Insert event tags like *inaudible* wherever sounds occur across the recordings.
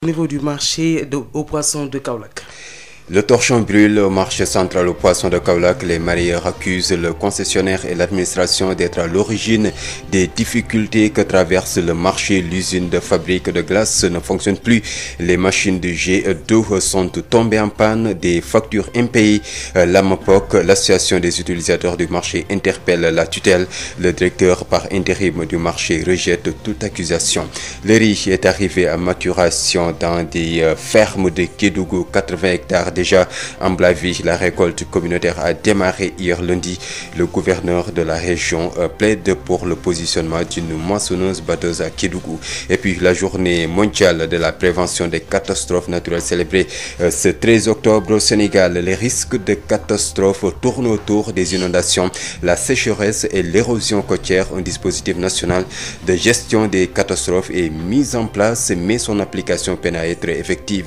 Au niveau du marché de aux de Kaolack Le torchon brûle au marché central au poisson de Kaolack. Les mareyeurs accusent le concessionnaire et l'administration d'être à l'origine des difficultés que traverse le marché. L'usine de fabrique de glace ne fonctionne plus. Les de jet d'eau sont tombées en panne, des factures impayées. L'AMPOC, l'association des utilisateurs du marché, interpelle la tutelle. Le directeur par intérim du marché rejette toute accusation. Le riz est arrivé à maturation dans des euh, fermes de Kédougou, 80 hectares déjà en Blavie. La récolte communautaire a démarré hier lundi. Le gouverneur de la région euh, plaide pour le positionnement d'une moissonneuse batteuse à Kédougou. Et puis la journée mondiale de la prévention des catastrophes naturelles célébrée euh, ce 13 octobre au Sénégal. Les risques de catastrophes tournent autour des inondations, la sécheresse et l'érosion côtière. Un dispositif national de gestion des catastrophes et mis en place, mais son application peine à être effective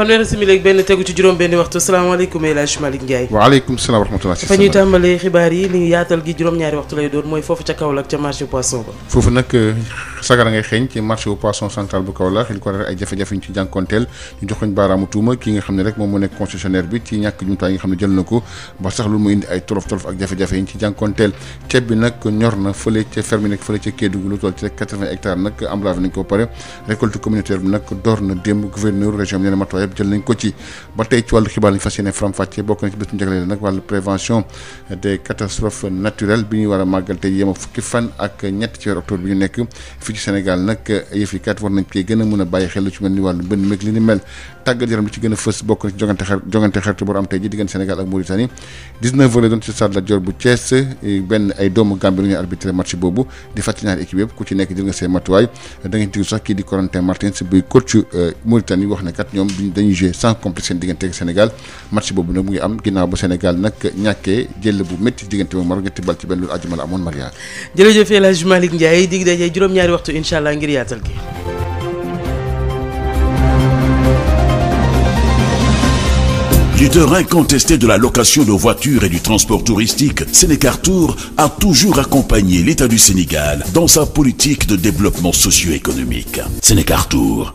fanweeri simili benn tegu ci juróom benn waxtu salaamaaleykum El Hadj Malick Ndiaye waaleykum salaam wa rahmatulah fa ñuy tàmbalee xibaar yi li ñu yaatal gi juróom-ñaari waxtu lay doon mooy foofu ca Kaolack ca marché poisson ba foofu nag euh, sagara ngay xeeñ ci marché poisson central bu Kaolack li ko waral ay jafe-jafe ñu ci jànkonteel ñu jox baaraamu tuuma kii nga xam ne rek moom moo nekk concessionnaire bi ci ñàkk jumtuwaay nga xam ne jël na ko yëpp jël nañ ko ci ba tey ci wàllu xibaar lañ fas yéene faram bi ñuy war a màggal tey yem a fukki fan ak ñett ci weer bi ñu nekk fii ci Sénégal nag yëf yi kat war nañ koy gën xel lu ci mel ni wàllu mbënd meeg li ni mel tàggat yaram li ci gën boobu di fàttali ñaari équipe yëpp ku ci nekk jël nga say matuwaay da ngeen sax kii di Corentin Martins buy coach euh, wax ne kat ñoom ni dañuy jouer sans complexe seen diggante ak Sénégal match boobu nag mu ngi am ginnaaw ba Sénégal nag ñàkkee jël bu métti diggante moom Maroc ñetti bal ci benn loolu àjjuma la amoon Maria. jërëjëf El Hadj Malick Ndiaye ñaari waxtu incha allah ngir yaatal gi. Leader incontesté de la location de voitures et du transport touristique, Sénécartour a toujours accompagné l'État du Sénégal dans sa politique de développement socio-économique. Sénécartour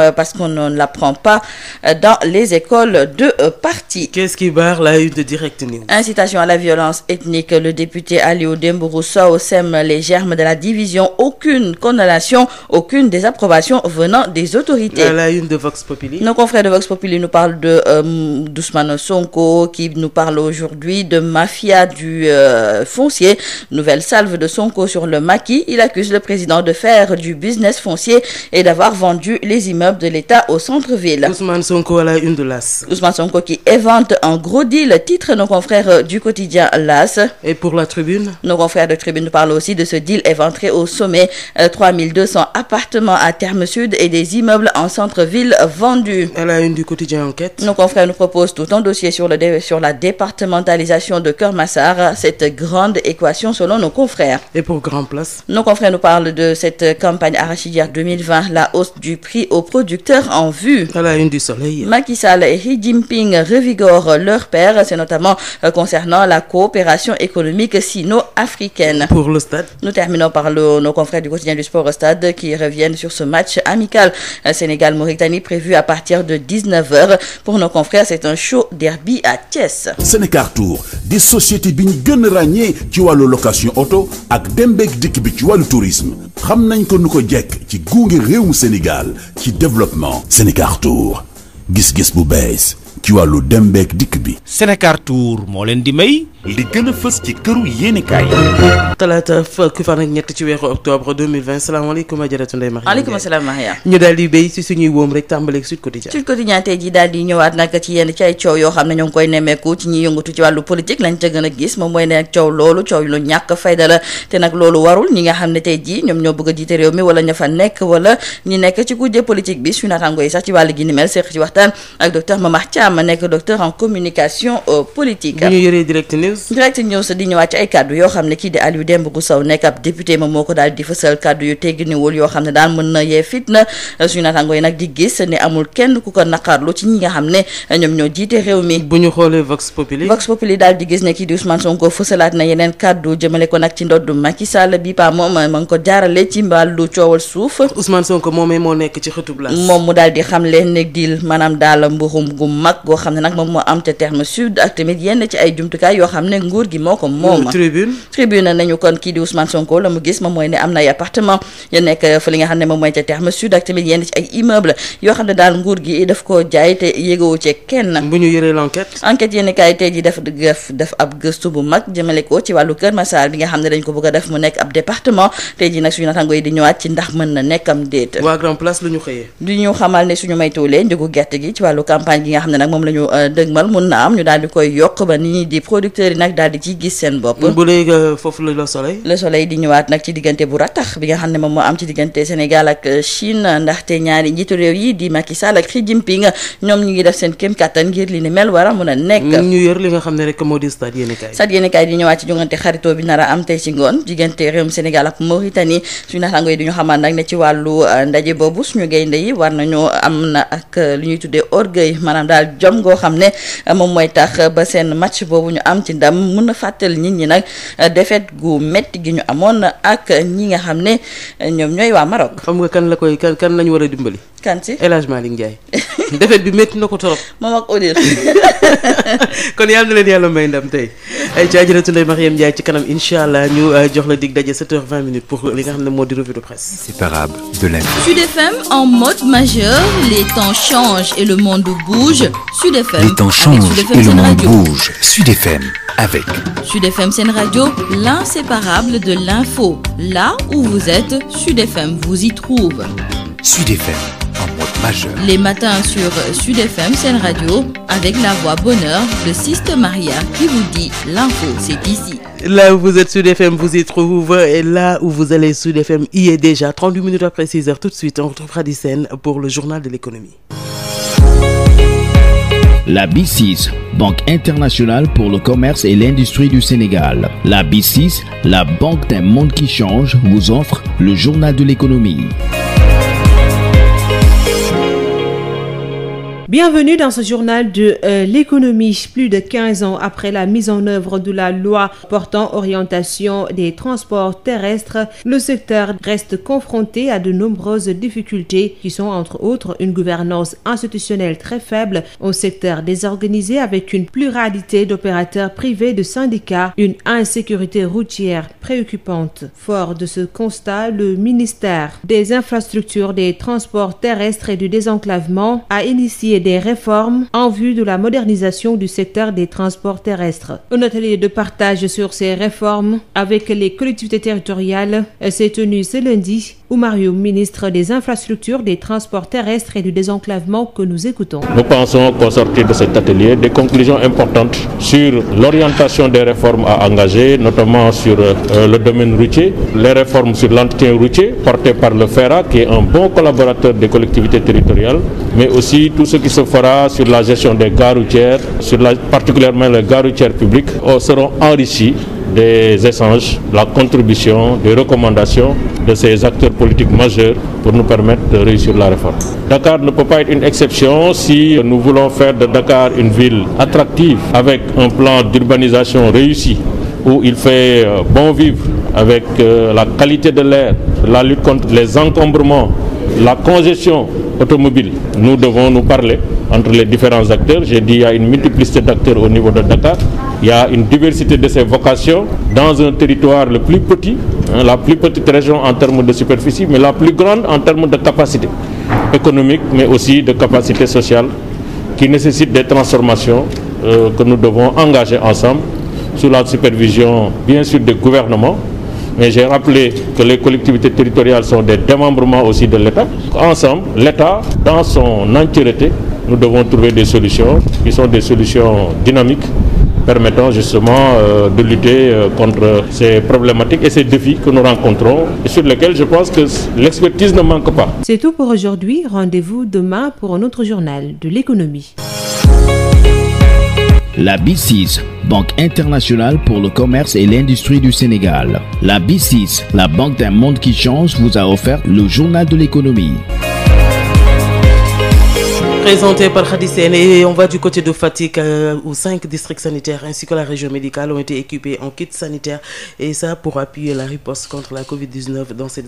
Euh, parce qu'on ne l'apprend pas euh, dans les écoles de euh, parti. Qu'est-ce qui barre la une de Direct News? Incitation à la violence ethnique, le député Aliou Dembourou Sow sème les germes de la division, aucune condamnation, aucune désapprobation venant des autorités. À la une de Vox Populi. Nos confrères de Vox Populi nous parlent de euh, d'Ousmane Sonko qui nous parle aujourd'hui de mafia du foncier, nouvelle salve de Sonko sur le maquis, il accuse le président de faire du business foncier et d'avoir vendu les immeubles immeuble de l'État au centre-ville. Ousmane Sonko qui évente un gros deal, titre nos confrères euh, du quotidien l'AS. Nos confrères de tribune parlent aussi de ce deal éventré au sommet, euh, appartements à Terme Sud et des immeubles en centre-ville vendus. Nos confrères nous proposent tout un dossier sur la départementalisation de Keur cette grande équation selon nos confrères. Nos confrères nous parlent de cette campagne arachidière 2020, la hausse du prix au producteurs en vue. À la une du soleil. Macky Sall et Xi Jinping revigorent leur pair, c'est notamment euh, concernant la coopération économique sino-africaine. Pour terminons par nos confrères du quotidien du sport au stade qui reviennent sur ce match amical euh, Sénégal-Mauritanie prévu à partir de 19 Pour nos confrères, c'est un chaud derby à Thiès. Sénécartour di société bi ñu gën a ràññee ci wàllu location auto ak dem beeg dikk bi ci wàllu tourisme ci guunge réewum Sénégal développement Sénécar Tour gis-gis bu bees ci wàllu dem beek dikk bi. Sénécar Tour moo leen di may. li gën a fës ci këru yéenekaay yi. talaata fukki fan ak ñett ci weeru octobre 2020 salaamaaleykum ajaratu Ndeye Marie. maaleykum salaam si suñuy wóom rek tàmbaleeg Sud Quotidien. Sud Quotidien tey jii daal ñëwaat nag ci yenn ci coow yoo xam ne ñoo koy nemmeeku ci ñiy yëngatu ci wàllu politique lañ ca gën a gis moom mooy ne coow loolu coow lu ñàkk fayda te nag loolu warul ñi nga xam ne tey jii ñoom ñoo bëgg a jiite nekk wala ñi nekk Thiam nekk docteur en communication euh, politique. bu di ñëwaat ci ay kàddu yoo xam ne kii di Aliou Dembourou Sow nekk ab député moom moo ko daal di fësal kàddu yu tegginiwul yoo xam ne daal mën na yee fitna suñu naataango yi nag di gis ne amul kenn ku ko naqarlu ci ñi nga xam ne ñoom ñoo jiite réew mi. bu ñu xoolee Vox Populi. Vox daal di gis ne kii di Ousmane Sonko fësalaat na yeneen kàddu jëmale ko nag ci ndoddu Macky bi pa moom ma ngi ko jaarale ci mbaalu coowal marque goo xam ne nag moom moo am ca terme sud ak tamit yenn ci ay jumtukaay yoo xam ne nguur gi moo ko mm, moom tribune tribune nañu kon kii di Ousmane Sonko bu ñu yëree l'enquête enquête yenn kaay tey ji a yi di ñëwaat ci ndax mën na nekkam déet waa grand place lu xëyee di ñu xamal ne suñu maytuulee njëgu gerte gi ci wàllu campagne gi nga xam ne nag moom la ñu euh, dëgmal mun na am ñu daal di koy yokk ba nit ñi di producteurs yi nag daal di ci gis seen bopp. Mm, bu léegi euh, foofu la soleil. le soleil di ñëwaat nag ne ci euh, yi di Macky ngi def seen kéem kattan ngir li ni mel war mm, di stade yéenekaay. stade yéenekaay di ñëwaat a am tey wàllu ndaje boobu suñu gaynde yi war nañoo am na ak li ñuy tuddee orgueil maanaam daal jom goo xam ne euh, moom mooy tax euh, ba seen match boobu ñu am ci ndam mun a fàttali nit ñi nag euh, défaite gu métti gi ñu amoon ak ñi nga xam ne ñoom ñooy waa Maroc. xam nga kan la koy kan kan lañu war a dimbali. kan si El Hadj Malick Ndiaye *laughs* defet ko torop *laughs* kon yal yàlla may ndam tey ay ci ajaratu Ndeye ci kanam incha allah ñu euh, jox la dig daje 7 h li nga ne moo di revue de presse. inséparable de l'info. Sud FM en mode majeur les temps changent et le monde bouge Sud FM. et le monde bouge Sud avec. Sud FM l'inséparable de l'info là où vous êtes Sud vous y trouve. Sud Les matins sur Sud FM, scène radio, avec la voix bonheur de Siste Maria qui vous dit l'info, c'est ici. Là où vous êtes Sud vous y trouvez et là où vous allez Sud y est déjà 38 minutes après 6 heures. Tout de suite, on retrouvera des scènes pour le journal de l'économie. La B6, Banque internationale pour le commerce et l'industrie du Sénégal. La B6, la banque d'un monde qui change, vous offre le journal de l'économie. Bienvenue dans ce journal de euh, l'économie. Plus de quinze ans après la mise en œuvre de la loi portant orientation des transports terrestres, le secteur reste confronté à de nombreuses difficultés qui sont entre autres une gouvernance institutionnelle très faible, un secteur désorganisé avec une pluralité d'opérateurs privés de syndicats, une insécurité routière préoccupante. Fort de ce constat, le ministère des infrastructures des transports terrestres et du désenclavement a initié des réformes en vue de la modernisation du secteur des transports terrestres. Un atelier de partage sur ces réformes avec les collectivités territoriales s'est tenu ce lundi où Mario, ministre des Infrastructures, des Transports terrestres et du désenclavement que nous écoutons. Nous pensons qu'au sortir de cet atelier, des conclusions importantes sur l'orientation des réformes à engager, notamment sur euh, le domaine routier, les réformes sur l'entretien routier par le e un bon collaborateur des collectivités territoriales mais aussi tout ce qui se fera sur la gestion des gares routières, sur la, particulièrement les gares routières publiques, oh, seront enrichis des échanges, de la contribution, des recommandations de ces acteurs politiques majeurs pour nous permettre de réussir la réforme. Dakar ne peut pas être une exception si nous voulons faire de Dakar une ville attractive avec un plan d'urbanisation réussi où il fait euh, bon vivre avec euh, la qualité de l'air, la lutte contre les encombrements la congestion automobile, nous devons nous parler entre les différents acteurs. J'ai dit il y a une multiplicité d'acteurs au niveau de Dakar. Il y une diversité de ses vocations dans un territoire le plus petit, hein, la plus petite région en termes de superficie, mais la plus grande en termes de capacité économique, mais aussi de capacité sociale, qui nécessite des transformations euh, que nous devons engager ensemble sous la supervision, bien sûr, des gouvernements, mais j'ai rappelé que les collectivités territoriales sont des démembrements aussi de l'État. Ensemble, l'État, dans son entièreté, nous devons trouver des solutions qui sont des solutions dynamiques permettant justement euh, de lutter euh, contre ces problématiques et ces défis que nous rencontrons sur lesquels je pense que l'expertise ne manque pas. C'est tout pour aujourd'hui. Rendez-vous demain pour un autre journal de l'économie. banque internationale pour le commerce et l'industrie du Sénégal. La B6, la banque d'un monde qui change, par Khadisen et côté de Fatick euh, où cinq districts sanitaires ainsi que la région médicale ont été équipés en kits sanitaires et ça pour appuyer la riposte contre la Covid-19 dans cette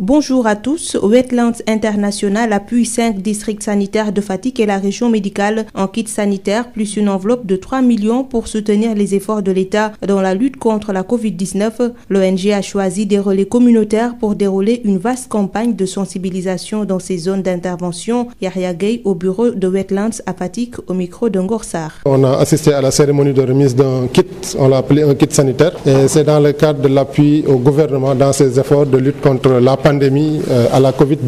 Bonjour à tous. Wetlands International appuie cinq districts sanitaires de Fatick et la région médicale en kit sanitaire, plus une enveloppe de 3 millions pour soutenir les efforts de l'État dans la lutte contre la Covid-19. L'ONG a choisi des relais communautaires pour dérouler une vaste campagne de sensibilisation dans ces zones d'intervention. Yahya Gueye au bureau de Wetlands à Fatick au micro de Ngor On a assisté à la cérémonie de remise d'un kit, on l'a appelé un kit sanitaire de lutte contre la pandémie euh, à la covid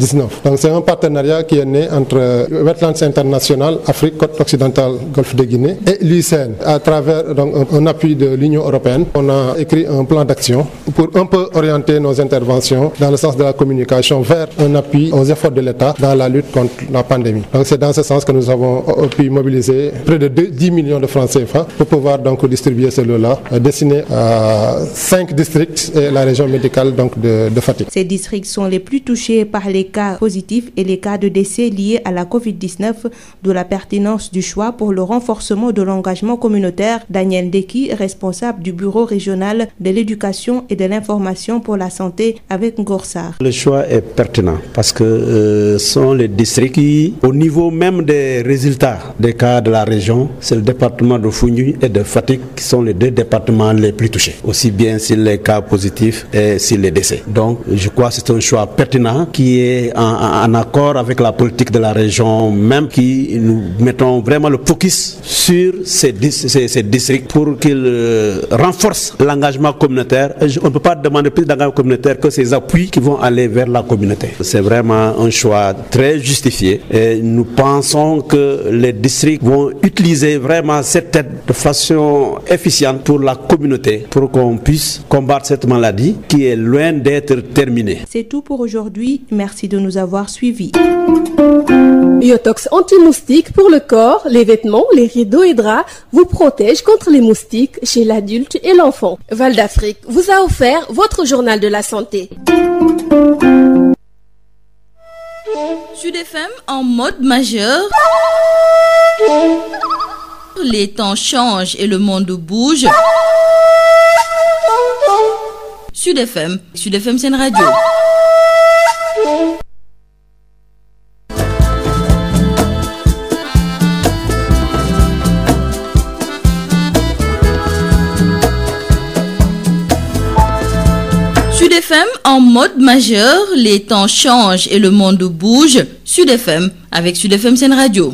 Donc c'est un partenariat qui est né entre Wetlands International, Afrique, Côte Occidentale, Golfe de Guinée et l'UICN à travers un appui de l'Union Européenne. On a écrit un plan d'action pour un peu orienter nos interventions dans le sens de la communication vers un appui aux efforts de l'État dans la lutte contre la pandémie. Donc c'est dans ce sens que nous avons euh, pu mobiliser près de 10 millions de francs de Fatick. Ces districts sont les plus touchés par les cas positifs et les cas de décès liés la Covid-19, d'où la le renforcement de l'engagement communautaire. parce que euh, sont les districts qui, au niveau même des résultats des de la région, c'est le département de Foundiougne et de les deux bien sur les cas positifs les décès. Donc, je crois que c'est un choix pertinent qui est en, en, accord avec la politique de la région même qui nous mettons vraiment le focus sur ces, ces, ces districts pour qu'ils euh, renforcent l'engagement communautaire. Je, on ne peut pas demander plus d'engagement communautaire que ces appuis qui vont aller vers la communauté. C'est vraiment un choix très justifié et nous pensons que les districts vont utiliser vraiment cette aide de façon efficiente pour la communauté, pour qu'on puisse combattre cette être terminée. C'est tout pour aujourd'hui. Merci de nous avoir suivis. Biotox anti pour le corps, les vêtements, les rideaux et draps vous protège contre les moustiques chez l'adulte et l'enfant. Val d'Afrique vous a offert votre journal de la santé. Sud FM en mode majeur. Les Sud FM Sud FM seen rajo. Sud FM en mode majeur les temps changent et le monde bouge Sud FM avec Sud seen rajo.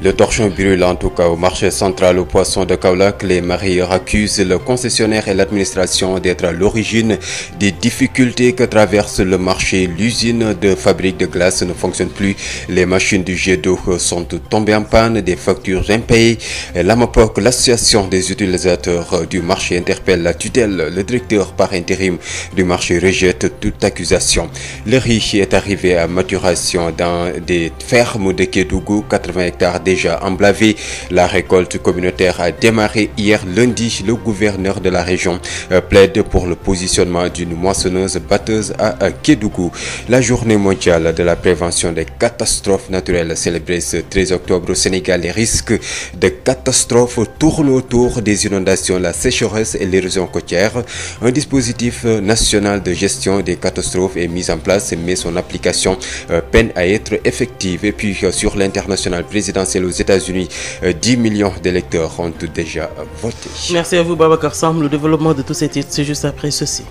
Le torchon brûle en tout cas au marché central aux poissons de Kaolack. Les mareyeurs accusent le concessionnaire et l'administration d'être à l'origine des difficultés que traverse le marché. L'usine de fabrique de glace ne fonctionne plus. Les machines du jet d'eau sont tombées en panne, des factures impayées. L'AMAPOC, l'association des utilisateurs du marché, interpelle la tutelle. Le directeur par intérim du marché rejette toute accusation. Le riz est arrivé à maturation dans des fermes de Kédougou, 80 hectares déjà emblavés. La récolte communautaire a démarré hier lundi. Le gouverneur de la région euh, plaide pour le positionnement d'une moissonneuse batteuse à Kédougou. La journée mondiale de la prévention des catastrophes naturelles célébrée ce octobre au Sénégal, les risques de catastrophes tournent autour des inondations, la sécheresse et l'érosion côtière. Un dispositif national de gestion des catastrophes est mis en place mais son application euh, peine à être présidentielle aux États-Unis 10 euh, millions d'électeurs ont déjà voté. Merci à vous Babacar Sam. Le développement de tous ces titres, c'est juste après ceci.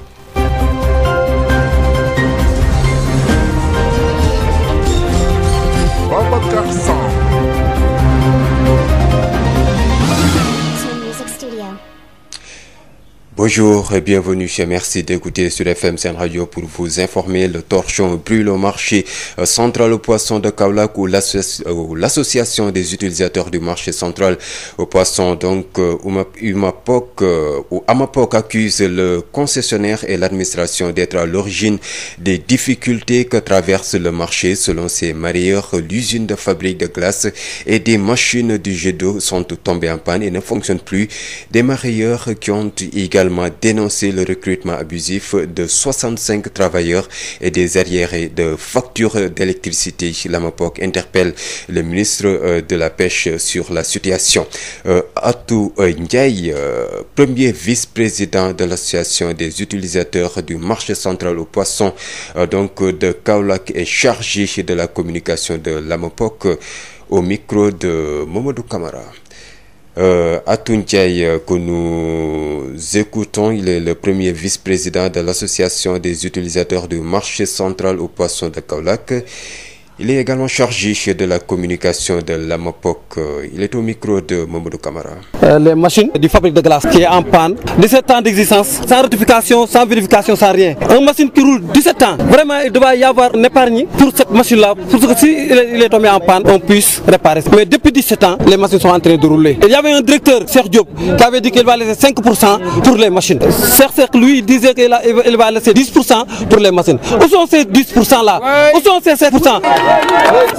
Bonjour et bienvenue chez merci d'écouter sur FM Sen Radio pour vous informer le torchon brûle au marché euh, central au poisson de Kaolack ou l'association des utilisateurs du marché central au poisson donc euh, UMAPOC euh, ou AMAPOC accuse le concessionnaire et l'administration d'être à l'origine des difficultés que traverse le marché selon ses mareyeurs l'usine de fabrique de glace et des machines du jet d'eau sont tombées en panne et ne fonctionnent plus des mareyeurs également dénoncé le recrutement abusif de 65 travailleurs et des arriérés de factures d'électricité. L'AMAPOC interpelle le ministre euh, de la Pêche sur la situation. Euh, Atou euh, Ndiaye, premier vice-président de l'association des utilisateurs du marché central aux poissons donc de Kaolack est chargé de la communication de l'AMAPOC au micro de Mamadou Camara. Euh, Atoundiaye, euh, que nous écoutons, il est le premier vice-président de l'association des utilisateurs du marché central aux poissons de Kaolack. Il est également chargé de la communication de l'AMAPOC. Il est au micro de Mamadou Camara. Euh, les machines du fabrique de glace qui est en panne, 17 ans d'existence, sans ratification, sans vérification, sans rien. Une machine qui roule 17 ans, vraiment il devait y avoir une épargne pour cette machine-là, pour que si il est tombé en panne, on puisse réparer. Mais depuis 17 ans, les machines sont en train de rouler. Il y avait un directeur, Serge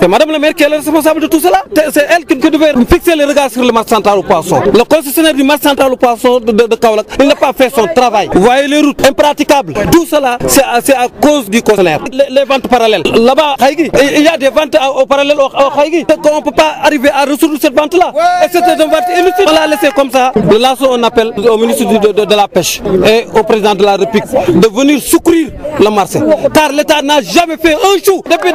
C'est Madame le maire qui est responsable de tout cela. C'est elle qui, devait fixer les le marché central au poisson. Le concessionnaire du marché central au poisson de, de, de il n'a pas fait son travail. voyez les routes impraticables. Tout cela, c'est à, cause du concessionnaire. Les, ventes parallèles. Là-bas, il y a des ventes au parallèle au, au De la Pêche et au président de la République de venir secourir le marché. Car l'État n'a jamais fait un jour depuis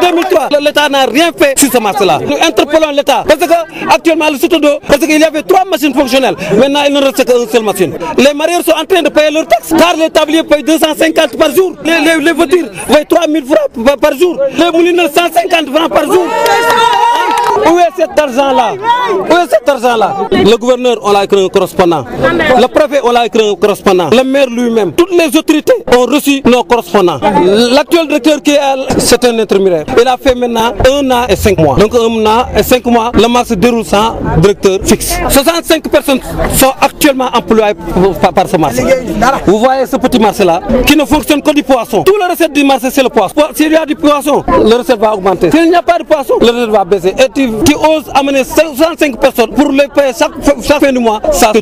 l'État n'a rien fait sur ce match-là. Nous l'État parce que actuellement le Sotodo, parce qu'il y avait trois machines fonctionnelles, maintenant il ne reste machine. Les marieurs sont en de payer leurs taxes car les tabliers payent par jour, les, les, les par jour, les moulineurs 150 francs par jour. Où est cet Le gouverneur, on l'a correspondant. Le préfet, on l'a correspondant. Le maire lui-même. Toutes les autorités ont reçu nos correspondants. L'actuel directeur qui est c'est un intérimaire. Il a fait maintenant un un an et cinq mois, le match se sans directeur fixe. 65 personnes sont actuellement employées par ce marché. Vous voyez ce petit marché-là qui ne fonctionne que poisson. Tout le recette du marché, c'est le administrative qui osent amener 65 personnes pour les payer chaque, chaque fin du mois, ça c'est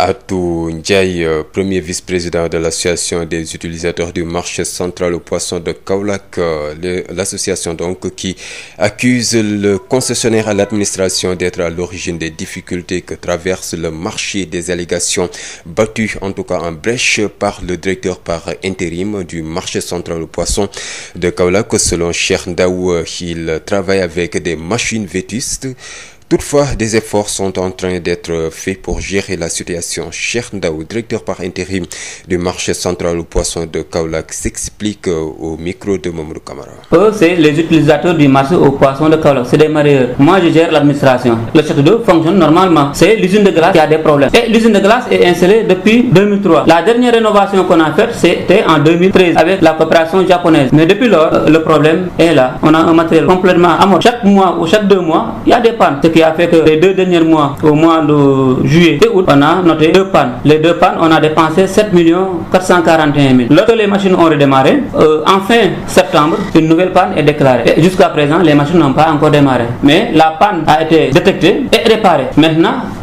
Atou Ndiaye euh, premier vice-président de l'association des utilisateurs du marché central au poisson de Kaolack euh, l'association donc qui accuse le concessionnaire à l'administration d'être à l'origine des difficultés que traverse le marché des allégations battues en tout cas en brèche par le directeur par intérim du marché central au poisson de Kaolack selon Cheikh Ndaw euh, il travaille avec des machines vétustes Toutefois, des efforts sont en train d'être faits pour gérer la situation. Cheikh Ndaw, directeur par intérim du marché central au poisson de Kaolack, s'explique euh, au micro de Mamadou Camara. Eux, c'est les utilisateurs du marché au poisson de Kaolack, c'est des mareyeurs. Moi, je gère l'administration. Le château d'eau fonctionne normalement. C'est l'usine de glace qui a des problèmes. Et l'usine de glace est installée depuis La dernière rénovation qu'on a faite, qui a fait que les deux derniers mois, au mois de juillet août, on a noté deux pannes. Les deux pannes, on a dépensé 7 441 000. Lorsque les machines ont redémarré, euh, en fin septembre, une nouvelle panne est déclarée. Jusqu'à présent, les machines n'ont pas encore démarré. Mais la panne a été détectée et réparée. Maintenant,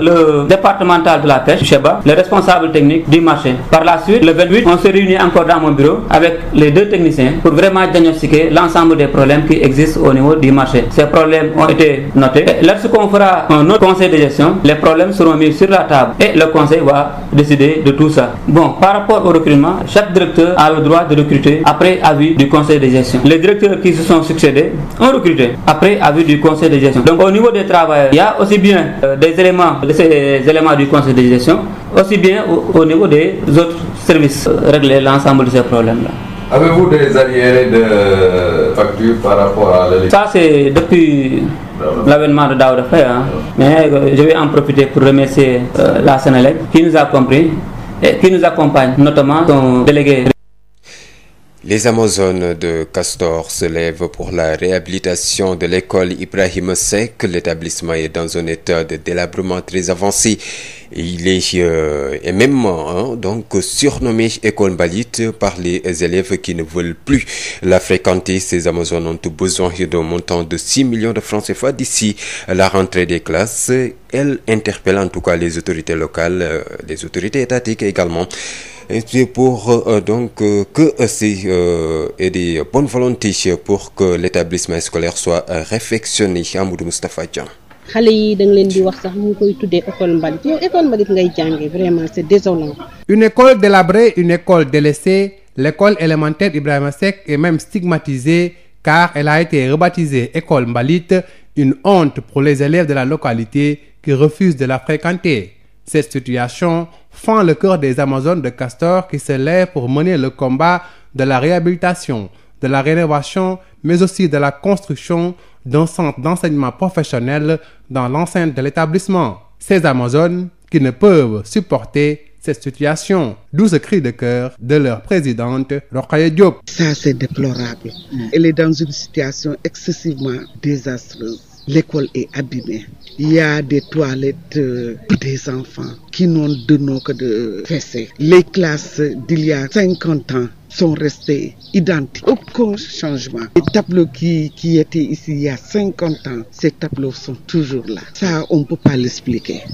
le départemental de la pêche, Cheba, le responsable technique du marché. Par la suite, le 28, on se réunit encore dans mon bureau avec les deux techniciens pour vraiment diagnostiquer l'ensemble des problèmes qui existent au niveau du marché. Ces problèmes ont été notés. Lorsqu'on fera un autre conseil de gestion, les problèmes seront mis sur la table et le conseil va décider de tout ça. par rapport au recrutement, chaque directeur a le droit de ces éléments du conseil de gestion, aussi bien au, au niveau des autres services, euh, régler l'ensemble de ces problèmes-là. Avez-vous des arriérés de factures par rapport à l'élection Ça, c'est depuis l'avènement de Daouda Faye. Hein. Mais euh, je vais en profiter pour remercier euh, la Sénélec qui nous a compris et qui nous accompagne, notamment son délégué Les Amazones de Castor se lèvent pour la réhabilitation de l'école Ibrahim Seck. L'établissement est dans un état de délabrement très avancé. Il est, euh, et même hein, donc surnommé école Mbalit par les élèves qui ne veulent plus la fréquenter. Ces Amazones ont besoin d'un montant de 6 millions de francs CFA d'ici la rentrée des classes. Elle interpelle en tout cas les autorités locales, euh, les autorités étatiques également. Euh, euh, euh, c'est pour donc que aussi et des bonnes volontés pour que l'établissement scolaire soit réfectionné da nga leen di wax sax mu ngi koy tuddee école mbalit yow une école délabrée une école délaissée l'école élémentaire Ibrahima Seck est même stigmatisée car elle a été rebaptisée école mbalite une honte pour les élèves de la localité qui refusent de la fréquenter. Cette situation fend le cœur des Amazones de Castor qui se lèvent pour mener le combat de la réhabilitation, de la rénovation, mais aussi de la construction d'un centre d'enseignement professionnel dans l'enceinte de l'établissement. Ces Amazones qui ne peuvent supporter cette situation, d'où ce cri de cœur de leur présidente Rokhaya Diop. Ça, c'est déplorable. Elle est dans une situation excessivement désastreuse. l'école est abîmée. Il y a des toilettes pour euh, des enfants qui n'ont de nom que de fessées. Les classes d'il y a 50 ans sont restés identiques. Aucun changement. Les tableaux qui, qui étaient ici il y a 50 ans, ces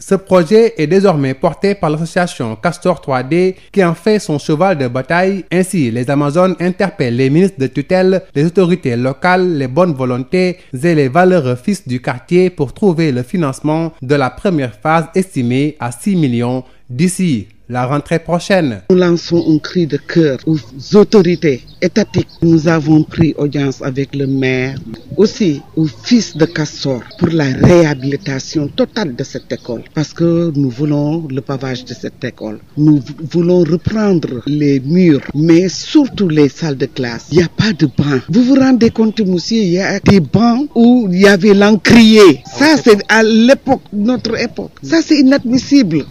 Ce projet est désormais porté par l'association Castor 3D qui en fait son cheval de bataille. Ainsi, les Amazones interpellent les ministres de tutelle, les autorités locales, les bonnes volontés et les valeureux fils du quartier pour trouver le financement de la première phase estimée à 6 millions d'ici la rentrée prochaine. Nous lançons un cri de cœur aux autorités étatiques. Nous avons pris audience avec le maire, aussi au fils de Castor pour la réhabilitation totale de cette école parce que nous voulons le pavage de cette école. Nous voulons reprendre les murs, mais surtout les salles de classe. Il n'y a pas de bancs. Vous vous rendez compte, monsieur, il y a des bancs où il y avait l'encrier. Ça, ah c'est à l'époque, notre époque. Ça, c'est inadmissible.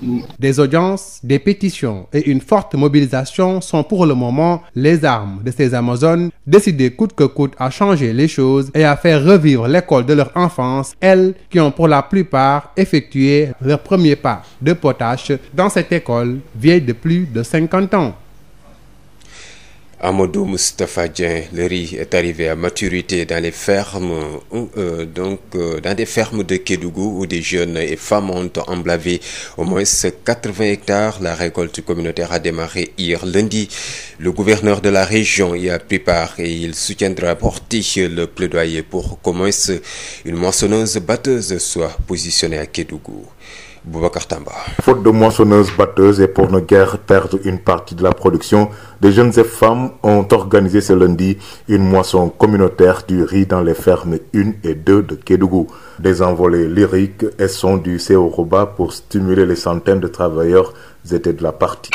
pétitions et une forte mobilisation sont pour le moment les armes de ces Amazones décidées coûte que coûte à changer les choses et à faire revivre l'école de leur enfance, elles qui ont pour la plupart effectué leur premier pas de potache dans cette école vieille de plus de 50 ans. Amadou Moustapha jin le riz est arrivé à maturité dans les fermes euh, euh, donc euh, dans des fermes de Kédougou où des jeunes et femmes ont emblavé au moins 80 hectares. La récolte communautaire a démarré hier lundi. Le gouverneur de la région y a pris part et il soutiendra porter le plaidoyer pour qu'au moins une moissonneuse batteuse soit positionnée à Kédougou. Boubacar Tamba. Faute de moissonneuses batteuses et pour ne guère perdre une partie de la production, des jeunes et femmes ont organisé ce lundi une moisson communautaire du riz dans les fermes 1 et 2 de Kédougou. Des envolées lyriques et sons du Séoroba pour stimuler les centaines de travailleurs étaient de la partie.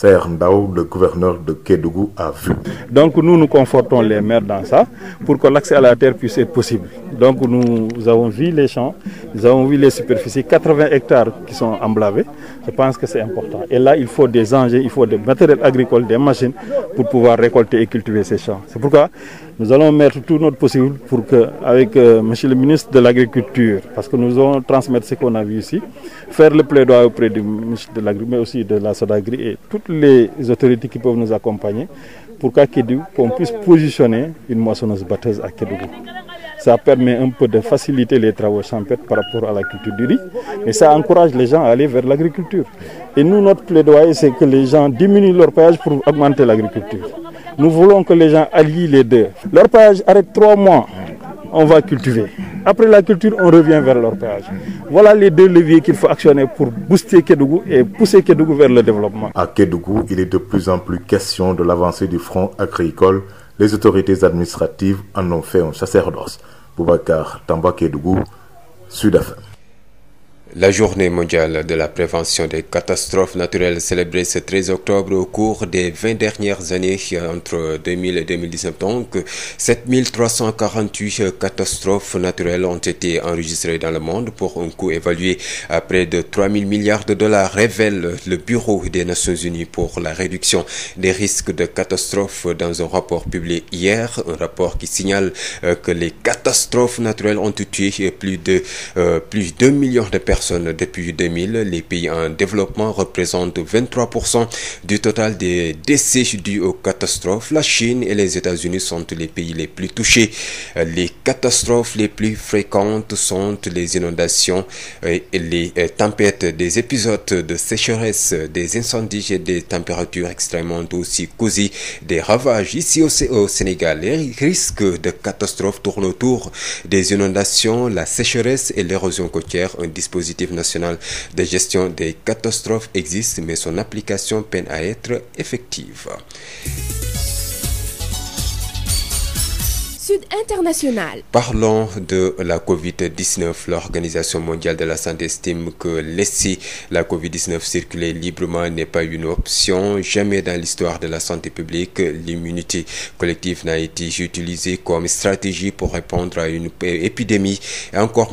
Serre Ndao, le gouverneur de Kédougou, a les maires dans ça pour que l'accès à la possible. Donc nous avons vu les champs, nous avons vu les superficies, 80 hectares qui sont emblavés. Je pense que c'est important. Et là, des engins, il faut des matériels agricoles, des machines pour pouvoir récolter et cultiver Nous allons mettre tout notre possible pour que, avec euh, Monsieur le ministre de l'Agriculture, parce que nous allons transmettre ce qu'on a ici, faire le plaidoyer auprès du ministre de l'Agriculture, mais aussi de la Sodagri et toutes les autorités qui peuvent nous accompagner pour qu'à Kédougou, qu'on puisse positionner une moissonneuse batteuse à Kédougou. Ça permet un peu de faciliter les travaux champêtres par rapport à la culture du riz, mais ça encourage les gens à aller vers l'agriculture. Et nous, pour augmenter l'agriculture. Nous voulons que les gens allient les deux. L'orpaillage arrête trois mois, on va cultiver. Après la culture, on revient vers l'orpaillage. Voilà les deux leviers qu'il faut actionner pour booster Kédougou et pousser Kédougou vers le développement. À Kédougou, il est de plus en plus question de l'avancée du front agricole. Les autorités administratives en ont fait un sacerdoce. Boubacar Tamba Kédougou, Sud La journée mondiale de la prévention des catastrophes naturelles célébrée ce 13 octobre au cours des 20 dernières années entre 2000 et 2019 donc 7348 catastrophes naturelles ont été enregistrées dans le monde pour un coût évalué à près de 3000 milliards de dollars révèle le Bureau des Nations Unies pour de catastrophes dans un rapport publié hier un rapport qui signale euh, que personnes depuis 2000. Les pays en développement représentent 23% du total des décès dus aux catastrophes. La Chine et les États-Unis sont les pays les plus touchés. Les catastrophes les plus fréquentes sont les inondations et les euh, tempêtes, des épisodes de sécheresse, des incendies et des températures extrêmement aussi causées des ravages. Ici au Sénégal, les risques de catastrophes tournent autour des inondations, la sécheresse et l'érosion côtière, dispositif national de gestion des catastrophes existe, mais son application peine à être effective. Sud International. Parlons de la Covid-19. L'Organisation mondiale de la santé estime que laisser la Covid-19 circuler librement n'est pas une option. Jamais dans de la santé publique, l'immunité collective n'a été utilisée comme stratégie pour répondre à une épidémie, et encore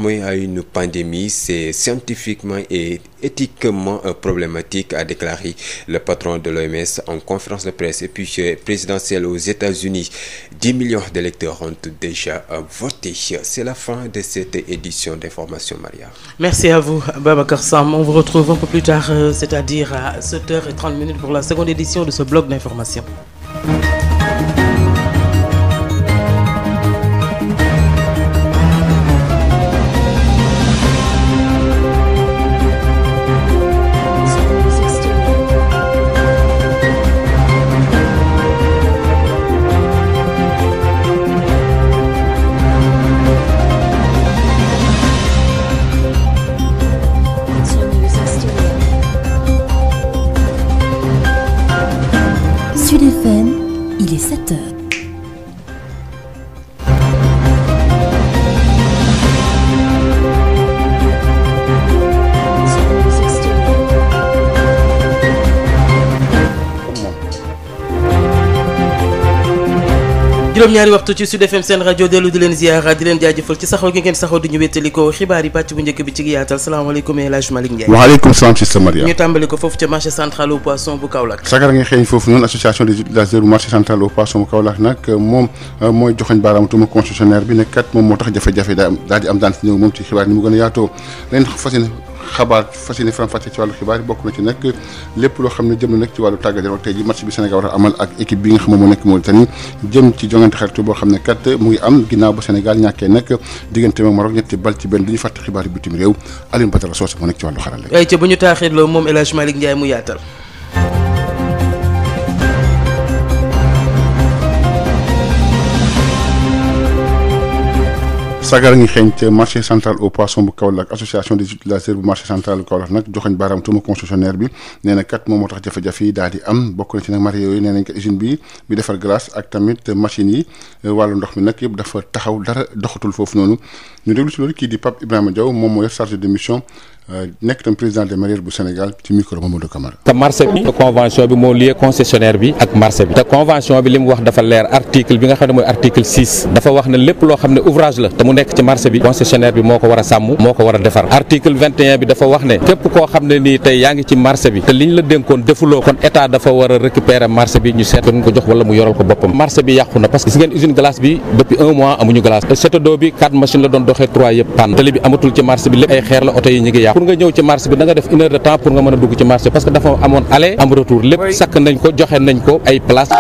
éthiquement euh, problématique, a déclaré le patron de l'OMS en conférence de presse et puis euh, présidentielle aux États-Unis. 10 millions d'électeurs ont déjà euh, voté. C'est la fin de cette édition d'information, Maria. Merci à vous, Babacar Sam. On vous retrouve un peu plus tard, c'est-à-dire à 7h30 pour la seconde édition de ce bloc d'information. juróom-ñaari waxtu ci Sud FM seen rajo dellu di leen ziyaara di leen jaajëfal ci saxoo ngeen saxoo di ñu xibaar yi pàcc bu njëkk bi ci yaatal salaamaaleykum El Hadj Malick Ndiaye waaleykum salaam si Samaria ñu tàmbali ko foofu ca marché central au poisson bu Kaolack sagar nga xëeñ foofu noonu association des utilisateurs bu marché central au poisson bu Kaolack nag euh, moom euh, mooy joxoñ baaraam tuuma bi ne moom moo tax jafe-jafe daa daal di a yaatoo xabaar fas yéene faram-fàcce ci wàllu xibaar bokk na ci nag lépp loo xam ne jëm na nag ci wàllu tàggat yaram tey ji match bi Sénégal war a amal ak équipe bi nga xam ne moo nekk Mauritanie jëm ci jongante xaritu boo xam ne kat mu ngi am ginnaaw ba Sénégal ñàkkee nag diggante ma Maroc ñetti bal ci benn dañuy fàtte xibaar bitim réew Alioune Badara Socé moo nekk ci wàllu xarala. waaye ca bu ñu taaxee loo moom El Hadj Malick mu yaatal sagar ngi xeeñ ca marché central au poisson bu Kaolack association des utilisateurs bu marché central bu Kaolack nag joxañ baaraam tuuma concessionnaire bi nee kat moom moo tax jafe-jafe yi daal di am bokk na ci nag matériaux yi nee nañ kat bi bi defar glace ak tamit machines yi wàllu ndox mi nag yëpp dafa taxaw dara doxatul foofu noonu ñu déglu ci loolu kii di Pape Ibrahima Diaw moom moo yor chargé de mission Euh, nekk tam président des mairies bu Sénégal ci micro Mamadou Camara. te marché bi convention bi moo lié concessionnaire bi ak marché bi te convention bi li mu wax dafa leer article bi nga xam ne mooy article six dafa wax ne lépp loo xam ne ouvrage la te mu nekk ci marché bi concessionnaire bi moo ko war a sàmm moo ko war a defar article vingt et un bi dafa wax ne képp koo xam ne nii tey yaa ngi ci marché bi te liñ la dénkoon defuloo kon état dafa war a récupérer marché bi ñu seet ko ko jox wala mu yoral la doon doxee trois yëpp panne tali pour nga ñëw ci marché bi da def une de temps pour nga mën dugg ci marché parce que dafa amoon aller am lépp sakk nañ ko joxe nañ ko ay place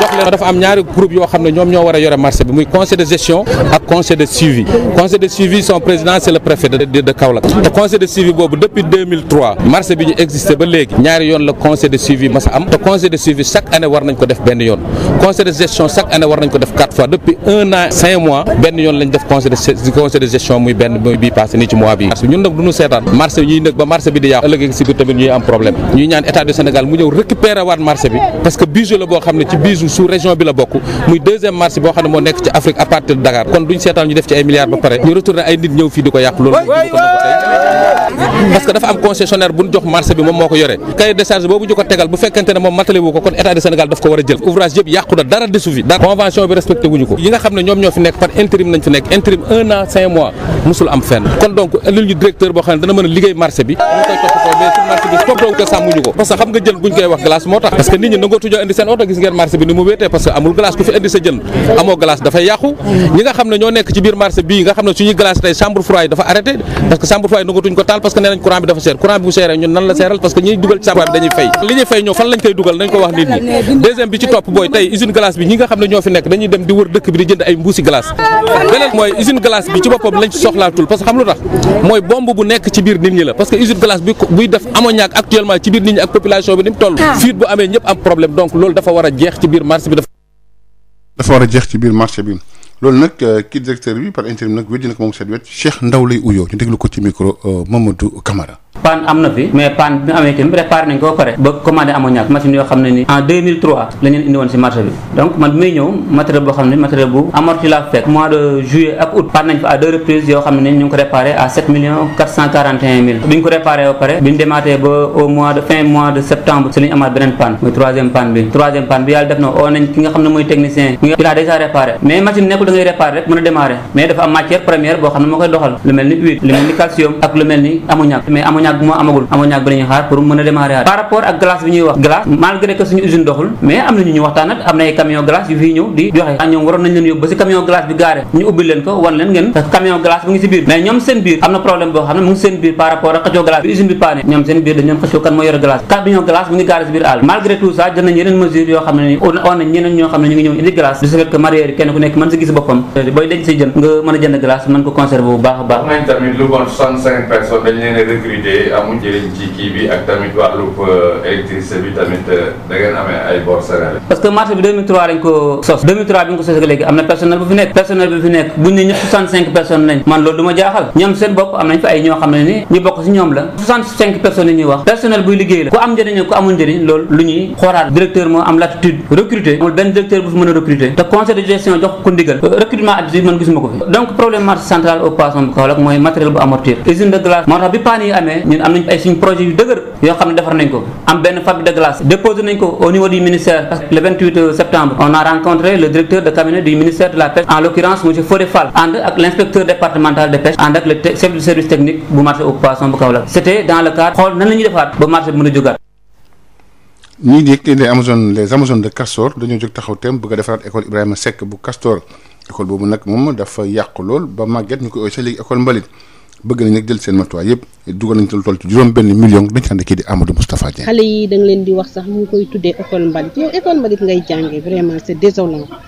jox leen dafa am ñaari groupe yoo xam ne ñoom ñoo war a yore marché bi muy conseil de gestion ak conseil de suivi conseil de suivi son président c'est le de de Kaolack te conseil de suivi boobu depuis 2003 bi ñu existé ba léegi ñaari yoon la conseil de suivi mas a am te conseil de suivi chaque année war nañ ko def benn yoon conseil de gestion chaque année war nañ ko def quatre fois depuis un an cinq mois benn yoon lañ def conseil de conseil muy benn ci région bi la bokk muy deuxième marché boo xam ne moo nekk ci Afrique à Dakar kon duñ seetaan ñu def ci ay milliards ba pare ñu retourné ay nit ñëw fii di ko yàq loolu parce que dafa am concessionnaire bu jox marché bi moom moo ko yore cahier de boobu ñu ko tegal bu fekkente ne moom matale wu ko kon état du Sénégal daf ko war a jël ouvrage yëpp yàqu na dara desu fi dara convention bi respecté wuñu ko yi nga xam ne ñoom ñoo fi mu wéetee parce que amul glace ku fi indi sa jën amoo glace dafay yàqu ñi nga xam ne ñoo nekk ci biir marché bii nga xam ne suñuy glace tey chambre froide dafa arrêté parce que chambre froide dafa seer parce que chambre bi dañuy fay li fan lañ koy dugal nañ ko wax nit ñi deuxième bi ci topp booy tey usine glace bi ñi nga xam ne ñoo fi nekk dañuy dem di wër dëkk bi di jënd ay mbuusi glace beneen mooy usine glace bi ci boppam lañ ci marché bi dafa. dafa war a jeex ci biir marché bi loolu nag euh, kii directeur bi par intérim nag weddi na ko moom seet wet Cheikh Ndaw lay uyoo ñu déglu ko ci micro euh, Mamadou kamara panne am na fi mais panne bi nga amee kenn réparé laa déjà réparé mais machine nekkul da réparé rek mën a démarré mais dafa am matière première boo xam ne moo koy doxal lu mel ni huile lu mel ni calcium ak lu mel ni ammoniac ñaag bu amagul amoo ñaag bi la xaar pour mën a démarrer par rapport ak glace bi ñuy wax glace malgré que suñu usine doxul mais am na ñu ñu waxtaan ak am na ay camion glace ah, bi ñu ubbi leen ko wan leen ngeen camion ñu ñëw indi glace du fait que kenn ku nekk mën si gis boppam booy denc si jën nga mën a jënd glace mën ko conserver bu baax baax te amul njëriñ ci kii bi ak tamit wàllub euh, électricité bi tamit euh, da ngeen amee ay bor salaire parce que marché bi 2003 lañ ko sos 2003 bi ñu ko sos léegi am na personnel bu fi nekk personnel bu fi nekk buñ ne ñëpp 65 personnes lañ man loolu du ma jaaxal ñoom seen bopp am nañ fa ay ñoo xam ne ni ñu bokk si ñoom la 65 personnes yi ñuy wax personnel buy liggéey la ku am njëriñ ku amul njëriñ loolu lu ñuy xoolaat directeur moo am latitude recruter amul benn directeur bu fi mën a recruter te conseil de gestion jox ko ndigal euh, recrutement additif man gisuma ko fi donc problème marché central au poisson bu Kaolack mooy matériel bu amortir usine de glace moo tax bi paan yi amee ñun am nañ ay suñu projet yu dëgër yoo xam ne defar nañ ko am benn fabrique de glace déposé nañ ko au niveau du ministère le septembre on a rencontré le directeur de cabinet du ministère de la pêche en l'occurrence monsieur Fodé Fall ànd ak l'inspecteur départemental de pêche ànd ak le service technique bu marché au poisson bu Kaolack c'était dans le cadre xool nan la defaat ba marché bi mën a jógaat ñii di les amazones les amazones de Castor dañoo jóg taxaw bëgg nañ nag seen matuwaay yëpp dugal nañ ci lu toll ci juróom benn million dañ leen di wax sax mu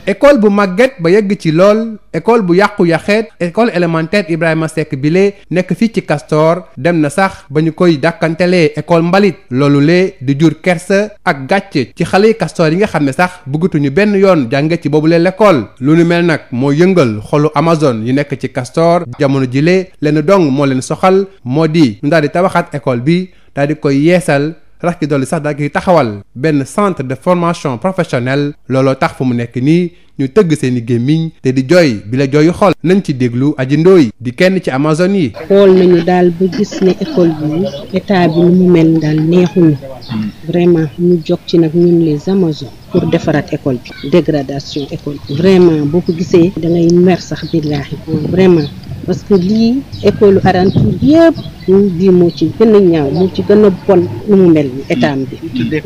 école bu màgget ba yegg ci lool école bu yàqu yaxeet école élémentaire Ibrahima bi bile nekk fii ci Castor dem na sax ba ñu koy dàkkantelee école mbalit loolu lee di jur kersa ak gàcce ci xale yi Castor yi nga xam ne sax bëggatuñu benn yoon jànge ci boobu leen l'école lu nu mel nag moo yëngal xolu Amazon yi nekk ci Castor jamono jile leen doon dong moo leen soxal moo di ñu daal di tabaxaat école bi daal di koy yeesal rax ki dolli sax daal taxawal benn centre de formation professionnelle looloo tax fu mu nekk nii ñu tëgg seen i gémmiñ te di jooy bi la jooyu xool nañ ci déglu aji ndooy di kenn ci amazon yi. xool nañu daal ba gis ne école bi état bi nu mu mel daal neexuñu vraiment ñu jog ci nag ñun les amazones pour defaraat école bi dégradation école vraiment boo ko gisee da mer sax billaahi vraiment. parce que lii école Arantoul yëpp ñu bii moo ci gën a ñaaw moo ci gën a bon nu mu mel ni état bi dégg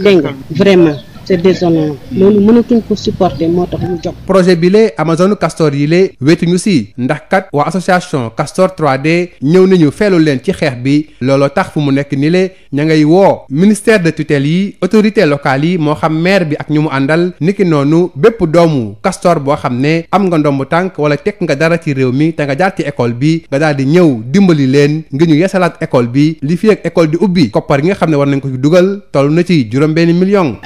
vraiment c'est déshonneur loolu mënatuñ ko supporter ñu projet bi lee amazone castor yi lee wéetuñu si ndax kat waa association castor 3D ñëw nañu feelu leen ci xeex bi looloo tax fu mu nekk ni le ña ngay woo ministère de tutelle yi autorité locale yi moo xam maire bi ak ñu mu àndal niki noonu bépp doomu castor boo xam ne am nga ndombu tànk wala teg nga dara ci réew mi te nga jaar ci école bi nga daal di ñëw dimbali leen ngir ñu yeesalaat école bi li fi ak école di ubbi koppar yi nga xam ne war nañ ko ci dugal toll na ci juróom million.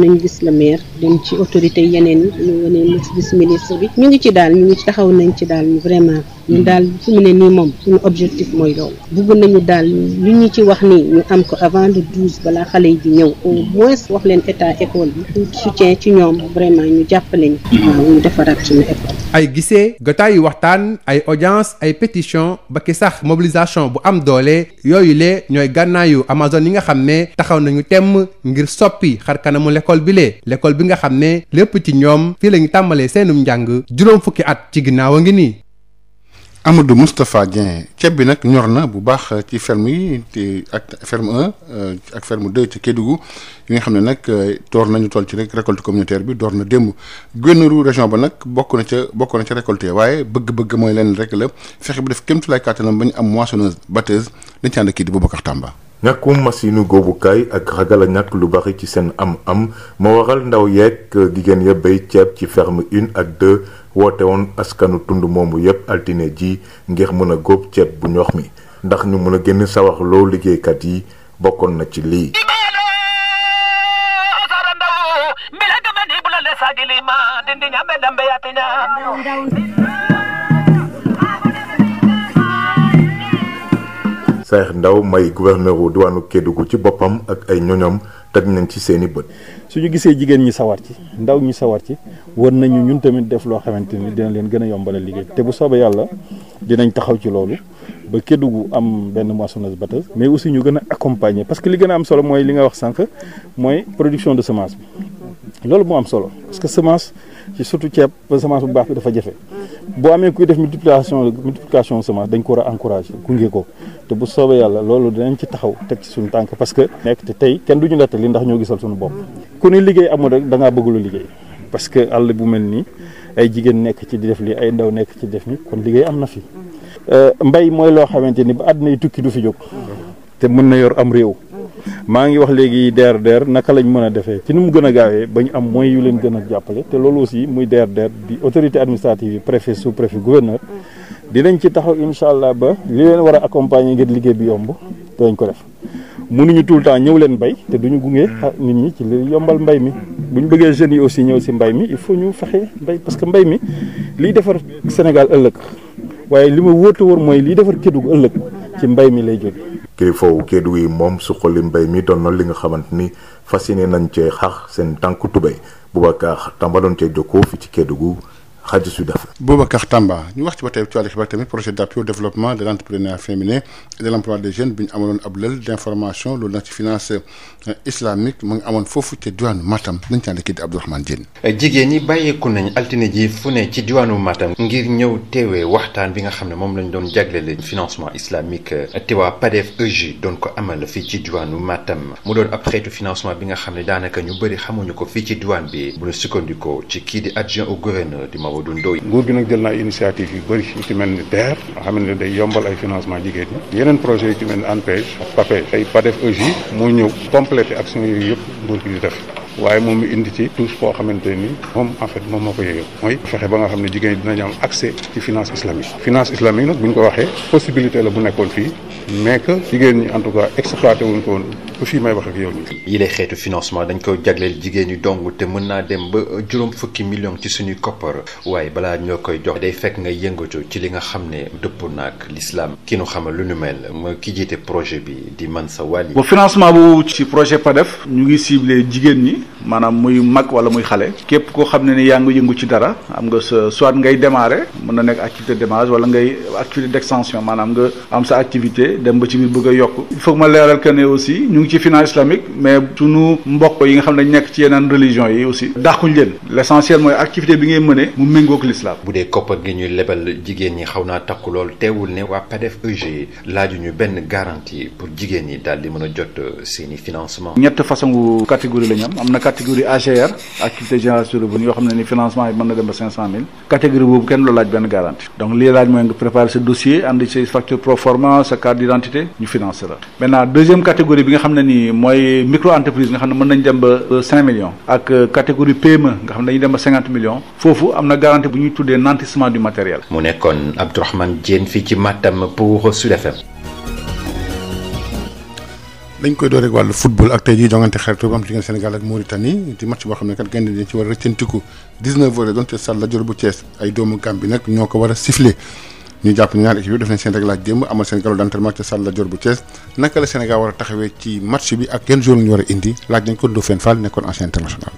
dinañ gis le maire dem ci autorité yeneen ñu yeneen gis ministre bi ñu ngi ci daal ñu ngi ci taxaw nañ ci daal vraiment ñu hmm. daal fu ne nii moom suñu objectif mooy loolu bugg nañu daal lu ñu ci wax nii ñu am ko avant le douze balaa xale yi di ñëw au moins wax leen état école bi soutien ci ñoom vraiment ñu jàppale ñu hmm. waaw ñu defaraat suñu école ay gisee gotaayu waxtaan ay audience ay pétition ba ki sax mobilisation bu am doole yooyu le ñooy gànnaayu yi nga xam ne l'école bi lee l'école bi nga xam ne lépp ci ñoom fii lañ tàmbalee seenum njàng juróom fukki at ci ginnaaw a ngi nii Amadou Moustapha Dieng ceeb bi nag ñor na bu baax ci ferme yi te ak ferme 1 euh, ak ferme 2 ci Kédougou yi nga xam ne nag euh, door nañu toll ci rek récolte communautaire bi door na démb gënnaru région ba nag bokk na ca bokk na ca récolté waaye bëgg-bëgg mooy leen rek la fexe bi def kéem tolluwaay kàttanam ba ñu am moissonneuse batteuse dañ ci ànd kii di Boubacar Tamba. ñàkkum masinu googukaay ak ragal a lu bari ci seen am-am moo waral ndaw yeeg euh, jigéen ya béy ceeb ci ferme une ak deux woote woon askanu tund moomu yépp altine ji ngir mën a góob ceeb bu njox mi ndax ñu mën a génn sawarloo liggéeykat yi bokkoon na ci lii. Saer Ndao may gouverneur wu diwaanu Kédougou ci boppam ak ay ñoñom teg nañ ci seen i bët. ñu gisee jigéen ñi sawar ci ndaw ñi sawar ci war nañu ñun tamit def loo xamante ni dina leen gën a yombalal liggéey te bu soobee yàlla dinañ taxaw ci loolu ba gu am benn moissonneuse batteuse mais aussi ñu gën a accompagner parce que li gën a am solo mooy li nga wax sànq mooy production de semence bi loolu moo am solo parce que semence. ci surtout ceeb ba semence bu baax bi dafa jafe mm-hmm. boo amee kuy def multiplication multiplication semence dañ ko war a encouragé gunge ko te bu soobee yàlla loolu dinañ ci taxaw teg ci suñu tànk parce que nekk te tey kenn du ñu li ndax ñoo gisal suñu bopp mm-hmm. ku ni liggéey amul rek da ngaa bëgg lu liggéey parce que àll bu mel nii ay jigéen nekk ci di def lii ay ndaw nekk ci def ni kon liggéey am na fi mm-hmm. euh, mbay mooy loo xamante ni ba àddina yi tukki du fi jóg te mën na yor am réew maa ngi wax léegi DRDR naka lañ mën a defee ci nu mu gën a gaawee ba ñu am mooy yu leen gën a jàppale te loolu aussi muy DRDR di autorité administrative yi préfet sous préfet gouverneur dinañ ci taxaw incha allah ba li leen war a accompagner ngir liggéey bi yomb dinañ ko def mënuñu tout le temps ñëw leen bay te du duñu gunge mm. ah nit ñi ci li yombal mbay mi bu ñu bëggee jeunes yi aussi ñëw si mbay mi il faut ñu fexe mbay parce que mbay mi liy defar Sénégal ëllëg waaye li ma wóote woon mooy liy defar Kédougou ëllëg ci mbay mi lay jóge kilifawu Kédougou yi moom suqali mbay mi doon na li nga xamante ni fasciné nañ cee xax seen tànk tubéy Boubacar Tamba doon cee jokkoo fi ci Kédougou xaaju Sud Afrique. Boubacar Tamba ñu wax ci ba tey ci xibaar tamit projet d' appui au développement de l' entrepreneuriat féminin et de l' bi ñu amaloon ab lël d' loolu nag ci finance euh, islamique mu ngi amoon foofu ci diwaanu Matam ngir ñëw teewee waxtaan bi nga xam ne moom lañ doon jagleel financement islamique euh, te waa PADEF EJ doon ko amal fii ci diwaanu Matam mu doon ab xeetu financement bi nga xam ne daanaka ñu bëri xamuñu ko fii ci diwaan bi bu ñu sukkandikoo ci kii di adjoint au di Maodo Ndoye nguur gi nag jël naa initiative yi bëri yu ci mel ni DER nga xam ne day yombal ay financement jigéen ñi yeneen projet yu ci mel ni ANPEJ ak PAPEJ ay PADEF EJ moo ñëw complété action yooyu yëpp nguur gi di def waaye moom mi indi ci tous foo xamante nii moom en fait moom moo ko yëyoo mooy fexe ba nga xam ne jigéen ñi dinañ am accès ci finance islamique finance islamique nag bu ñu ko waxee possibilité la bu nekkoon fii mais que jigéen ñi en tout cas exploité wuñ ko woon ba fii may wax ak yow nii. xeetu financement dañ ko jagleel jigéen ñi dong te mën naa dem ba juróom fukki million ci suñuy koppar waaye balaa ñoo koy jox day fekk nga yëngatu ci li nga xam ne dëpp naag l'islam ki nu xamal lu nu mel mooy ki jiite projet bi di Mansa Wali. ba financement boobu ci projet PADEF ñu ngi ciblé jigéen ñi. maanaam muy mag wala muy xale képp koo xam ne ni yaa ngi yëngu ci dara am nga sa soit ngay démarrer mën na nekk activité démarrage wala ngay activité d'extension maanaam nga am sa activité dem ba ci biir bëgg a yokk il faut ma leeral que ne aussi ñu ngi ci finance islamique mais sunu mbokk yi nga xam ne dañ nekk ci yeneen religion yi aussi dàquñ leen l'essentiel mooy activité bi ngay mëne mu méngoog l'islam bu dee koppar gi ñuy lebal jigéen ñi xaw naa takku lool teewul ne waa PADEF laaju ñu benn garantie pour jigéen ñi daal di mën a jot euh, seeni financement ñett façon catégorie la ñu na catégorie AGR activité générale de yoo xam ne ni financement yi mën na dem ba cinq cent mille catégorie boobu kenn loo laaj benn garantie donc lii laaj mooy nga préparer sa dossier andi say facture proforma sa carte d'identité ñu financer la maintenant deuxième catégorie bi nga xam ne ni mooy micro entreprise nga xam ne mën nañ dem ba euh, cinq millions ak euh, catégorie PME nga xam ne dañuy dem ba cinquante millions foofu am na garantie bu ñuy tuddee nantissement du matériel mu nekkoon Abdourahmane dañ koy door rek wàllu football ak tey jii jongante xaritu bu am ci ngeen Sénégal ak Mauritanie di match boo xam ne kat gaynde dañ ci war a rëccantiku 19 heures donte Stade Lat Dior bu Thiès ay doomu Gambie nag ñoo ko war a siffler ñu jàpp ne ñaari def nañ seen réglage démb amal seen galop d'entraînement ca Stade Lat Dior bu Thiès naka la Sénégal war a taxawee ci match bi ak yan joueurs la ñu war a indi laaj nañ ko Ndofène Fall nekkoon ancien international.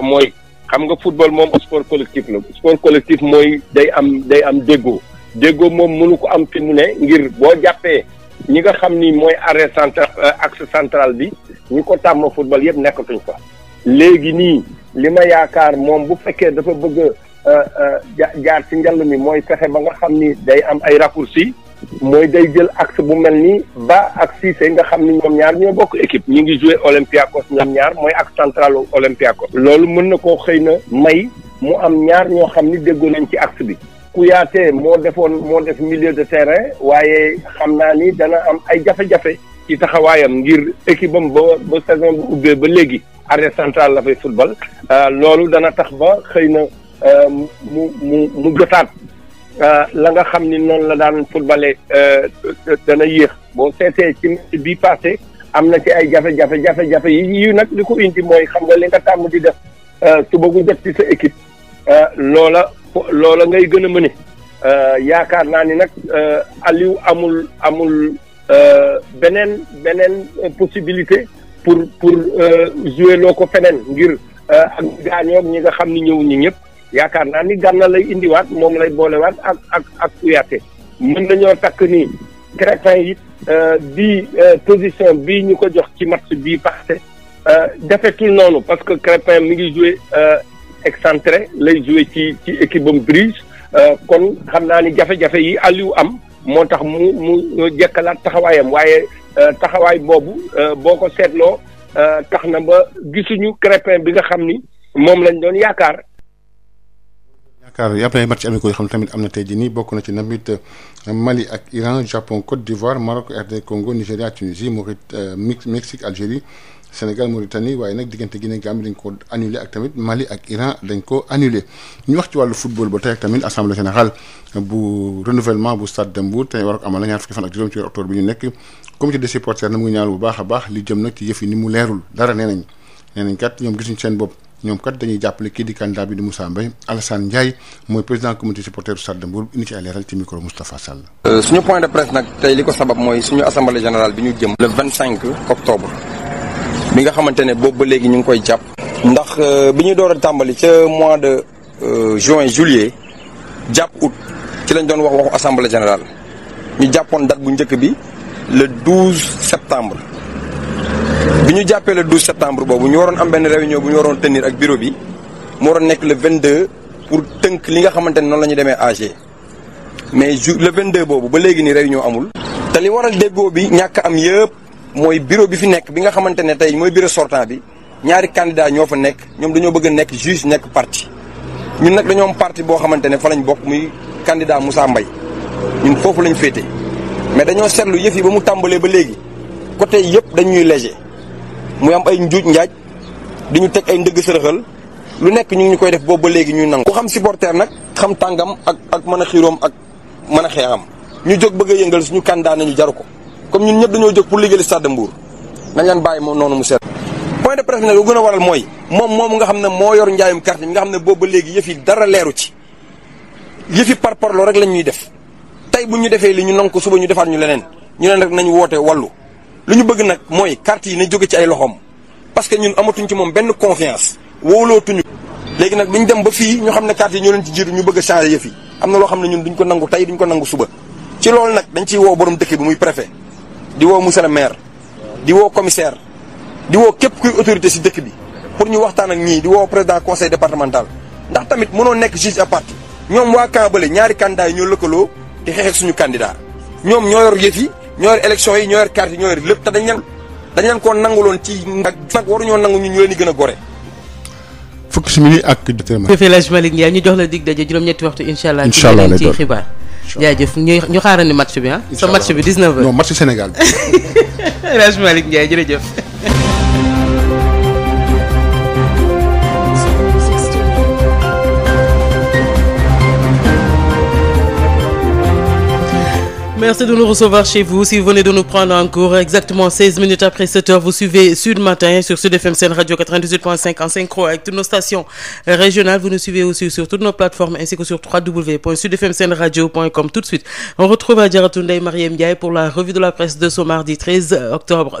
mooy xam nga football moom sport collectif la day am day am déggoo déggoo moom mënu ko am fi mu ne ngir boo jàppee ñi nga xam ni mooy arrêt euh, central axe centrale bi ñi ko tàmm football yëpp nekkatuñ fa. léegi nii li ma yaakaar moom bu fekkee dafa bëgg euh, euh, a jaar ci njàll mi mooy fexe ba nga xam ni day am ay raccourcis mooy day jël axe bu mel ni ba ak Cissé nga xam ni ñoom ñaar ñoo bokk équipe ñu ngi joué Olympiakos ñoom ñaar mooy axe central Olympiakos loolu mën na koo xëy na may mu am ñaar ñoo xam ni déggoo nañ ci axe bi bu yaatee moo defoon moo def milieu de terrain waaye xam naa ni dana am ay jafe-jafe ci taxawaayam ngir équipe am ba ba saison bu ubbee ba léegi arrière central la fay football euh, loolu dana tax ba xëy na euh, mu mu mu jotaat euh, la nga xam ni noonu la daan footballé dana yéex boo seetee ci bii bi am na ci ay jafe-jafe jafe-jafe yi yu nag li ko indi mooy xam nga li nga tàmm di def suba gu jot ci sa équipe Euh, loola loola ngay gën a mëne euh, yaakaar naa ni nag euh, Aliou amul amul beneen beneen possibilité pour pour jouer loo ko feneen ngir ak gaañoog ñi nga xam ni ñëw ñi ñëpp yaakaar naa ni Gana lay indiwaat moom lay boolewaat ak ak ak Kouyaté mën nañoo takk nii Crépin yi di position bii ñu ko jox ci match bii passé defetul noonu parce que Crépin mi ngi joué excentré lay joué ci ci équipe bam euh, kon xam naa ni jafe-jafe yi Aliou am moo tax mu mu jekkalaat taxawaayam waaye euh, taxawaay boobu euh, boo ko seetloo tax na ba gisuñu Crépin bi nga xam ni moom lañ doon yaakaar. yaakaar yi après match amicaux yi xam tamit am na tey ji nii bokk na ci namit Mali ak Iran Japon Côte d'Ivoire Maroc RD Congo Nigéria Tunisie Maurit Mexique Algérie. Sénégal Mauritanie waaye nag diggante Guinée Gambie dañ ko annulé ak tamit Mali ak Iran dañ ko annulé ñu wax ci wàllu football ba tey ak tamit assemblée générale bu renouvellement bu stade de Mbour te war ko amal ñaar fukki fan ak juróom ci weeru octobre bi ñu nekk comité des supporters na mu ngi ñaawlu bu baax a baax li jëm nag ci yëf yi ni mu leerul dara nee nañ kat ñoom gisuñ seen bopp ñoom kat dañuy jàppale kii di candidat bi di Moussa Mbaye Alassane Ndiaye mooy président comité supporter du Stade de Mbour indi ci ay leeral ci micro Moustapha Sall. Euh, suñu bi nga xamante ne boobu ba léegi ñu ngi koy jàpp. ndax euh, bi ñu door a tàmbali ca mois de euh, juin juillet jàpp août ci lañ doon wax waxu assemblée général ñu jàppoon date bu njëkk bi le 12 septembre. bi ñu jàppee le 12 boobu ñu waroon am benn réunion bu ñu waroon tenir ak bureau bi mu waroon nekk le 22 pour tënk li nga xamante ne noonu la ñu demee AG mais ju le 22 boobu ba léegi ni réunion amul. te li waral déggoo bi ñàkk am yëpp. mooy bureau bi fi nekk bi nga xamante ne tey mooy bureau sortant bi ñaari candidat ñoo fa nekk ñoom dañoo bëgg a nekk juge nekk parti ñun nag dañoom parti boo xamante ne fa lañ bokk muy candidat Moussa Mbaye ñun foofu lañ féete mais dañoo seetlu yëf yi ba mu tàmbalee ba léegi côté yëpp dañuy léger muy am ay njuuj njaaj di ñu teg ay ndëgg sërëxal lu nekk ñu ngi ñu koy def boobu ba léegi ñuy nangu. ku xam supporter nag xam tàngam ak ak mën a xiiroom ak mën a xeexam ñu jóg bëgg yëngal suñu candidat nañu jaru ko. comme ñun ñëpp dañoo jóg pour liggéeyal stade de Mbour nañ leen bàyyi moom noonu mu seet point de presse nag lu mooy moom moom nga xam ne moo yor njaayum carte mi nga xam ne boobu ba léegi leeru ci yëf yi par parloo rek lañ ñuy def tey bu ñu defee li ñu nangu suba ñu defaat ñu leneen ñu leen rek nañ woote wallu lu ñu bëgg nag mooy carte yi na jóge ci ay loxoom parce que ñun amatuñ ci moom benn confiance wóolootuñu léegi nag duñ dem ba fii ñu xam ne carte yi ñu leen ci jiitu ñu bëgg a changer yëf yi am na loo xam ne ñun duñ ko nangu tey duñ ko nangu suba ci loolu nag dañ ciy woo borom dëkk bi muy préfet di woo monsieur maire di woo commissaire di woo képp kuy autorité si dëkk bi pour ñu waxtaan ak ñii di woo président conseil départemental ndax tamit mënoo nekk juge à partie ñoom waa camp bële ñaari candidat yi ñoo lëkkaloo di xeex ak suñu candidat ñoom ñoo yor yëf yi ñoo yor élection yi ñoo yor carte yi ñoo yor lépp te dañ leen dañ leen koo nanguloon ci nag nag waruñoo nangu ñu ñu leen di gën a gore fukki simili ak. jërëjëf El Hadj Malick Ndiaye jaajëf ñuy ñu xaarandi match bi ah. sa match bi 19h. non match Sénégal bi. El Hadj Malick Ndiaye jërëjëf. Merci de nous recevoir chez vous. Si vous venez de nous prendre en cours, exactement minutes après 7 heures, vous suivez Sud Matin sur Sud FM Sen Radio 98.5 en synchro avec toutes nos stations régionales. Vous nous suivez aussi sur toutes nos plateformes ainsi que sur www.sudfmsenradio.com. Tout de suite, on retrouve Adjaratou Ndeye Marième Ndiaye pour la revue de la presse de ce mardi octobre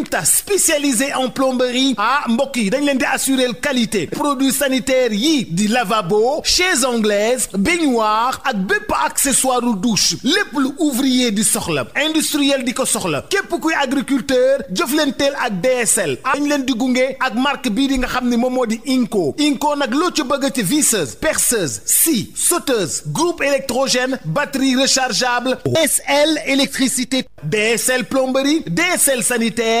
Imtas spécialisé en plomberie ah mbokk yi dañ leen di assurer qualité produits sanitaire yi di lavabo chaises anglaises baignoire ak bépp accessoire douche lépp lu ouvrier di soxla industriel di ko soxla képp kuy agriculteur jëf leen teel ak DSL ah, dañ leen di gunge ak marque bii di nga xam ne moom moo di Inco Inco nag loo ci bëgg ci visseuse perceuse scie sauteuse groupe électrogène batterie rechargeable SL électricité DSL plomberie DSL sanitaire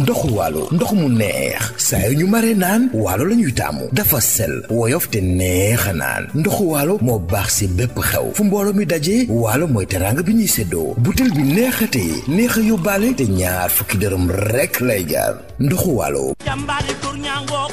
ndoxu waalo ndox mu neex saa yu ñu maree naan waalo la ñuy taamu dafa sel woyof te neex a naan ndoxu waalo moo baax si bépp xew fu mbooloo mi dajee waalo mooy teraanga bi ñuy séddoo butel bi neexatee neex a yóbbaale te ñaar fukki dërëm rekk lay jaar ndoxu waalo jàmbaari tur ñaangook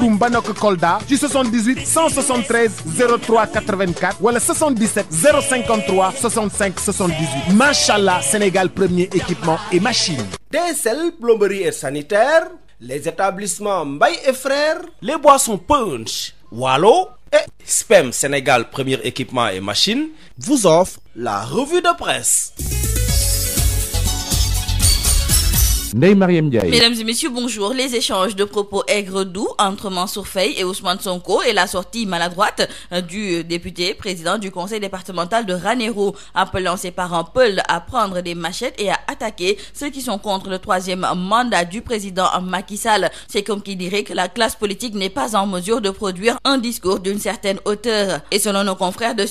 Mbuurum ba nekk Kolda ci 78 173 03 84 wala 77 053 65 78 macha allah Sénégal premier équipement et machine. DSL plomberie et sanitaire les établissements Mbaye et frères les boissons punch Wallo et SPEM Sénégal premier équipement et machine vous Ndeye Mariam Ndiaye. Mesdames et messieurs, bonjour. Les échanges de propos aigre-doux entre Mansour Faye et Ousmane Sonko et la sortie maladroite euh, du député président du conseil départemental de Ranérou appelant ses parents peuls à prendre des machettes et à attaquer ceux qui sont contre le troisième mandat du président Macky C'est comme qui dirait que la classe politique n'est pas en mesure de produire un discours d'une certaine hauteur. Et selon nos confrères de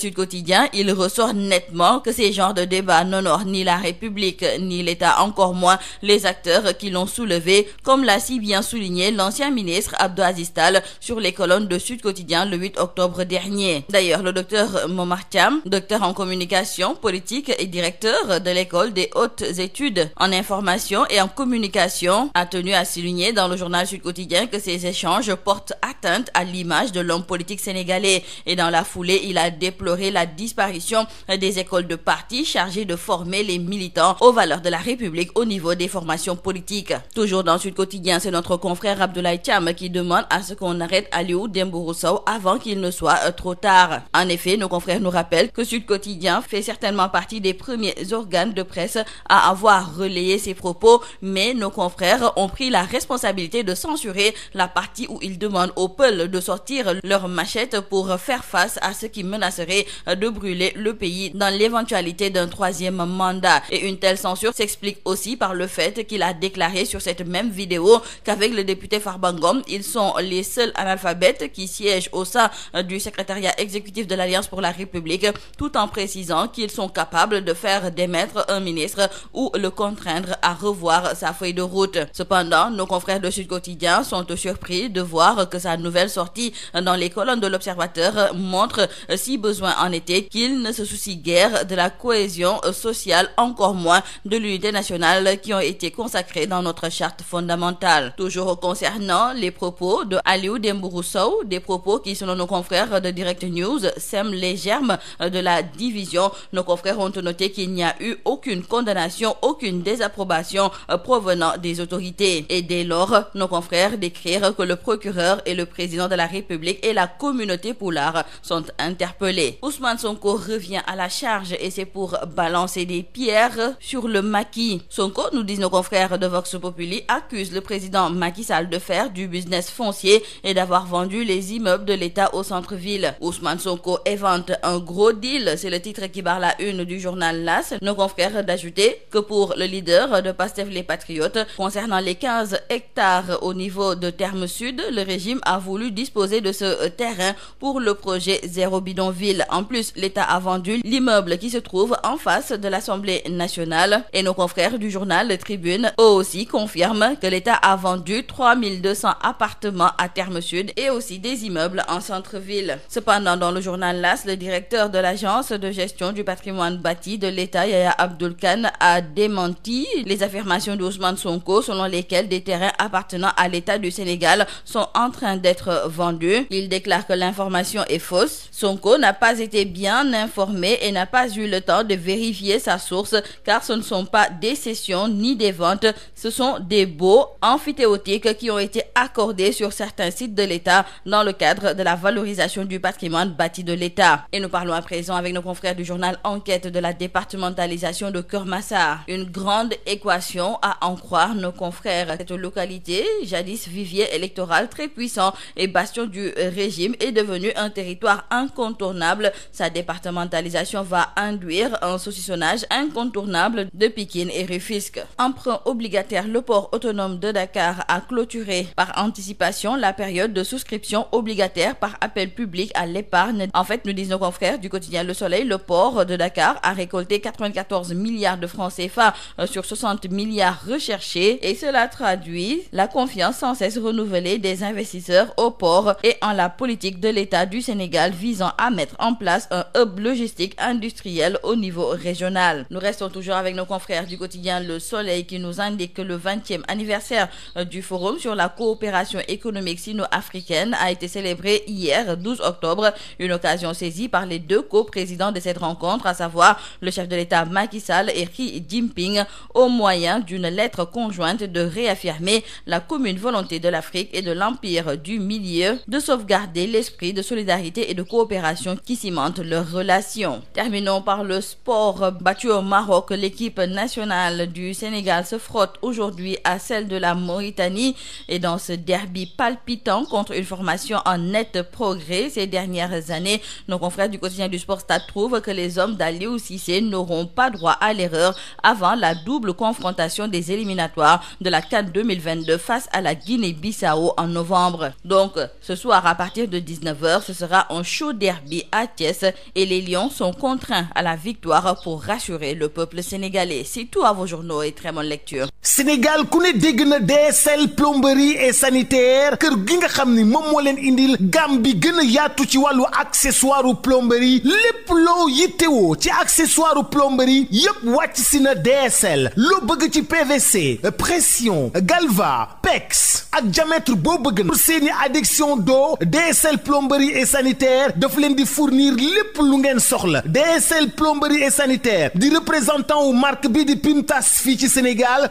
secteurs qui l'ont soulevé, comme l'a si bien souligné l'ancien ministre Abdou Aziz Tall sur les colonnes de Sud Quotidien le 8 octobre dernier. D'ailleurs, le docteur Momar docteur en communication politique et directeur de l'école des hautes études en information et en communication, a tenu à souligner dans le journal Sud Quotidien que ces échanges portent atteinte à l'image de l'homme politique sénégalais et dans la foulée, il a déploré la disparition des politique. Toujours dans Sud Quotidien, c'est notre confrère Abdoulaye Thiam qui demande à ce qu'on arrête Aliou Dembourou-Sow avant qu'il ne soit euh, trop tard. En effet, nos confrères nous rappellent que Sud Quotidien fait certainement partie des premiers organes de presse à avoir relayé ces propos, mais nos confrères ont pris la responsabilité de censurer la partie où ils demandent au peuple de sortir leur machette pour faire face à ce qui menacerait de brûler le pays par le fait qu'il a a déclaré sur cette même vidéo qu'avec le député Farba ils sont les seuls analphabètes qui siègent au sein euh, du secrétariat exécutif de l'Alliance pour la République, tout en précisant qu'ils sont capables de faire démettre un ministre ou le contraindre à revoir sa feuille de route. Cependant, nos confrères de Sud Quotidien sont surpris de voir que sa nouvelle sortie dans les colonnes de l'Observateur montre, euh, si besoin en était, qu'il ne se soucie guère consacré dans notre charte fondamentale. Toujours concernant les propos de Aliou Dembourou Sow, des propos qui, selon nos confrères de Direct News, sèment les germes de la division. Nos confrères ont noté qu'il n'y a eu aucune condamnation, aucune désapprobation euh, provenant des autorités. Et dès lors, nos confrères décrivent que le procureur et le président de la République et la communauté poulard sont interpellés. Ousmane Sonko revient à la charge et c'est pour le maquis. Sonko, nous disent nos partenaires de Vox Populi accusent le président Macky de faire du business foncier et d'avoir vendu les immeubles de l'État au centre-ville. Ousmane Sonko évente un gros deal, c'est le titre qui barre la une du journal LAS. Nos confrères d'ajouter que pour le leader de Pastef les concernant les hectares au niveau de Terme Sud, le régime a voulu disposer de ce terrain pour le projet Zéro Bidonville. En plus, l'État a vendu l'immeuble qui se trouve en face Eux aussi confirment que l'État a vendu 3200 appartements à Terme Sud et aussi des immeubles en centre-ville. Cependant, dans le journal LAS, le directeur de l'agence de gestion du patrimoine bâti de l'État, Yaya Abdul Khan, a démenti les affirmations d'Ousmane Sonko selon lesquelles des terrains appartenant à l'État du Sénégal sont en train d'être vendus. Il déclare que l'information est fausse. Sonko n'a pas été bien informé et n'a pas eu le temps de vérifier sa source car ce ne sont pas des cessions étudiantes. Ce sont des baux amphithéotiques qui ont été accordés sur certains sites de l'État dans le cadre de la valorisation du patrimoine bâti de l'État. Et nous parlons à présent avec nos confrères du journal Enquête de la départementalisation de Keur Une grande équation à en croire nos confrères. Cette localité, jadis vivier électoral très puissant et bastion du régime, est devenue un territoire incontournable. Sa départementalisation va induire un saucissonnage incontournable obligataire, le port autonome de Dakar a clôturé par anticipation la période de souscription obligataire par appel public à l'épargne. En fait, nous disent nos confrères du quotidien Le Soleil, le port de Dakar a récolté milliards de francs CFA euh, sur milliards recherchés et cela traduit la confiance sans cesse renouvelée des investisseurs au port et en la politique de l'État du Sénégal visant à mettre en place un hub logistique industriel au niveau régional. indique que le 20e anniversaire euh, du Forum sur la coopération économique sino-africaine a été célébré hier, octobre, une occasion saisie par les deux co de cette rencontre, à savoir le chef de l'État Macky et Xi Jinping, au moyen d'une lettre conjointe de réaffirmer la commune volonté de l'Afrique et de l'Empire du Milieu de sauvegarder l'esprit de solidarité et de coopération qui cimente leurs relations. Terminons par le sport battu au Maroc. frotte aujourd'hui à celle de la Mauritanie et dans ce derby palpitant contre une formation en net progrès ces dernières années, nos confrères du quotidien du Sport trouvent que les hommes d'Aliou Cissé n'auront pas droit à l'erreur avant la double confrontation des éliminatoires de la CAN 2022 face à la Guinée-Bissau en novembre. Donc ce soir à partir de 19h, ce sera un chaud derby à Thiès et les Lions sont contraints à la victoire pour sérieux Sénégal ku ne dégg na DSL plomberie e sanitaire kër gi nga xam ni moom moo leen indil gam bi gën a yaatu ci wàllu accessoire plomberie lépp loo yittewoo ci accessoire plomberie yépp wàcc si na DSL loo bëgg ci PVC pression galva pex ak diamètre boo bëgg na seeni adduction do DSL plomberie et sanitaire daf leen di fournir lépp lu ngeen soxla DSL plomberie et sanitaire di représentant wu marque bi di Pimtas fii ci Sénégal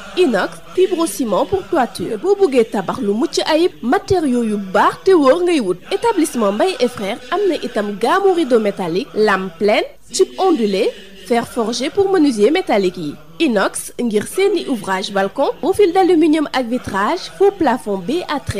inox fibrociment pour toiture boo bëggee tabax lu mucc ayib matériaux yu baax te wóor ngay wut établissement Mbaye et frères am na itam gamme rideau métallique lame pleine tube ondulé fer forgé pour menuisier métallique yi inox ngir seeni ouvrage balcon profil d'aluminium ak vitrage faux plafond BA13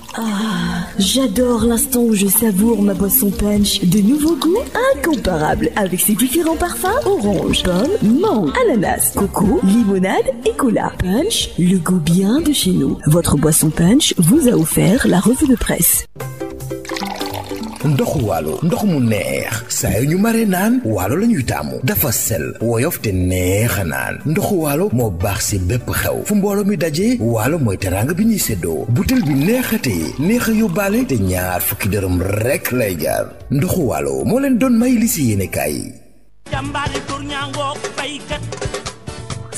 Ah, j'adore l'instant où je savoure ma boisson punch. De nouveaux goûts incomparables avec ses différents parfums orange, pomme, mangue, ananas, coco, limonade et cola. Punch, le goût bien de chez nous. Votre boisson punch vous a offert la revue de presse. ndoxu waalo ndox mu neex saa yu ñu mare naan waalo la ñuy taamu dafa sel woyof te neex a naan ndoxu waalo moo baax si bépp xew fu mbooloo mi dajee waalo mooy teraanga bi ñuy seddoo butel bi neexatee neex a yóbbaale te ñaar fukki dërëm rekk lay jaar ndoxu waalo moo leen doon may li si yéene kaay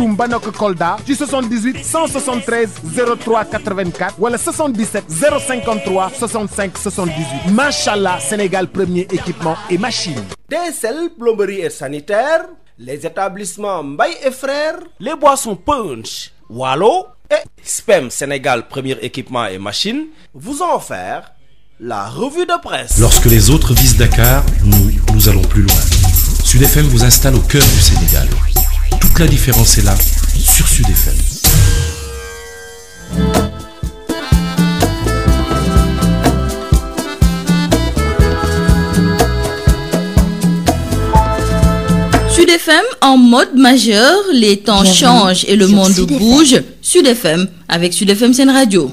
Kourumba nekk Kolda ci 78 173 03 84 wala 77 053 65 78 macha allah Sénégal premier équipement et machine. DSL plomberie et sanitaire les Sénégal premier équipement et machine vous ont offert la revue de presse. Lorsque les autres visent Dakar, nous, nous allons plus loin. Sud FM vous installe au cœur du Toute la différence est là sur Sud FM. en mode majeur, les temps changent et le monde bouge. sudfm FM avec Sud Scène Radio.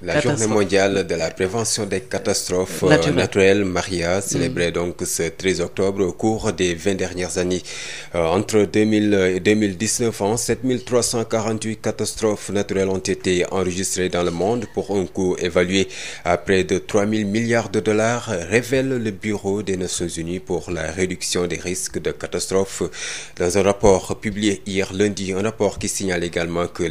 La Catastrophe. journée de la prévention des catastrophes naturelles, naturelles Maria, mm. célébrée mmh. donc ce 13 octobre au cours des 20 dernières années. Euh, entre 2000 et 2019, en 7348 catastrophes naturelles ont été enregistrées près de 3000 milliards de de catastrophes. Dans un rapport publié hier lundi, un rapport qui signale également que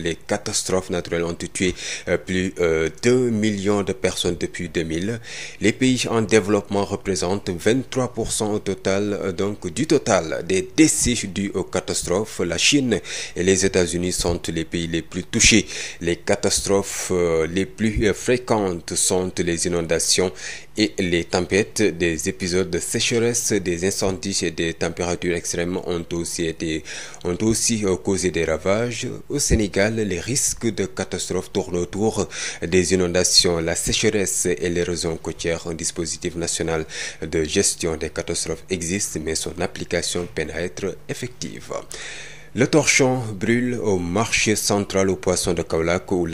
2 millions de personnes depuis 2000. Les pays en développement représentent 23% au total, donc du total des décès dus aux catastrophes. La Chine et les États-Unis sont les pays les plus touchés. Les catastrophes euh, les plus euh, fréquentes sont les inondations et les tempêtes, des épisodes de sécheresse, des incendies et des températures extrêmes ont aussi été, ont aussi euh, causé des ravages. Au Sénégal, les risques de catastrophes tournent autour des inondations, la sécheresse et l'érosion côtière. Un dispositif national de gestion des catastrophes existe, mais son application peine à être effective. Le torchon brûle au marché central aux poissons de Kaolack où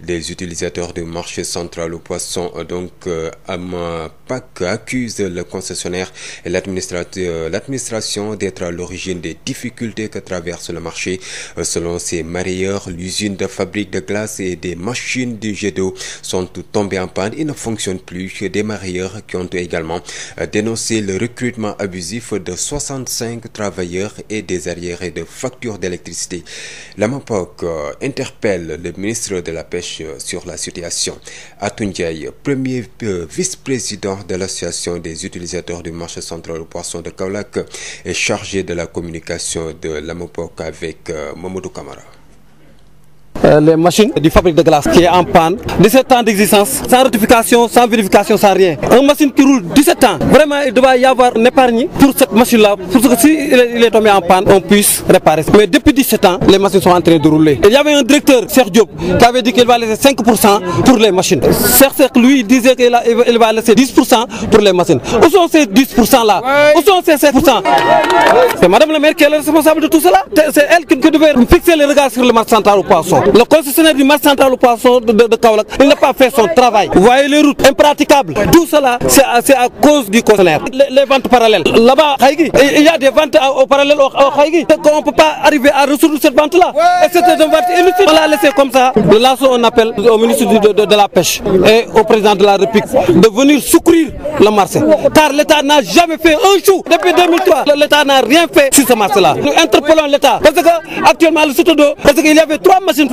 des utilisateurs du marché central aux poissons donc euh, AMPAC accuse le concessionnaire et l'administrateur l'administration d'être à l'origine des difficultés que traverse le marché. Euh, selon ces marailleurs, de fabrique de glace et des machines de sont tombées en panne et ne fonctionnent plus. Des marailleurs qui ont également euh, dénoncé le recrutement abusif de 65 travailleurs et des arriérés de des factures d'électricité. L'AMAPOC euh, interpelle le ministre de la Pêche euh, sur la situation. Atundiaï, premier euh, vice-président de l'association des utilisateurs du marché central au poisson de Kaolack, est chargé de la communication de l'AMAPOC avec Mamadou Kamara. Euh, les machines du fabrique de glace qui est en panne. 17 ans d'existence, sans ratification, sans vérification, sans rien. Une machine qui roule 17 ans, vraiment il doit y avoir une épargne pour cette machine-là, pour que si il est tombé en panne, on puisse réparer. Mais depuis 17 ans, les machines sont en train de rouler. Il y avait un directeur, Serge Diop, qui avait qu'il va laisser pour les machines. Serge lui, pour les Madame le maire qui Le concessionnaire du marché central poisson de, de, il n'a pas fait son travail. voyez les routes impraticables. Tout cela, c'est à, cause du concessionnaire. Les, ventes parallèles. Là-bas, Khaïgui, il y a des ventes au parallèle au, au On peut pas arriver à résoudre cette vente-là. Et c'était une vente inutile. On l'a laissé comme ça. Le lasso, on appelle au ministre de, la Pêche et au président de la République de venir secourir le marché. Car l'État n'a jamais fait un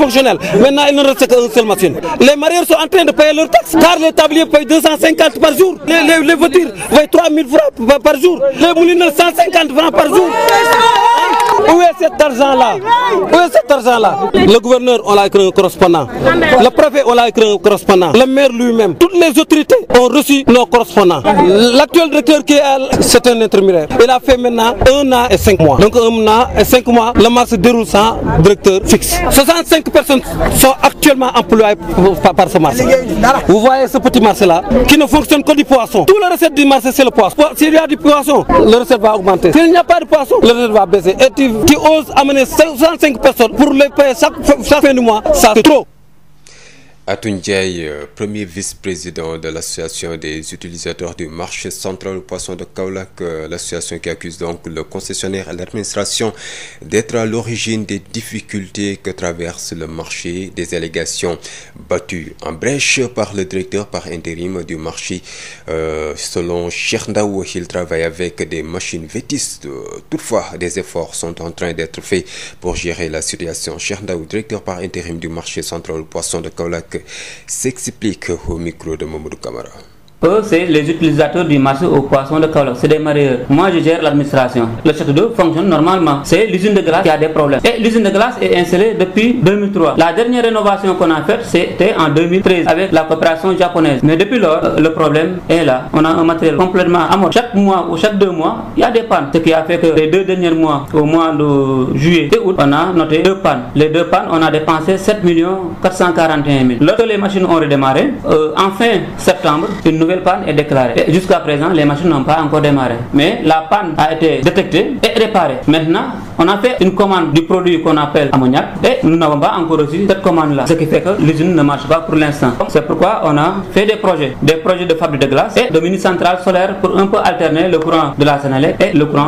fonctionnels. Maintenant, il ne reste qu'un seul machine. Les marieurs sont en train de payer leurs taxes, car les tabliers payent 250 par jour. Les, les, les voitures payent 3000 francs par jour. Les moulineurs, 150 francs par jour. Où est cet argent-là Où est cet argent-là Le gouverneur, on l'a écrit un correspondant. Le préfet, on l'a écrit un correspondant. Le maire lui-même. Toutes les autorités ont reçu nos correspondants. L'actuel directeur qui est c'est un intérimaire. Il a fait maintenant un an et cinq mois. Donc un an et cinq mois, le marché déroule sans directeur fixe. 65 personnes sont actuellement employées par ce marché. Vous voyez ce petit marché-là qui ne fonctionne que du poisson. Tout le recette du marché, c'est le poisson. S'il y a du poisson, le recette va augmenter. S'il n'y a pas de poisson, le recette va baisser. Et tu, tu oses amener 65 personnes pour les payer chaque, fin du mois, c'est trop. Atou Ndiaye euh, premier vice-président de l'association des utilisateurs du marché central du poisson de Kaolack euh, l'association qui accuse donc le concessionnaire et l'administration d'être à l'origine des difficultés que traverse le marché des allégations battues en brèche par le directeur par intérim du marché euh, selon Cheikh Ndaw il travaille avec des machines vétustes toutefois des efforts sont en train d'être faits pour gérer la situation Cheikh Ndaw directeur par intérim du de Kaolack s'explique au micro de Mamadou Camara. Eux, c'est les utilisateurs du marché aux poissons de Kaolack, c'est des mareyeurs. Moi, je l'administration. Le château d'eau fonctionne normalement. C'est l'usine de glace qui a des problèmes. Et l'usine de glace est installée depuis La dernière rénovation qu'on a faite, c'était en avec la coopération japonaise. Mais depuis lors, euh, le problème est là. On a un matériel complètement amorti. Chaque mois ou chaque deux mois, il y a des pannes. Ce qui a fait que les deux derniers nouvelle panne est déclarée. jusqu'à présent, les machines n'ont pas encore démarré. Mais la panne a été détectée et réparée. Maintenant, on a fait une commande du produit qu'on appelle ammoniac et nous n'avons pas encore reçu cette commande-là. Ce qui fait que l'usine ne marche pas pour l'instant. C'est pourquoi on a fait des projets, des projets de fabrique de glace et de mini-centrales solaires pour un peu alterner le courant de la Sénélec et le courant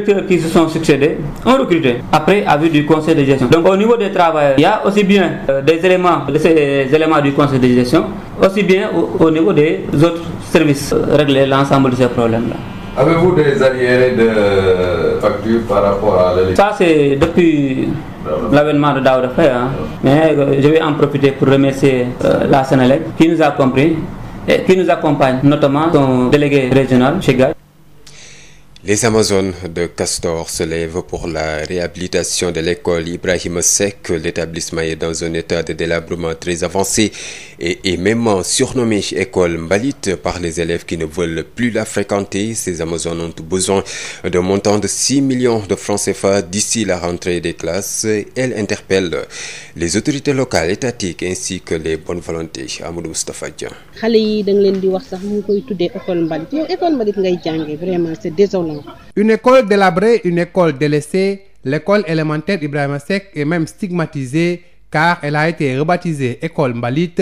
directeurs qui se sont succédés ont recruté après avis du conseil de gestion. Donc au niveau des travailleurs, il a aussi bien euh, des éléments de euh, conseil de gestion, aussi bien au, niveau des autres services euh, l'ensemble de ces problèmes-là. Avez-vous des arriérés de euh, factures par rapport à la Ça, c'est de Daouda Faye. Mais je vais en profiter pour remercier la Sénélec qui nous a compris et qui nous accompagne, notamment son délégué régional, Chegal. Les Amazones de Castor se pour la réhabilitation de l'école Ibrahim Seck. L'établissement est dans un état de délabrement très avancé et est même surnommé école Mbalit par les élèves qui ne veulent plus la fréquenter. Ces Amazones ont besoin d'un montant de 6 millions de francs CFA d'ici la rentrée des classes. Elle interpelle les autorités locales, étatiques ainsi que les bonnes volontés. Amadou Moustapha Dia. nañu ko. une école délabrée une école délaissée l'école élémentaire Ibrahima Seck est même stigmatisée car elle a été rebaptisée école Mbalit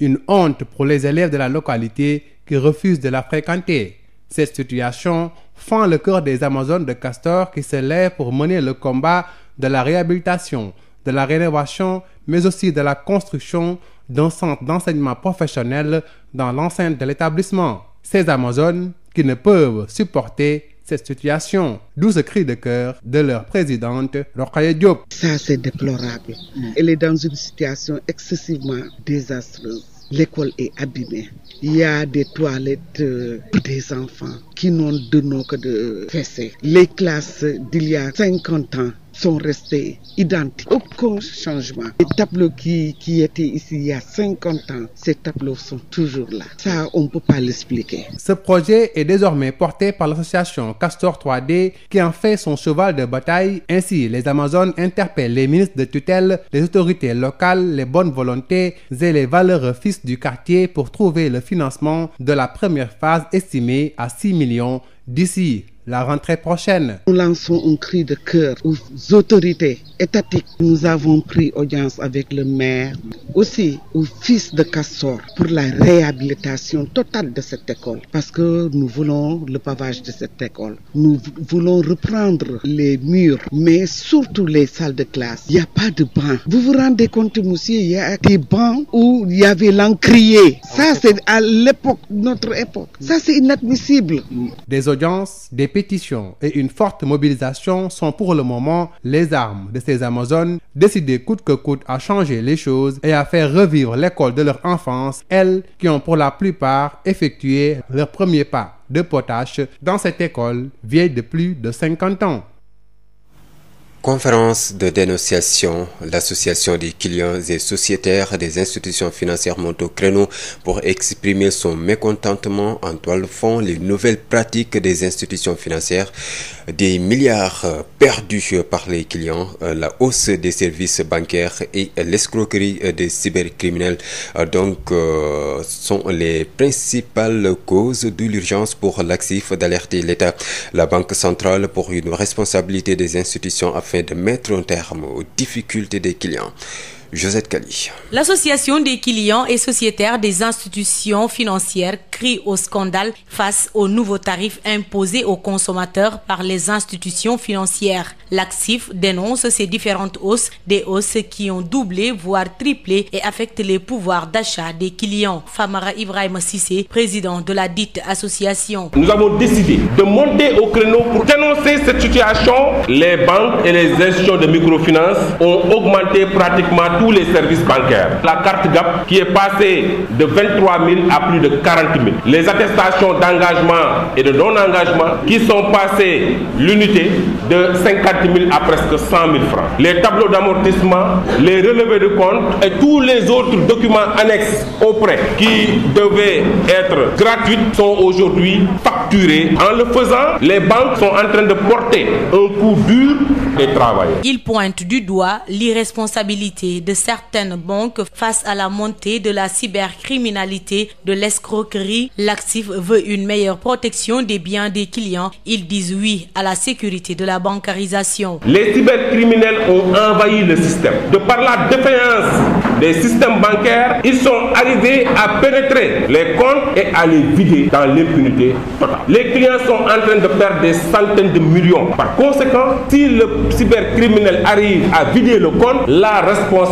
une honte pour les élèves de la localité qui refusent de la fréquenter cette situation fend le cœur des Amazones de Castor qui se lèvent pour mener le combat de la réhabilitation de la rénovation mais aussi de la construction d'un centre d'enseignement professionnel dans l'enceinte de l'établissement ces Amazones qui ne peuvent supporter cette situation. D'où ce cri de cœur de leur présidente, Rokhaya Diop. Ça, c'est déplorable. Elle est dans une situation excessivement désastreuse. L'école est abîmée. Il y a des toilettes pour euh, des enfants qui n'ont de nom que de fessées. Les classes d'il y a ans sont restés identiques. Aucun changement. Les tableaux qui, y a 50 ans, ces tableaux sont toujours là. Ça, on ne peut pas l'expliquer. Ce projet est désormais porté par l'association Castor 3D qui en fait son cheval de bataille. Ainsi, les Amazones interpellent les ministres de tutelle, les autorités locales, les bonnes volontés et les valeureux fils du quartier pour trouver le financement de la première phase estimée à six millions d'ici la rentrée prochaine. Nous lançons un cri de cœur aux autorités étatique. Nous avons pris audience avec le maire, aussi au fils de Castor, pour la réhabilitation totale de cette école. Parce que nous voulons le pavage de cette école. Nous voulons reprendre les murs, mais surtout les salles de classe. Il n'y a pas de bancs. Vous vous rendez compte, monsieur, il y a des bancs où il y avait l'encrier. Ça, c'est à l'époque, notre époque. Ça, c'est inadmissible. Des audiences, des pétitions et une forte mobilisation sont pour le moment ces Amazones, décidées coûte que coûte à changer les choses et à faire revivre l'école de leur enfance, elles qui ont pour la plupart effectué leur premier pas de potache dans cette école vieille de plus de cinquante ans. Conférence de dénonciation, l'association des clients et sociétaires des institutions financières monte au pour exprimer son mécontentement en toile fond les nouvelles pratiques des institutions financières. des milliards euh, perdus euh, par les clients, euh, la hausse des services bancaires et l'escroquerie des cybercriminels donc euh, sont les principales causes de l'urgence pour l'ACIF d'alerter l'État, la Banque centrale pour une responsabilité des institutions afin de mettre un terme aux difficultés des clients. Josette Kali. L'association des clients et sociétaires des institutions financières crie au scandale face aux nouveaux tarifs imposés aux consommateurs par les institutions financières. L'ACSIF dénonce ces différentes hausses, des hausses qui ont doublé voire triplé et affectent les pouvoirs d'achat des clients. Famara Ibrahima Sissé, président de la dite association. Nous avons décidé de monter au créneau pour dénoncer cette situation. Les banques et les institutions de microfinance ont tous les services bancaires. La carte GAP qui est passée de 23 000 à plus de 40 000. Les attestations d'engagement et de non-engagement qui sont passées l'unité de 50 000 à presque francs. Les tableaux d'amortissement, les relevés de compte et tous les autres documents annexes au prêt qui devaient être gratuits sont aujourd'hui facturés. En le faisant, les banques sont en train de porter un coup dur et travailler. Il pointe du doigt l'irresponsabilité de certaines banques face à la montée de la cybercriminalité, de l'escroquerie. L'actif veut une meilleure protection des biens des clients. Ils disent oui à la sécurité de la bancarisation. Les cybercriminels ont envahi le système. De par la défaillance des systèmes bancaires, ils sont arrivés à pénétrer les comptes et à les vider dans l'impunité totale. Les clients sont en train de perdre des centaines de millions. Par conséquent, si le cybercriminel arrive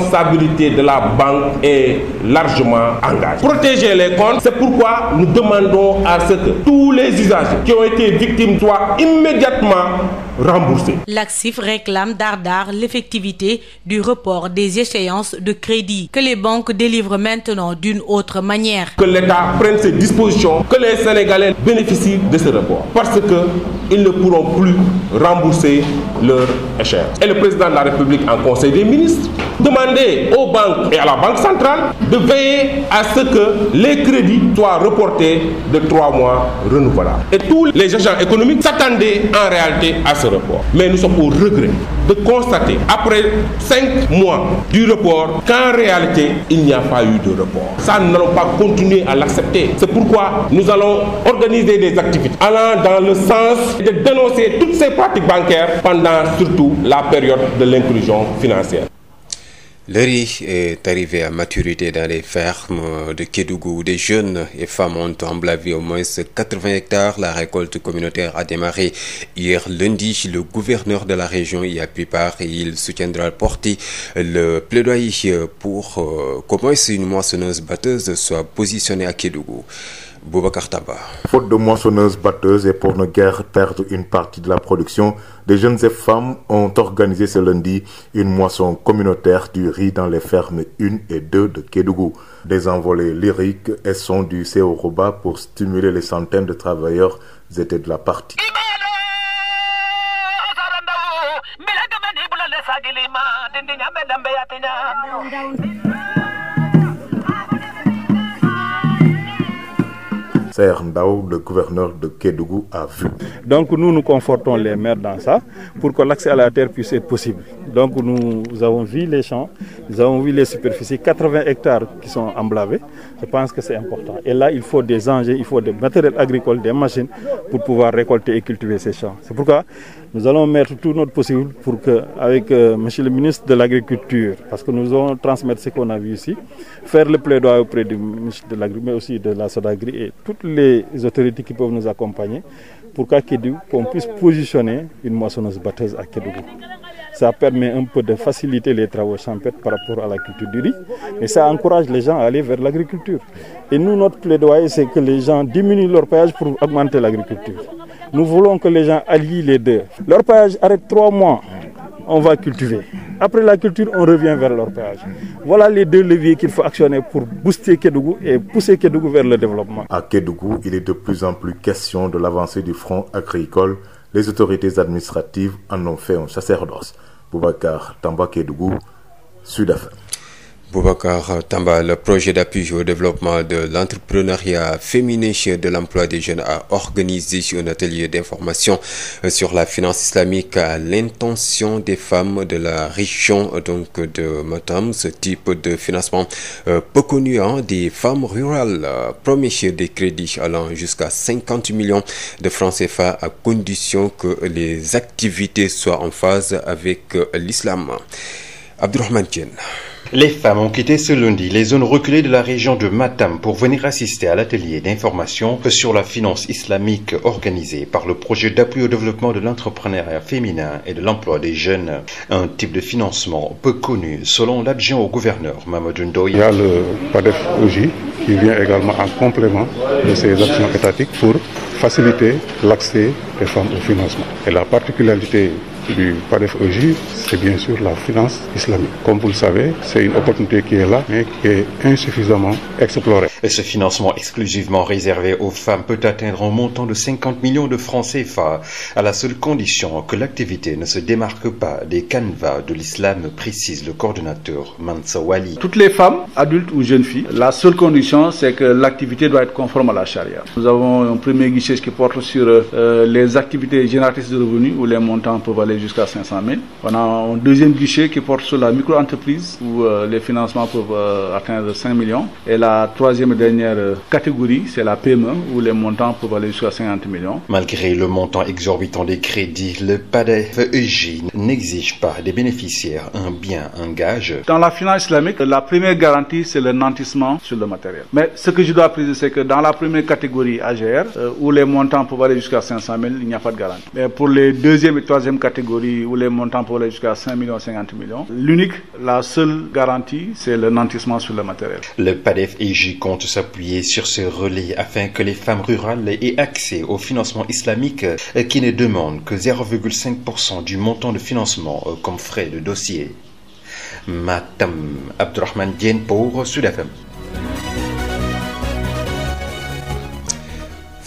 responsabilité de la banque est largement engagée. Protéger les comptes, c'est pourquoi nous demandons à ce que tous les usagers qui ont été victimes soient immédiatement remboursés. L'ACSIF réclame dardard l'effectivité du report des échéances de crédit que les banques délivrent maintenant d'une autre manière. Que l'État prenne ses dispositions, que les Sénégalais bénéficient de ce report parce que ils ne pourront plus rembourser leur échéance. Et le président de la République en Conseil des ministres demandait aux banques et à la Banque centrale de veiller à ce que les crédits soient reportés de trois mois renouvelables. ce report. Mais nous sommes au regret de constater, après cinq mois du report, qu'en réalité, il n'y a pas eu de report. Ça, nous n'allons pas continuer à l'accepter. C'est pourquoi nous allons organiser des activités allant dans le sens de dénoncer toutes ces pratiques bancaires pendant surtout la période de l'inclusion financière. Le riz est arrivé à maturité dans les fermes de jeunes et femmes ont emblavé au moins 80 hectares. La récolte communautaire a démarré hier lundi. Le gouverneur de la région y a pris part et il soutiendra porter le plaidoyer pour euh, comment une moissonneuse batteuse soit positionnée à Kédougou. Boubacar Tamba. Faute de moissonneuses, batteuses et pour ne guère perdre une partie de la production, des jeunes et femmes ont organisé ce lundi une moisson communautaire du riz dans les fermes 1 et 2 de Kédougou. Des envolées lyriques et sons du Seoroba pour stimuler les centaines de travailleurs étaient de la partie. Serre Ndao, le gouverneur de Kédougou, a vu. Donc nous, nous confortons les maires dans ça pour que l'accès à la terre puisse être possible. Donc nous avons vu les champs, nous avons vu les superficies, 80 hectares qui sont emblavés. Je pense que c'est important. Et là, il faut des engins, il faut des matériels agricoles, des machines pour pouvoir récolter et cultiver ces champs. C'est pourquoi Nous allons mettre tout notre possible pour que, avec euh, Monsieur le ministre de l'Agriculture, parce que nous allons transmettre ce qu'on a vu ici, faire le plaidoyer auprès du ministre de l'Agriculture, mais aussi de la Sodagri et toutes les autorités qui peuvent nous accompagner pour qu'à Kédougou, qu'on puisse positionner une moissonneuse batteuse à Kédougou. Ça permet un peu de faciliter les travaux champêtres par rapport à la culture du riz et ça encourage les gens à aller vers l'agriculture. Et nous, notre plaidoyer, c'est que les gens diminuent leur paillage pour augmenter l'agriculture. Nous voulons que les gens allient les deux. Leur paillage arrête trois mois, on va cultiver. Après la culture, on revient vers leur péage. Voilà les deux leviers qu'il faut actionner pour booster Kédougou et pousser Kédougou vers le développement. À Kédougou, il est de plus en Les autorités administratives en ont fait un sacerdoce. Boubacar Tamba Sud-Afrique. Boubacar Tamba, le projet d'appui au développement de l'entrepreneuriat féminin de l'emploi des jeunes a organisé un atelier d'information sur la finance islamique à l'intention des femmes de la région donc de Matam. Ce type de financement euh, peu connu des femmes rurales euh, promet des crédits allant jusqu'à millions de francs CFA à condition que les activités soient en phase avec euh, l'islam. Abdourahmane Diène. Les femmes ont quitté ce lundi les zones reculées de la région de Matam pour venir assister à l'atelier d'information sur la finance islamique organisé par le projet d'appui au développement de l'entrepreneuriat féminin et de l'emploi des jeunes. Un type de financement peu connu selon l'adjoint au gouverneur Mamadou Ndoye. Il y le PADEF qui vient également en complément de ces actions étatiques pour faciliter l'accès des femmes au financement. Et la particularité du PADEF-EJ, c'est bien sûr la finance islamique. Comme vous le savez, c'est une opportunité qui est là, mais insuffisamment exclusivement réservé aux femmes peut atteindre un montant de 50 millions de francs CFA, à la seule condition que l'activité ne se démarque pas des canevas de l'islam, précise le coordonnateur Mansa Toutes les femmes, adultes ou jeunes filles, la seule condition, c'est que l'activité doit être conforme à la charia. Nous avons aller jusqu'à 500 000. On a un deuxième guichet qui porte sur la micro-entreprise où euh, les financements peuvent euh, atteindre 5 millions. Et la troisième dernière euh, catégorie, c'est la PME où les montants peuvent aller jusqu'à millions. Malgré le montant exorbitant des crédits, le PADEF-EJ n'exige pas des bénéficiaires un bien, un Dans la finance islamique, la première garantie, c'est le nantissement sur le matériel. Mais ce que je dois préciser, c'est que dans la première catégories où les montants peuvent aller jusqu'à 5 millions, 50 millions. L'unique, le nantissement le matériel. Le PADEF EJ compte s'appuyer sur ce relais afin que les femmes rurales aient accès au financement islamique qui ne demande que du montant de financement comme frais de dossier. Matam Abdurrahman Dien Sud FM.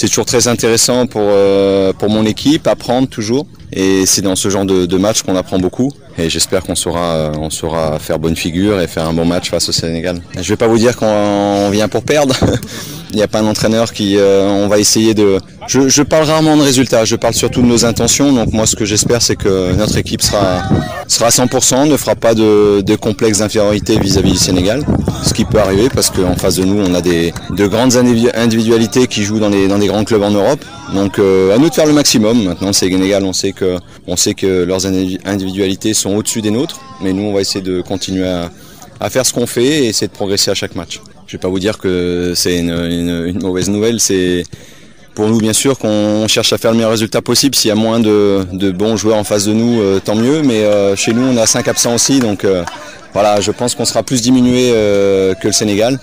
c'est toujours très intéressant pour, euh, pour mon équipe, apprendre toujours. Et c'est dans ce genre de, de match qu'on apprend beaucoup. Et j'espère qu'on saura, euh, on saura faire bonne figure et faire un bon match face au Sénégal. Je vais pas vous dire qu'on vient pour perdre. *laughs* Il n'y a pas un entraîneur qui. Euh, on va essayer de. Je, je, parle rarement de résultats. Je parle surtout de nos intentions. Donc ce que j'espère, c'est que notre équipe sera sera à 100%, ne fera pas de, de complexe vis-à-vis du Sénégal, ce qui peut arriver parce qu'en face de nous, on a des de grandes individualités qui jouent dans les dans grands clubs en Europe. Donc euh, à nous de faire le maximum. Maintenant, c'est Sénégal, on sait que on sait que leurs individualités sont au-dessus des nôtres, Je vais pas vous dire que c'est une, mauvaise nouvelle. C'est pour nous bien sûr qu'on cherche à faire le meilleur résultat possible. S'il y a moins de, de, bons joueurs en face de nous, euh, tant mieux. Mais euh, chez nous, on a cinq absents aussi, donc euh, voilà, je pense qu'on sera plus diminué euh, que le Sénégal.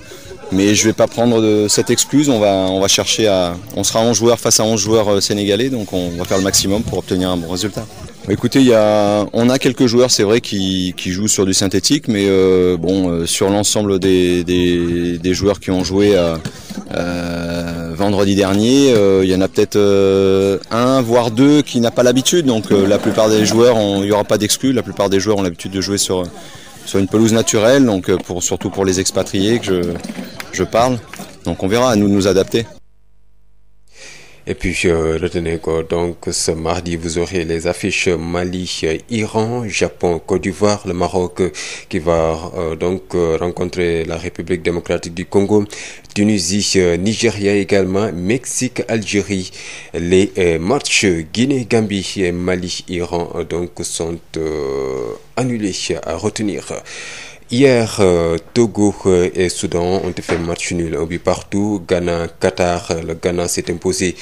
Mais je vais pas prendre cette excuse. On va, on va chercher on sera 11 joueurs face à 11 joueurs sénégalais, donc on va faire le maximum pour obtenir un bon résultat. Écoutez, y a, on a quelques joueurs, c'est vrai, qui, qui, jouent sur du synthétique, mais euh, bon, euh, sur l'ensemble des, des, des, joueurs qui ont joué à, euh, euh, vendredi dernier, euh, il y en a peut-être euh, un, voire deux, qui n'a pas l'habitude. Donc la plupart des joueurs, il n'y aura pas d'exclus. La plupart des joueurs ont l'habitude de jouer sur, une pelouse naturelle, donc pour, surtout pour les expatriés que je parle. Donc on verra à nous de nous adapter. Et puis, euh, retenez que donc ce mardi, vous aurez les affiches Mali, Iran, Japon, Côte d'Ivoire, le Maroc qui va euh, donc rencontrer la République démocratique du Congo, Tunisie, euh, Nigeria également, Mexique, Algérie. Les euh, matchs Guinée-Gambie et Mali, Iran donc sont euh, annulés à retenir. Hier, euh, Togo euh, et Soudan ont fait match nul, un euh, le Ghana s'est imposé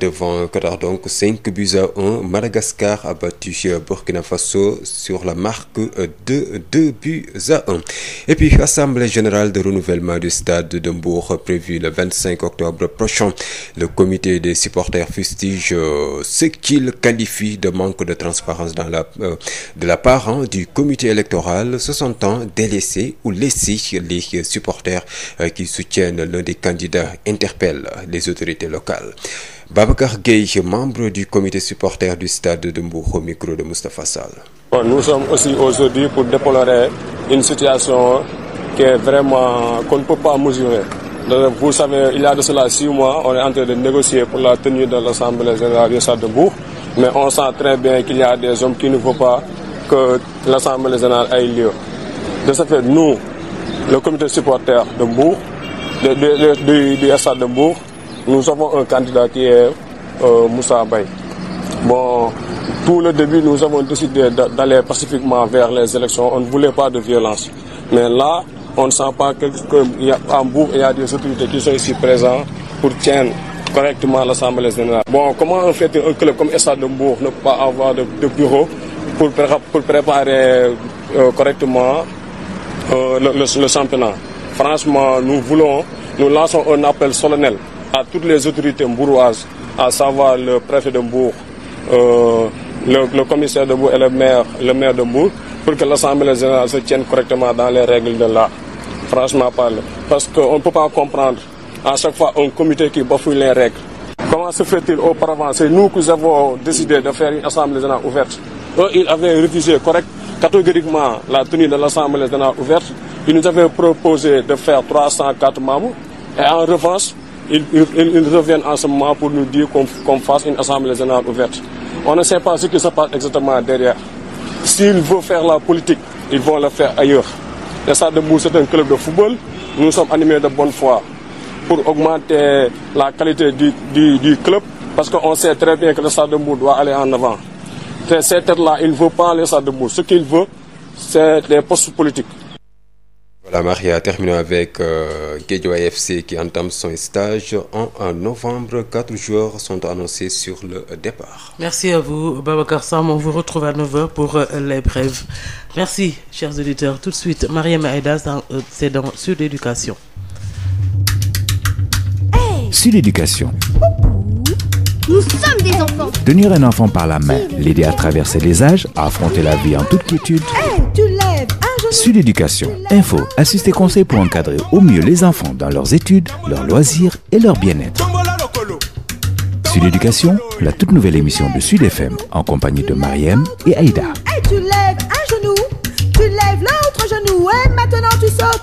devant Qatar donc 5 buts à 1. Madagascar a battu Burkina Faso sur la marque de 2 buts à 1. Et puis, Assemblée générale de renouvellement du stade de Mbour prévue le 25 octobre prochain. Le comité des supporters fustige ce qu'il de manque de transparence dans la, de délaissés e ou laissés. Les euh, supporters euh, qui soutiennent l'un des candidats interpellent les autorités locales. Babacar Gueye, membre du comité supporter du stade de Mbour, au micro de Moustapha Sall. Bon, nous sommes aujourd'hui pour déplorer une situation qui est vraiment qu'on ne peut pas mesurer. Donc, vous savez, il y a de cela six mois, on est en de négocier pour la tenue de l'Assemblée générale du stade de Mbour, mais on sent très bien qu'il y a des hommes qui ne veulent pas que De ce fait, nous, le comité supporter de Bourg, du, du, SA de Bourg, nous avons un candidat qui est euh, Bay. Bon, tout le début, nous avons décidé d'aller pacifiquement vers les élections. On ne voulait pas de violence. Mais là, on ne sent pas qu'en Bourg, il y a des autorités qui sont ici présentes pour tenir correctement l'Assemblée générale. Bon, comment en fait un club comme SA de Bourg ne peut pas avoir de, bureau pour, préparer euh, correctement euh, le, le, le championnat. Franchement, nous voulons, nous lançons un appel solennel à toutes les autorités mbouroises, à savoir le préfet de Mbour, euh, le, le, commissaire de Mbour et le maire, le maire de Mbour, pour que l'Assemblée générale se tienne correctement dans les règles de l'art. Franchement, parle. Parce qu'on ne peut pas comprendre à chaque fois un comité qui bafoue les règles. Comment se fait-il auparavant C'est nous qui avons décidé de faire une Assemblée générale ouverte. Eux, catégoriquement la tenue de l'Assemblée nationale ouverte. Il nous avait proposé de faire 304 membres. Et en revanche, ils, ils, ils reviennent en ce moment pour nous dire qu'on qu fasse une Assemblée nationale ouverte. On ne sait pas ce qui se passe exactement derrière. S'ils veulent faire la politique, ils vont le faire ailleurs. Le Stade de Bourg, c'est un club de football. Nous sommes animés de bonne foi pour augmenter la qualité du, du, du club parce qu'on sait très bien que le Stade de Bourg en ces têtes-là, il ne veut pas les ça de mots. Ce qu'il avec euh, Gédio qui entame son stage en, novembre. Quatre joueurs sont annoncés sur le départ. Merci à vous, Babacar Sam. On vous retrouve à 9h pour euh, les brèves. Merci, chers auditeurs. Tout de suite, Mariam Aïda, euh, c'est dans Sud Éducation. Hey Nous sommes des enfants. Tenir un enfant par la main, l'aider à traverser les âges, à affronter la vie en toute quiétude. Sud Éducation, info, assister conseils pour encadrer au mieux les enfants dans leurs études, leurs loisirs et leur bien-être. Sud Éducation, la toute nouvelle émission de Sud FM en compagnie de Mariem et Aïda. Hey, tu lèves un genou, tu lèves l'autre genou et maintenant tu sautes.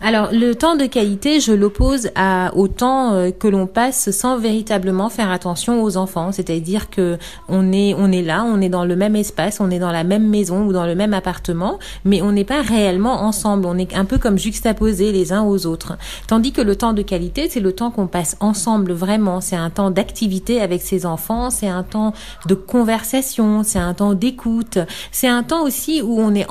Alors, le temps de qualité, je l'oppose à au temps euh, que l'on passe sans véritablement faire attention aux enfants. C'est-à-dire que on est, on là, on est dans le même espace, on est dans la même maison ou dans le même appartement, mais on n'est pas réellement ensemble. On est un peu comme juxtaposés les uns aux autres. Tandis que le temps de qualité, c'est le temps qu'on passe ensemble vraiment. C'est un temps d'activité avec ses enfants, c'est un temps de conversation, on est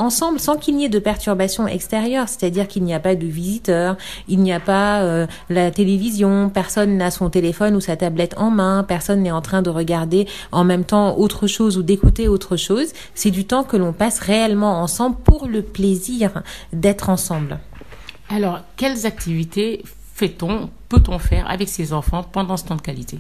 pas de visiteurs, il n'y a pas euh, la télévision, personne n'a son téléphone ou sa tablette en main, personne n'est en train de regarder en même temps autre chose ou d'écouter autre chose. C'est du temps que l'on passe réellement ensemble pour le plaisir d'être ensemble. quelles activités fait-on, peut-on faire avec ses enfants pendant ce temps de qualité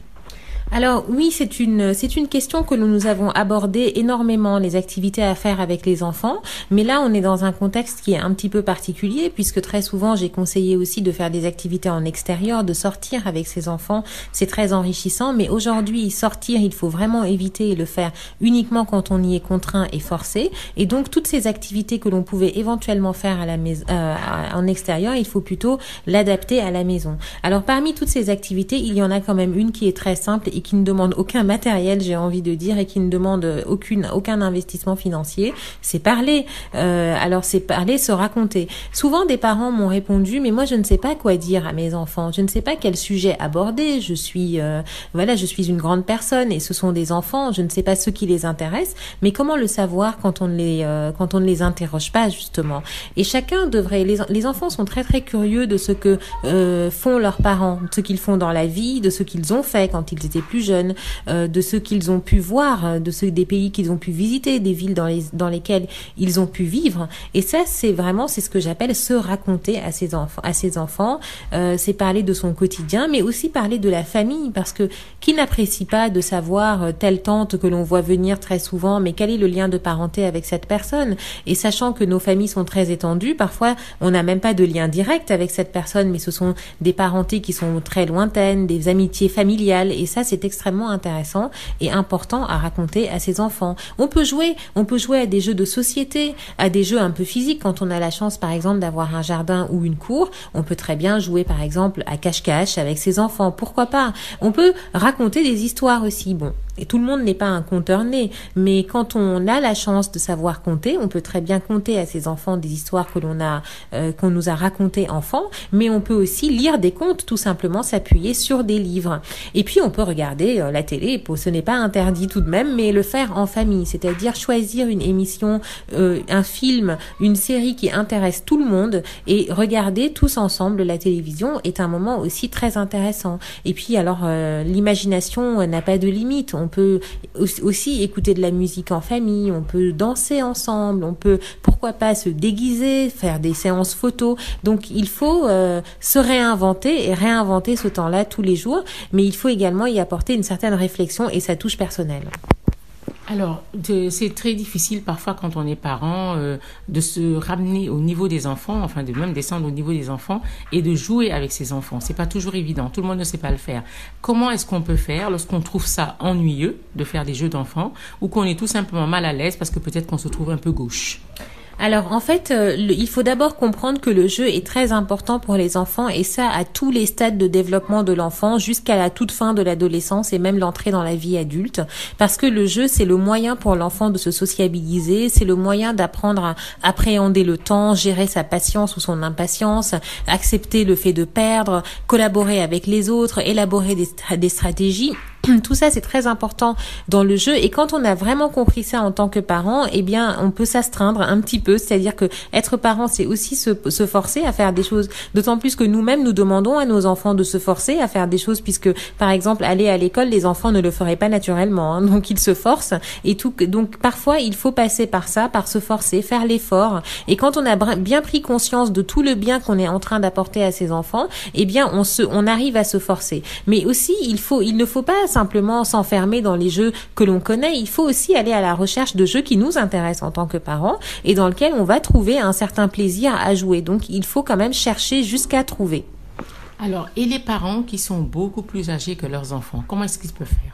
Alors oui, c'est une c'est une question que nous, nous avons abordée énormément les activités à faire avec les enfants, mais là on est dans un contexte qui est un petit peu particulier puisque très souvent j'ai conseillé aussi de faire des activités en extérieur, de sortir avec ses enfants, c'est très enrichissant, mais aujourd'hui sortir, il faut vraiment éviter le faire uniquement quand on y est contraint et forcé et donc toutes ces activités que l'on pouvait éventuellement euh, a et qui ne demande aucun matériel, j'ai envie de dire, et qui ne demande aucune, aucun investissement financier, c'est parler. Euh, alors c'est parler, se raconter. Souvent des parents m'ont répondu, mais moi je ne sais pas quoi dire à mes enfants, je ne sais pas quel sujet aborder. Je suis, euh, voilà, je suis une grande personne et ce sont des enfants, je ne sais pas ce qui les intéresse, mais comment le savoir quand on ne les, euh, quand on ne les interroge pas justement. Et chacun devrait, les, les enfants sont très très curieux de ce que euh, font leurs parents, de ce qu'ils font dans la vie, de ce qu'ils ont fait quand ils étaient plus jeunes, euh, de ceux qu'ils ont pu euh, visiter, des villes dans, lesquelles ils ont pu vivre. Et c'est vraiment c'est ce que j'appelle se raconter à ses enfants. Euh, c'est parler de son quotidien, mais aussi parler de la famille, parce que qui n'apprécie pas de savoir euh, telle tante que l'on voit venir très souvent, mais quel est le lien de parenté avec cette personne Et sachant que nos familles sont très étendues, parfois on n'a même pas de lien direct avec cette personne, c'est extrêmement intéressant et important à raconter à ses enfants. On peut jouer, on peut jouer à des jeux de société, à des jeux un peu physiques. Quand on a la chance, par exemple, d'avoir un jardin ou une cour, on peut très bien jouer, par exemple, à cache-cache avec ses enfants. Pourquoi pas On peut raconter des histoires aussi. Et tout le monde n'est pas un compteur né, mais quand on a la chance de savoir compter, on peut très bien compter à ses enfants des histoires a, euh, qu'on nous a racontées enfant, mais on peut aussi lire des contes, tout simplement s'appuyer sur des livres. Et puis on peut regarder euh, la télé, ce n'est pas interdit tout de même, mais le faire en famille, c'est-à-dire choisir une émission, euh, un film, une série qui intéresse tout le monde et regarder tous ensemble la télévision on peut aussi écouter de la musique en famille, on peut danser ensemble, on peut pourquoi pas se déguiser, faire des séances photos. Donc il faut euh, se réinventer et réinventer ce temps-là tous les jours, mais il faut également y apporter une certaine réflexion et sa touche personnelle. Alors, c'est très difficile parfois quand on est parent euh, de se ramener au niveau des enfants, enfin de même descendre au niveau des enfants et de jouer avec ses enfants. C'est pas toujours évident, tout le monde ne sait pas le faire. Comment est-ce qu'on peut faire lorsqu'on trouve ça ennuyeux de faire des jeux d'enfants ou qu'on est tout simplement mal à l'aise parce que peut-être qu'on se trouve un peu gauche Alors en fait, euh, le, il faut d'abord comprendre que le jeu est très important pour les enfants et ça à tous les stades de développement de l'enfant jusqu'à la toute fin de l'adolescence et même l'entrée dans la vie adulte parce que le jeu c'est le moyen pour l'enfant de se sociabiliser, c'est le moyen d'apprendre à appréhender le temps, gérer sa patience ou son impatience, accepter le fait de perdre, collaborer avec les autres, élaborer des stratégies *clears throat* tout ça c'est très important dans le jeu et quand on a vraiment compris ça en tant que parent eh on peut s'astreindre un petit peu c'est-à-dire que être c'est aussi se, forcer à faire des choses d'autant plus que nous-mêmes nous demandons à nos enfants de se forcer à faire des choses puisque par exemple aller à l'école les enfants ne le feraient pas naturellement *laughs* donc ils se forcent et donc parfois il faut passer par se forcer faire le simplement s'enfermer dans les jeux que l'on connaît, il faut aussi aller à la recherche de jeux qui nous intéressent en tant que parents et dans lesquels on va trouver un certain plaisir à jouer. Donc il faut quand même chercher jusqu'à trouver. et les parents qui sont beaucoup plus âgés que leurs enfants, comment est-ce qu'ils peuvent faire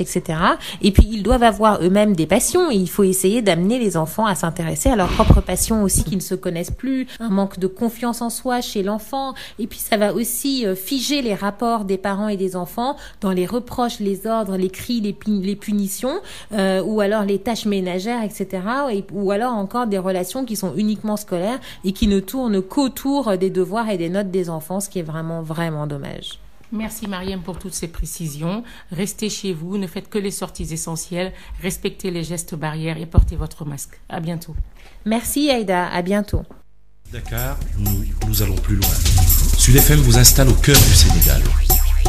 tâches, etc. Et puis ils doivent avoir eux-mêmes des passions et il faut essayer d'amener les enfants à s'intéresser à leurs propres passions aussi qui ne se connaissent plus, un manque de confiance en soi chez l'enfant et puis ça va aussi euh, figer les rapports des parents et des enfants dans les reproches, les ordres, les cris, les, punitions euh, ou alors les tâches ménagères, etc. ou alors encore des relations qui sont uniquement scolaires et qui ne tournent qu'autour Merci Mariam pour toutes ces précisions. Restez chez vous, ne faites que les sorties essentielles, respectez les gestes barrières et portez votre masque. À bientôt. Merci Aïda, à bientôt. Dakar, nous, allons plus loin. Sud FM vous installe au cœur du Sénégal.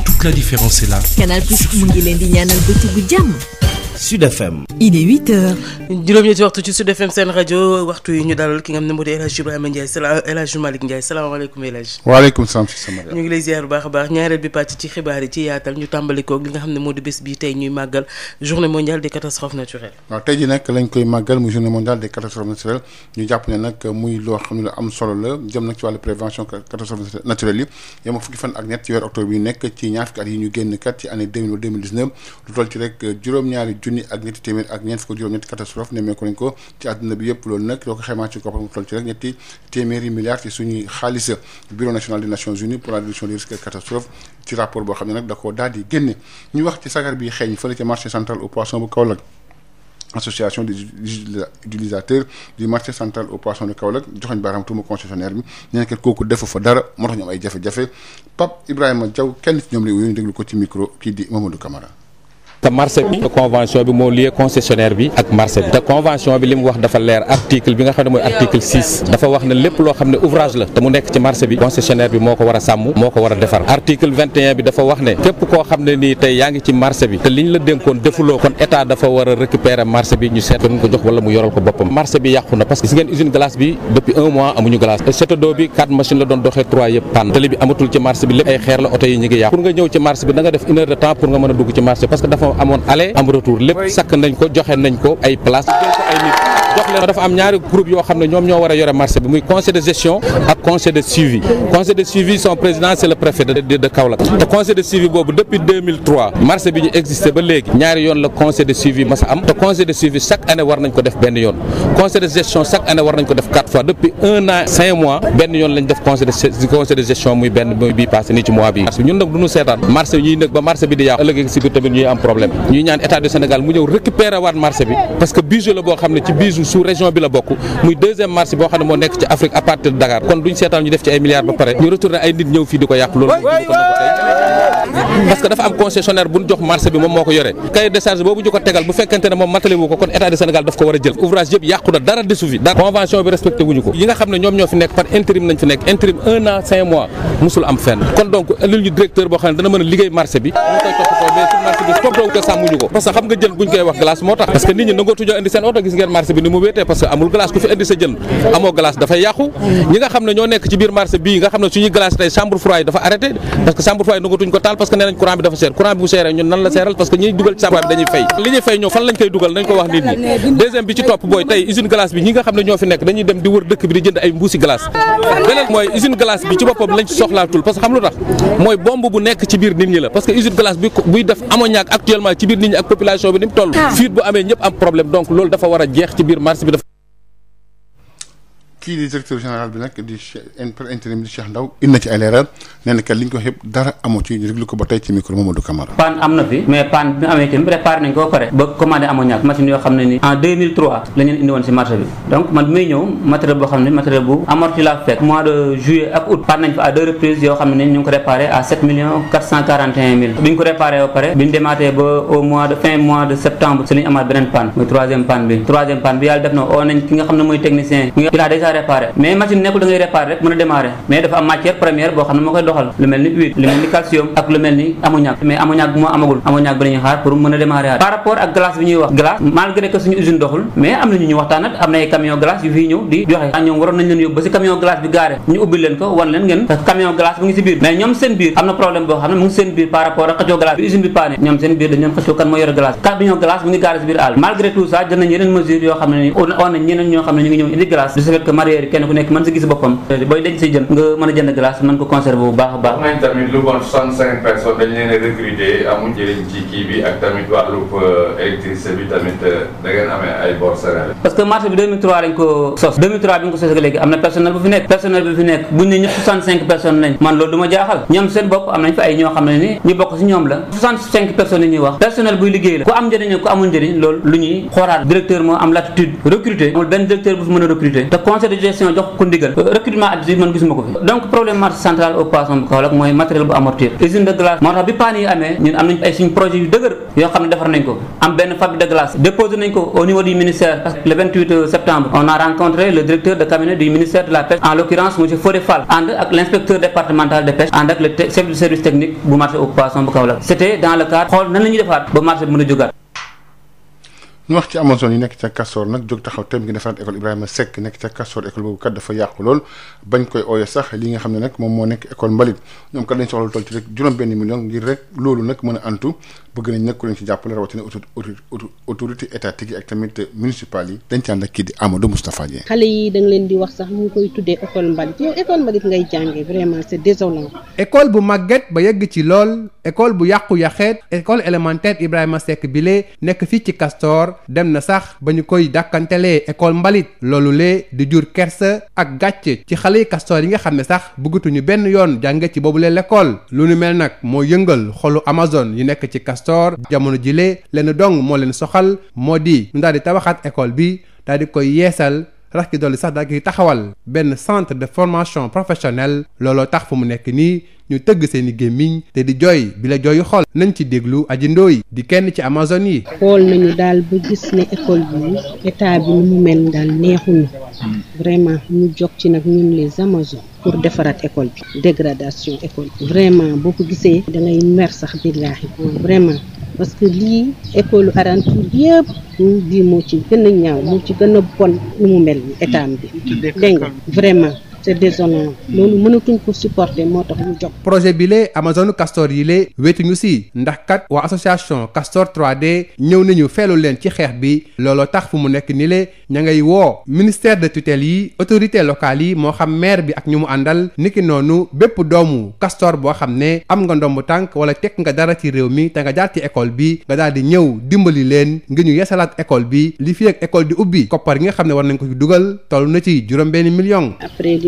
Toute la différence est là. Canal Plus mu ngi leen di ñaanal Sud FM. il est 8 juróom-ñetti ci Sud FM seen rajo yi ñu dalal ki nga xam ne moo di El Hadj Ibrahima Ndiaye sala El Hadj Malick Ndiaye salaamaaleykum El Hadj. waaleykum salaam sama ñu ngi lay ziar bu baax a baax ñaareel bi pàcc ci xibaar yi ci yaatal ñu tàmbali koog li nga xam ne moo di bés tey ñuy màggal lañ koy màggal muy journée mondiale des catastrophes naturelles ñu jàpp ne nag muy loo xam ne lu am solo la jëm nag ci wàllu prévention catastrophes naturelles yi yema fukki fan ak ñett weer octobre bi nekk ci ñaar fukki at yi ñu génn kat ci année lu toll junni ak ñetti téeméer ak ñeent fukk juróom ñetti catastrophe nemmeeku nañ ko ci àdduna bi yëpp loolu nag doo ko xaymaa ci koppar mu toll ci rek ñetti téeméeri milliards ci suñuy xaalis bureau national des nations unies pour la réduction des risques et catastrophes ci rapport boo xam ne nag da ko daal di génne ñu wax ci sagar bi xeeñ fële ca marché central au poisson bu Kaolack association des utilisateurs du marché central au poisson de Kaolack joxoñ baaraam tuuma concessionnaire bi nee na kooku defu fa dara moo tax ñu am ay jafe-jafe Pape Ibrahima Diaw kenn ci ñoom lay wuyu déglu ko ci micro kii di Mamadou kamara te mm-hmm. marché bi te convention bi li mu wax dafa leer article bi nga xam ne mooy article six dafa xam ne ouvrage la bi moo ko war a sàmm moo ko war a defar article bi dafa wax ne képp koo xam ne nii tey yaa ngi ci marché bi te liñ la dénkoon defuloo kon état dafa war a récupérer bi ñu seet ko jox wala mu yoral ko boppam marché bi yàqu parce que gis ngeen usine glace bi depuis un mois amuñu glace château d'eau bi quatre machines la doon doxee trois yëpp dañoo amoon aller am retour lépp sakk nañ ko joxe nañ ko ay place jox leen dafa am ñaari groupe yoo xam ne ñoom ñoo war yore marché bi muy conseil de gestion ak conseil de suivi conseil de suivi son président le préfet de de Kaolack te conseil de suivi boobu depuis 2003 bi ñu existé ba léegi ñaari yoon la conseil de suivi mas a am te conseil de suivi chaque année war nañ ko def benn yoon conseil de gestion chaque année war nañ ko def quatre fois depuis problème ñuy ñaan état du Sénégal mu ñëw récupérer waat marché bi parce que bijou la boo xam ne ci bijou sous région bi la bokk muy deuxième marché boo xam ne moo nekk ci Afrique à de Dakar kon duñ seetaan ñu def ci ay milliards ba pare ñu retourné ay nit ñëw fii di ko yàq loolu ko bu fekkente ne moom matale ko kon état du Sénégal daf ko war jël ouvrage yëpp yàqu na dara desu convention bi respecté wuñu ko yi nga xam ne ñoom ñoo fi nekk par marché parce que xam nga jën buñ koy wax glace moo tax parce que nit ñi nangootuñoo indi seen oto gis ngeen marché bi ni mu wéetee parce que amul glace ku fi indi jën amoo glace dafay yàqu ñi nga xam ne ñoo nekk ci biir marché bii nga xam ne suñuy glace tey bi dañuy fay li fan lañ koy dugal nañ ko wax nit ñi deuxième bi ci topp booy tey usine glace bi ñi nga xam ne ñoo fi nekk dañuy dem di wër dëkk bi di jënd ay mbuusi glace beneen mooy usine glace mënoon ñàkk actuellement ci biir nit ñi ak population bi ni mu toll. Ah. fuite bu amee ñëpp am problème donc loolu dafa war a jeex ci biir marché bi kii di directeur général bi nag di par di Cheikh Ndaw indi ci ay leeral nee li ñu ko wax dara amu ci réglu ko ba tey ci micro Mamadou Camara panne am na fi mais panne bi amee tamit ba au mois de fin mois de septembre si la amaat beneen panne muy troisième panne bi troisième panne def na oo nañ ki nga xam ne mooy technicien a mais machine nekkul da ngay rek mën a démarré mais dafa am matière première boo xam ne moo koy doxal lu mel ni huile lu mel ni calcium ak lu mel ni ammoniac mais ammoniac moo amagul bi la ñëw di joxe ah, marier kenn ku nekk mën si gis nga a ko conserver bu baax a baax bi ak euh, euh, ko sos 2003 léegi am na personnel bu fi nekk personnel bu fi nekk buñ ne ñëpp 65 personnes lañ man loolu du jaaxal ñoom seen bopp am nañ fi ay ñoo xam ne ni ñu bokk si ñoom la 65 personnes yi ñuy wax personnel buy liggéey la ku am njëriñ ku amul njëriñ loolu lu ñuy xoolaat directeur moo am latitude recruter amul benn directeur bu fi mën a recruter te conseil de gestion jox ko ndigal euh, recrutement additif man ko fi donc problème marché central au poisson bu Kaolack mooy matériel bu amortir usine de glace moo tax bi panne yi amee ñun am nañ ay suñu projet yu dëgër yoo xam ne defar nañ ko am benn fabrique de glace déposé nañ ko au niveau du ministère le septembre on a rencontré le directeur de cabinet du ministère de la pêche en l'occurrence monsieur Fodé Fall ànd ak l'inspecteur départemental de pêche ñu wax ci Amazone yi nekk ca Castor nag jóg taxaw tem gi defaraat école Ibrahima Seck nekk ca Castor li nga xam ne nag moom moo nekk école mbalit ñoom kat dañ soxla toll ci rek juróom benn million ngir rek loolu nag mën a antu bëgg nañ nag ku leen ci jàppale rawatina autorité étatique yi ak tamit municipal yi dañ ci ànd ak kii di Amadou Moustapha Dieng xale yi da leen di wax sax mu ngi koy tuddee école mbalit yow école mbalit ngay jàngee vraiment bu màgget ba yegg ci lool école bu yàqu-yaxeet école élémentaire Ibrahima bi bile nekk fii ci Castor dem na sax ba ñu koy dàkkantelee école mbalit loolu lee di jur kersa ak gàcce ci xale yi kastoor yi nga xam ne sax bëggatuñu benn yoon jànge ci boobu leen lekkool lu ñu mel nag moo yëngal xolu Amazon yi nekk ci kastoor jamono jile lenn dong moo leen soxal moo di ñu daal di tabaxaat école bi daal di koy yeesal rakki dolli sax daa koy taxawal benn centre de formation professionnelle looloo tax fu mu nekk nii ñu tëgg seen i gémmiñ te di jooy bi la jooyu xool nañ ci déglu ndoo Ndoye di kenn ci Amazone yi. xool nañu daal ba gis ne école bi état bi nu mu mel daal neexuñu vraiment ñu jog ci nag ñun les Amazones pour defaraat école bi dégradation école bi vraiment boo ko gisee da mer sax billaahi vraiment. parce que lii écolu alentour yëpp bii moo ci gën a ñaaw moo ci gën a bon lu mu mel étam bi dégg nga vraiment c'est déshonorant loolu mënatuñ projet bi lee amazone castor yi lee wéetuñu si ndax kat waa association castor 3D ñëw nañu feelu leen ci xeex bi looloo tax fu mu nekk ni ña ngay woo ministère de tutelle yi autorité locale yi moo xam maire bi ak ñu mu àndal niki noonu bépp doomu castor boo xam ne am nga ndombu tànk wala teg nga dara ci réew mi te nga jaar ci école bi nga daal di ñëw dimbali leen ngir ñu yeesalaat école bi li fi ak école di ubbi koppar yi nga xam ne war nañ ko ci dugal toll na ci juróom million.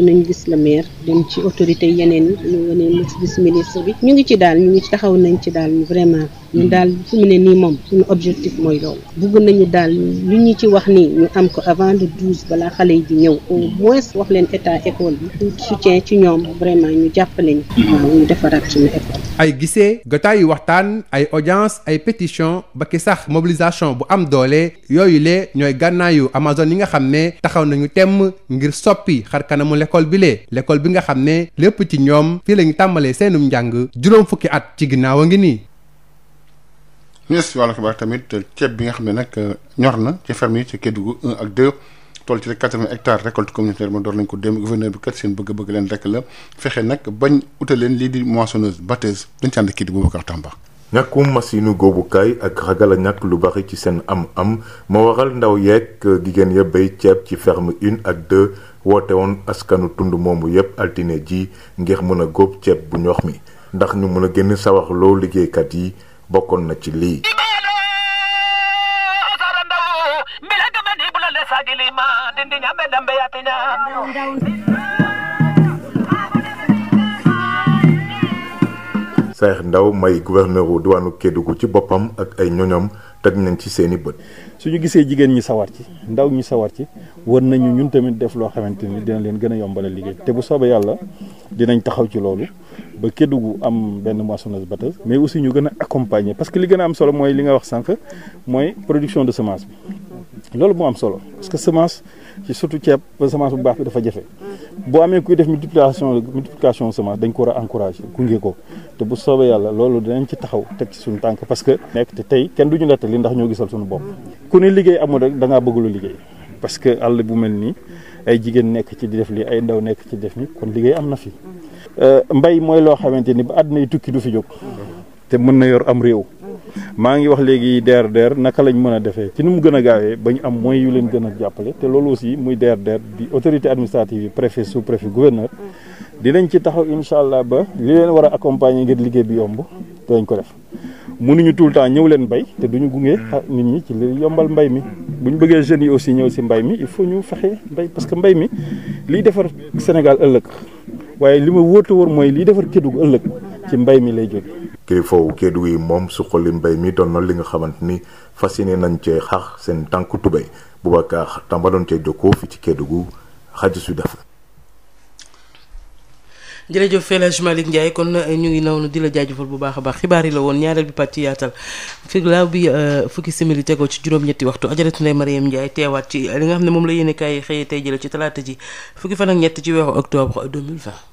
nañ gis la maire dem ci autorité yeneen yeneen gis ministre bi ñu ngi ci daal ñu ngi taxaw nañ ci daal vraiment ñun daal fu mu ne nii moom suñu objectif mooy loolu bëgg nañu daal lu ñu ci wax nii ñu am ko avant le douze balaa xale yi di ñëw au moins wax leen état école bi tout soutien ci ñoom vraiment ñu jàppale mhm. ñu ay gisee gotaayu waxtaan ay audience ay pétition ba ki sax mobilisation bu am doole yooyu le ñooy gànnaayu Amazone yi nga xam ne taxaw nañu temm ngir soppi xar kanamu l'école bi le l'école bi nga xam ne lépp ci ñoom fii lañu tàmbalee seenum njàng juróom fukki at ci ginnaaw a ngi nii ministre si wàllu xibaar tamit ceeb bi nga xam ne nag euh, ñor na ci ferme yi ci Kédougou 1 ak 2 toll ci rek 80 hectares récolte communautaire ma door nañ ko démb gouverneur bi kat seen bëgg-bëgg leen rek la fexe nag bañ utal leen lii di moissonneuse batteuse dañ ci ànd kii di Boubacar Tamba. ñàkkum masinu góobukaay ak ragal a ñàkk lu bari ci seen am-am moo waral ndaw yeeg jigéen ya bay ceeb ci ferme une ak deux woote woon askanu tund moomu yépp altine ji ngir mën a góob ceeb bu ñox mi ndax ñu mën a génn sawax liggéeykat yi. bokkoon na ci lii. Saer Ndaw may gouverneur wu diwaanu Kédougou ci boppam ak ay ñoñom teg nañ ci seeni bët. ñu gisee jigéen ñi sawar ci ndaw ñu sawar ci war nañu ñun tamit def loo xamante ni dina leen gën a yombal liggéey te bu soobee yàlla dinañ taxaw ci loolu ba Kédougou am benn moissonneuse batteuse mais aussi ñu gën a accompagner parce que li gën a am solo mooy li nga wax sànq mooy production de semence bi loolu moo am solo parce que semence ci surtout ceeb ba semence bu baax bi dafa jafe boo amee kuy def multiplication multiplication semence dañ ko war a encourager gunge ko te bu soobee yàlla loolu dinañ ci taxaw teg ci suñu tànk parce que nekk te tey kenn du ñu nettali ndax ñoo gisal suñu bopp ku ne liggéey amul rek da ngaa bëgg que àll bu mel nii ay jigéen nekk ci di def lii ay ndaw nekk ci def ni kon liggéey am na fi Euh, mbay mooy loo xamante ni ba àdduna yi tukki du fi jóg te mën na yor am réew maa ngi wax léegi DRDR naka lañ mën a defee ci nu mu gën a gaawee ba ñu am mooy yu leen gën a jàppale te loolu aussi muy DRDR di autorité administrative yi préfet sous préfet gouverneur dinañ ci taxaw incha allah ba li leen war a accompagner ngir liggéey bi yomb dañ ko def mënuñu tout le temps ñëw leen bay te duñu gunge mm. ah, nit ñi ci li yombal mbay mi bu ñu bëggee jeunes yi aussi ñëw si mbay mi il ñu fexe mbay parce que mbay mi liy defar Sénégal ëllëg waaye li ma wóor te mooy liy defar Kédougou ëllëg ci mbay mi lay jóg kilifawu Kédougou yi moom suqali mbay mi doon na li nga xamante ni fasciné nañ cee xaar seen tànk tubéy Boubacar Tamba doon cee jokkoo fi ci Kédougou rajo Sud Afrique jërëjëf El Hadj Malick Ndiaye kon ñu ngi noonu la jaajëfal bu baax a baax xibaar la woon ñaareel bi pàcc yaatal fi laaw bi euh, fukki simili tegoo ci juróom-ñetti waxtu ajaratu Ndeye Mariam Ndiaye teewaat ci li nga xam ne moom la yéene kaay xëyee tey jële ci talaata ji fukki fan ñett ci weeru octobre 2020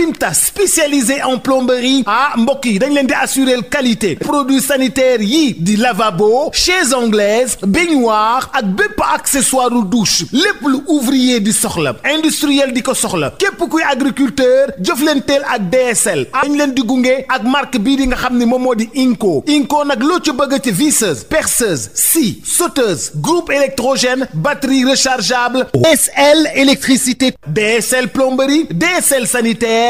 Primtas spécialisé en plomberie a ah, mbokk yi dañ leen di assurer qualité produits sanitaires yi di lavabo chaises anglaises baignoire ak bépp accessoire douche lépp lu ouvrier di soxla industriel di ko soxla képp kuy agriculteur jëf ak DSL ah, dañ leen di gunge ak marque bii di nga xam ne moom moo di Inco Inco nag loo ci bëgg ci visseuse perceuse scie sauteuse groupe électrogène batterie rechargeable SL électricité DSL plomberie DSL sanitaire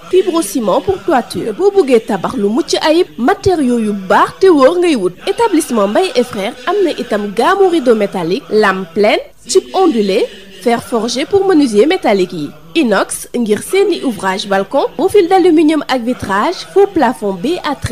fibrociment pour toiture boo bëggee tabax lu mucc ayib matériaux yu baax te wóor ngay wut établissement Mbaye et am na itam gamme rideau métallique lame pleine tube ondulé fer forgé pour menuisier métallique yi inox ngir seeni ouvrage balcon profil d'aluminium ak vitrage faux plafond BA13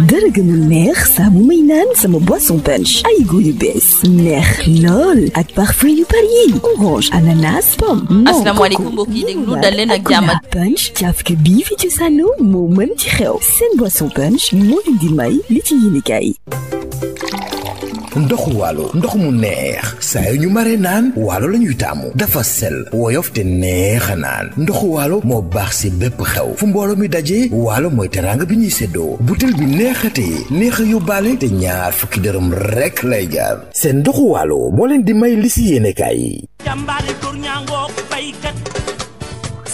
dara gënul neex saa bu may naan sama boisson punch ay goût yu bees neex lool ak parfum yu bari yi orange ananas pomme asalaamaaleykum mbokk yi déglu dal leen ak punch cafka bii fi cosaano moo mën ci xew seen boisson punch moo leen di may li ci yéenekaay ndoxu waalo ndox mu neex saa yu ñu mare naan waalo la ñuy taamu dafa sel woyof te neex a naan ndoxu waalo moo baax si bépp xew fu mbooloo mi dajee waalo mooy teraanga bi ñuy seddoo butel bi neexatee neex a yóbbaale te ñaar fukki dërëm rekk lay jaar seen ndoxu waalo moo leen di may li si yéenekaay yi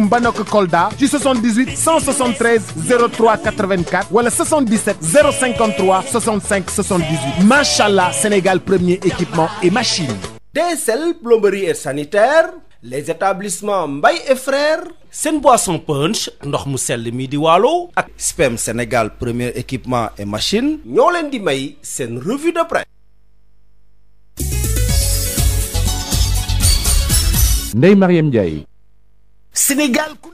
Saloum ba nekk Kolda ci 78 173 03 84 wala 77 053 65 78 macha allah Sénégal premier équipement et machine. DSL plomberie et sanitaire les établissements Mbaye et frères. seen boisson punch ndox mu sell mi di waalo ak SPEM Sénégal premier équipement et machine ñoo leen di may seen revue de presse. Ndeye Mariam Ndiaye. Sénégal ku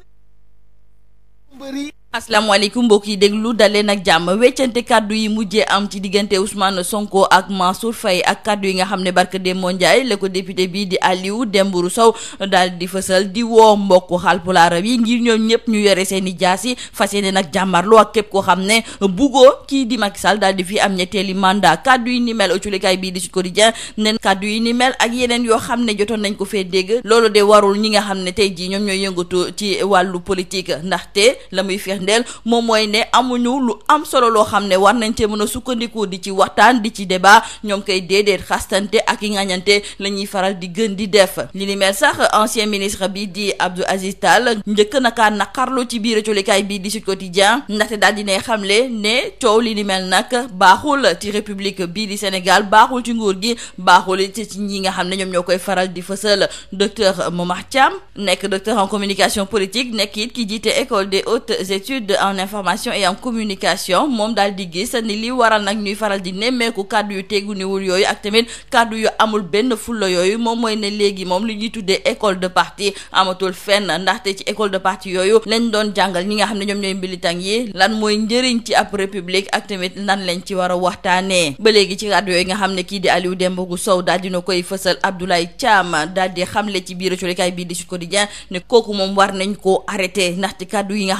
mbëri asalaamaaleykum mbokk yi déglu daleen ak jàmm weccante kaddu yi mujjee am ci diggante Ousmane Sonko ak Mansour Faye ak kaddu yi nga xam ne barke Demba Ndiaye la ko député bii di Aliou Dembourou Sow daal di fësal di woo mbokku Haalpulaar yi ngir ñoom ñëpp ñu yore seen i jaas yi fas yéene nag jàmmarloo ak képp koo xam ne buggoo kii di Macky Sall daal di fi am ñetteeli mandat kàddu yi ni mel bii di Sud Quotidien nen kàddu yi ni mel ak yeneen yoo xam ne jotoon nañ ko fee dégg loolu de warul ñi nga xam ne tey jii ñoom ñooy yëngatu ci wàllu politique ndaxte la firndeel moom mooy ne amuñu lu am solo loo xam ne war nañ cee mën a sukkandiku di ci waxtaan di ci débat ñoom koy déedéet xastante ak i ngañante la ñuy faral di gën di def li sax ancien ministre bi di Abdou Aziz Tall njëkk na xarlo ci biir colikaay bi di Sud Quotidien ndaxte daal di ne xamle ne coow li ni mel nag baaxul ci république bii di Sénégal baaxul ci nguur gi baaxul ci ñi nga xam ne ñoom ñoo koy faral di fësal docteur Momar Thiam nekk docteur en communication politique nekk ki jiite école des hautes études en information et en communication moom daal di gis ni li waral nag ñuy faral di nemmeeku kàddu yu teguñuwul yooyu ak tamit kàddu yu amul benn fulla yooyu moom mooy ne léegi moom li ñuy tuddee école de parti amatul fenn ndaxte ci école de parti yooyu lañ doon jàngal ñi nga xam ne ñoom ñooy militant yi lan mooy njëriñ ci ab république ak tamit nan lañ ci war a waxtaanee ba léegi ci kàddu yooyu nga xam ne kii di Aliou Dembourou Sow daal dina koy fësal Abdoulaye Thiam daal di xamle ci biir colikaay bii di Sud Quotidien ne kooku moom war nañ koo arrêté ndaxte kàddu yi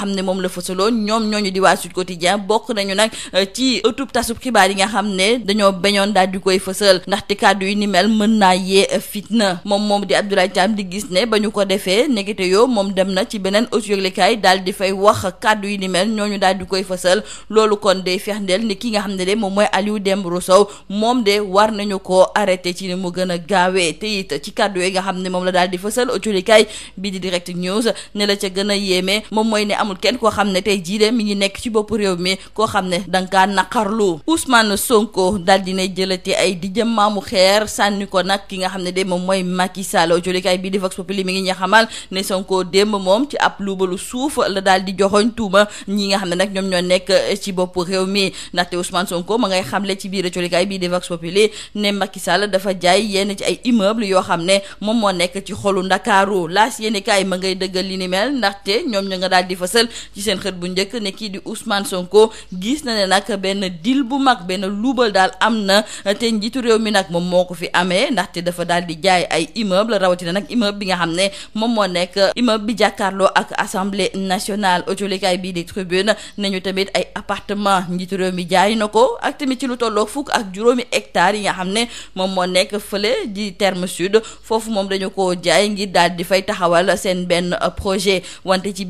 fësaloon ñoom ñooñu di waa Sud Quotidien bokk nañu nag euh, ci ëttub euh, tasub xibaar yi nga xam ne dañoo beñoon daal di koy fësal ndaxte kàddu yi ni mel mën naa yee fitna moom moom di Abdoulaye Thiam di gis ne ba ñu ko defee nekkite yoo moom dem na ci beneen ëttu yëglekaay daal di fay wax kàddu yi ni mel ñooñu daal di koy fësal loolu kon day fexndeel ni ki nga xam ne de moom mooy Aliou Dembourou Sow moom de war nañu ko arrêté ci ni mu gën a gaawee te ci kàddu yi nga xam ne moom la daal di fësal ëttu yëglekaay bi di direct news ne la ca gën a yéeme moom mooy ne amul kenn koo xam xam ne tey jii de mi ngi nekk ci boppu réew mi koo xam ne da nga kaa naqarlu usman Sonko daal di ne jëlati ay di jëm maamu xeer sànni ko nag ki nga xam ne de moom mooy Macky Sall jolikaay bii di Vox Populi mi ngi ñu xamal ne Sonko démb moom ci ab luubalu suuf la daal di joxoñ tuuma ñi nga xam ne nag ñoom ñoo nekk ci bopp réew mi ndaxte Ousmane Sonko ma ngay xamle ci biir jolikaay bii di Vox Populi ne Macky Sall dafa jaay yenn ci ay immeuble yoo xam ne moom moo nekk ci xolu Ndakaaru laas yenn kaay ma ngay dëggal li ni mel ndaxte ñoom ñu nga daal di fësal ci seen seen xët bu njëkk ne kii di Ousmane Sonko gis na ne nag benn dil bu mag benn luubal daal am na te njiitu réew mi nag moom moo ko fi amee ndaxte dafa daal di jaay ay immeuble rawatina nag immeuble bi nga xam ne moom moo nekk immeuble bi jàkkaarloo ak assemblée nationale autolikaay bii di tribune ñu tamit ay appartement njiitu réew mi jaay na ko ak tamit ci lu tolloo fukk ak juróomi hectares yi nga xam ne moom moo nekk fële di terme sud foofu moom dañu ko jaay ngir daal di fay taxawal seen benn projet wante ci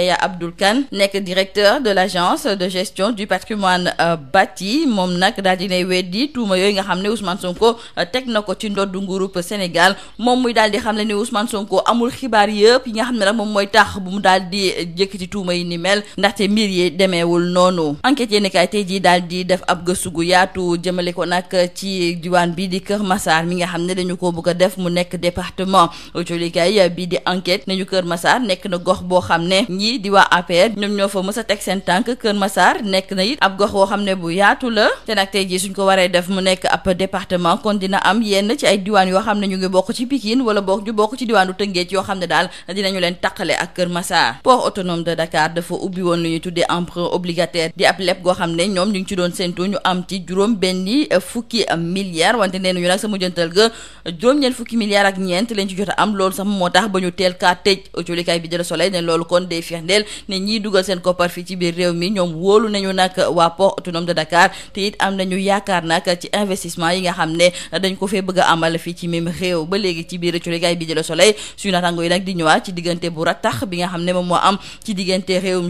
Yaya Abdoul Kane nekk directeur de l' agence de gestion du patrimoine euh, bâti moom nag daal dinay weddi tuuma yooyu nga xam ne Ousmane Sonko euh, teg na ko ci ndoddu nguurub Sénégal moom muy daal di xam ne ni Ousmane Sonko amul xibaar yëpp yi nga xam ne nag moom mooy tax bu mu daal di euh, jëkkati tuuma yi ni mel ndaxte mbir yi demeewul noonu enquête yéen kaay tey jii daal di def ab gëstu gu yaatu jëmale ko nag ci diwaan bi di Kër Massar mi nga xam ne dañu ko bëgg a def mu nekk département jolikaay yi di waa APR ñoom ñoo fa mës teg seen tànk Kër Massar nekk na it ab gox woo xam ne bu yaatu la te nag tey jii suñ ko waree def mu nekk ab département kon dina am yenn ci ay diwaan yoo xam ne ñu ngi bokk ci Pikine wala bokk ñu bokk ci diwaanu Tëngéej yoo xam ne daal dinañu leen taqale ak Kër Massar port autonome de Dakar lu ñuy tuddee emprunt goo xam ne ñoom ñu ngi ci doon séntu ñu am ci juróom benn fukki milliards wante nee nañu nag sama jëntal ga juróom-ñeent fukki milliards ak ñeent lañ ci jot a am loolu sax moo tax ba ñu teel kaa tëj autolikaay bi jëla soleil ne loolu kon day fi firndeel ne ñiy dugal seen koppar fii ci biir réew mi ñoom wóolu nañu nag waa port autonome de Dakar te it am nañu yaakaar nag ci investissement yi nga xam ne dañ ko fee bëgg a amal fii ci même réew ba léegi ci biir colikaay bi di Le Soleil suñu naataango yi nag di ñëwaat ci diggante bu rattax bi nga xam ne moom moo am ci diggante réewum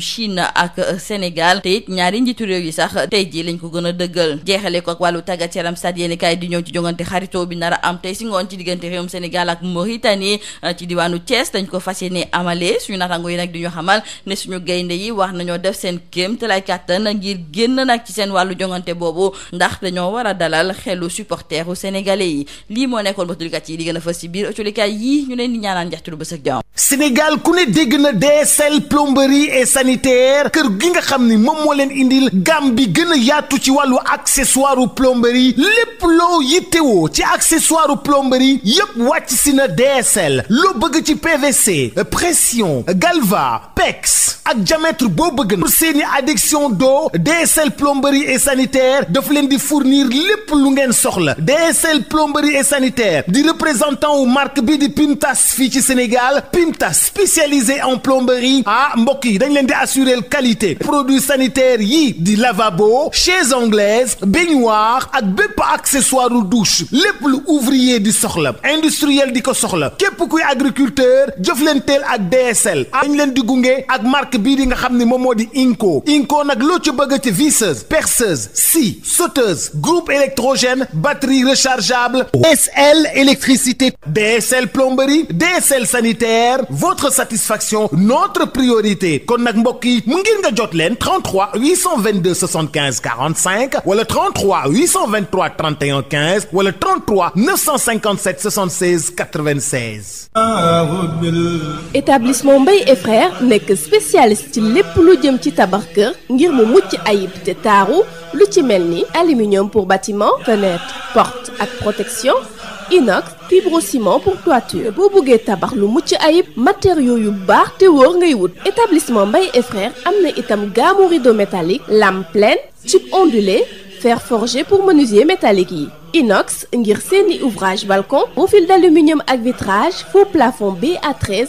ñaari njiitu réew yi sax tey jii lañ ko gën a dëggal jeexale ko ak wàllu tàggat yaram di ñëw ci jongante xaritoo bi nar am tey si ngoon ci diggante réewum Sénégal ak Mauritanie ci diwaanu Thiès dañ ko fas yéene amalee suñu naataango yi nag di ñu xamal Sénégal ne suñu gaynde yi wax nañoo def seen kéem te lay kàttan ngir génn nag ci seen wàllu jongante boobu ndax dañoo war a dalal xelu supporteru sénégalais yi lii moo nekkoon batulukat yi di gën a fës ci biir ëcculikaay yi ñu leen di ñaanaan njaxtalu bës ak jàmm Sénégal ku ne dégg na DSL plomberie et sanitaire kër gi nga xam ni moom moo leen indil gamme bi gën a yaatu ci wàllu accessoire plomberie lépp loo yittewoo ci accessoire plomberie yépp wàcc si na DSL loo bëgg ci PVC Dex ak diamètre boo bëgg na pour seeni adduction d'eau DSL plomberie et sanitaire daf leen di fournir lépp lu ngeen soxla DSL plomberie et sanitaire di représentant wu marque bi di Pimtas fii ci Sénégal Pimtas spécialisé en plomberie ah mbokk yi dañ leen di assurer qualité produit sanitaires yi di lavabo chaises anglaises baignoire ak bépp accessoire u douche lépp lu ouvrier di soxla industriel di ko soxla képp kuy agriculteur jëf leen teel ak DSL dañ leen di gunge jógee ak marque bii di nga xam ni moom moo di Inco Inco nag loo ci bëgg ci visseuse perceuse scie sauteuse groupe électrogène batterie rechargeable DSL électricité DSL plomberie DSL sanitaire votre satisfaction notre priorité kon nag mbokk yi mu ngir nga jot leen 33 822 75 45 wala 33 823 31 15 wala 33 957 76 96. établissement Mbaye et frères nekk nekk spécialiste ci lépp lu jëm ci tabax kër ngir mu mucc ayib te taaru lu ci mel ni aluminium pour bâtiment fenêtre porte ak protection inox fibrociment pour toiture boo buggee tabax lu mucc ayib matériaux yu baax te wóor ngay wut. établissement Mbaye et frères am na itam gamme rideau métallique lame pleine tube ondulé fer forgé pour menuisier métalique yi. inox ngir seeni ouvrage balcon profil d'aluminium ak vitrage faux plafond BA13.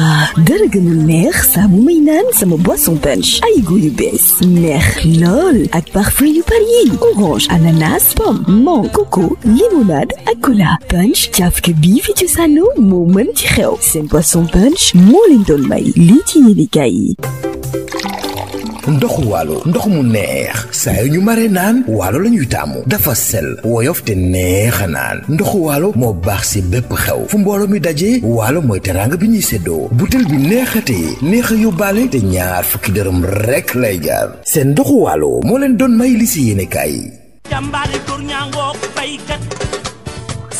ah dara gën a neex saa bu sama boisson punch ay goût yu bees neex ak parfum yu bari yi orange ananas pomme mangue coco limonade ak cola punch cafka bii fi ci sànno moo mën ci xew seen boisson punch moo leen doon may lii ci yéenekaay yi ndoxu waalo ndox mu neex saa yu ñu maree naan waalo la ñuy taamu dafa sel woyof te neex a naan ndoxu waalo moo baax si bépp xew fu mbooloo mi dajee waalo mooy teraanga bi ñuy seddoo butel bi neexatee neex a yóbbaale te ñaar fukki dërëm rekk lay jaar seen ndoxu waalo moo leen doon may li si yéene yi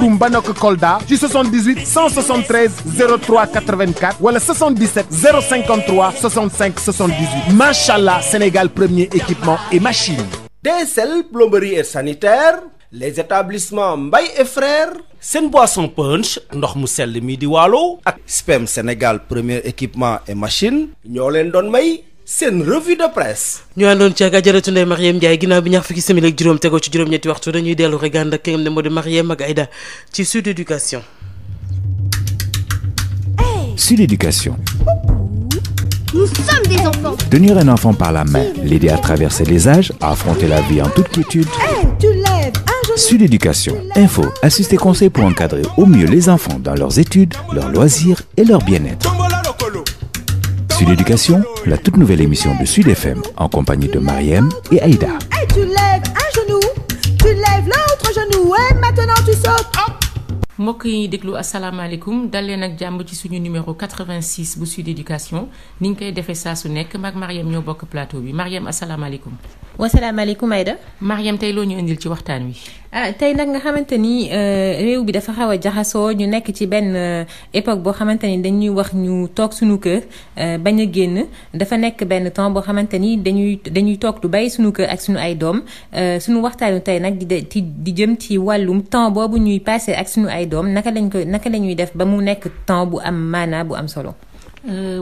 Mbuurum ba nokk Kolda ci 78 173 03 84 wala 77 053 65 78 macha allah Sénégal premier équipement et machine. DSL plomberie et sanitaire. les établissements mbay et frères seen boisson punch ndox mu sell mi di waalo ak SPEM Sénégal premier équipement et machine ñoo leen doon may seen revue de presse. ñu àndoon ci ak ajaratu Ndeye Marieme Ndiaye ginnaaw bi ñaar fukki simili ak juróom tegoo di Marieme ak Aïda ci Sud Éducation. Sud Tenir un enfant par la main, l'aider à traverser les âges, à affronter la vie en toute quiétude. Eh, Sud Éducation, info, assisté conseil pour encadrer au mieux les enfants dans leurs études, leurs loisirs et leur bien-être. Sud Éducation, la toute nouvelle émission de Sud FM en compagnie de Mariem et Aïda. tu lèves un genou, tu lèves l'autre genou, et maintenant tu sautes. Hop. mbokk yi déglu asalaamaaleykum dal leen ak jàmb ci suñu numéro 86 bu Sud Éducation ni koy defee saa su nekk maag Mariem ñoo bokk plateau bi Mariem asalaamaaleykum. wasalaamaaleykum Aïda. Mariam tey loo ñu indil ci waxtaan wi. ah tey nag nga xamante ni euh, réew bi dafa xaw a jaxasoo ñu nekk ci benn euh, époque boo xamante ni dañuy wax ñu toog suñu kër euh, bañ a génn dafa nekk benn temps boo xamante ni dañuy dañuy toog du bàyyi suñu kër ak suñu ay doom suñu waxtaanu tey nag di di jëm ci wàllum temps boobu ñuy passé ak suñu ay doom naka lañ ko naka lañuy def ba mu nekk temps bu am maanaa bu am solo.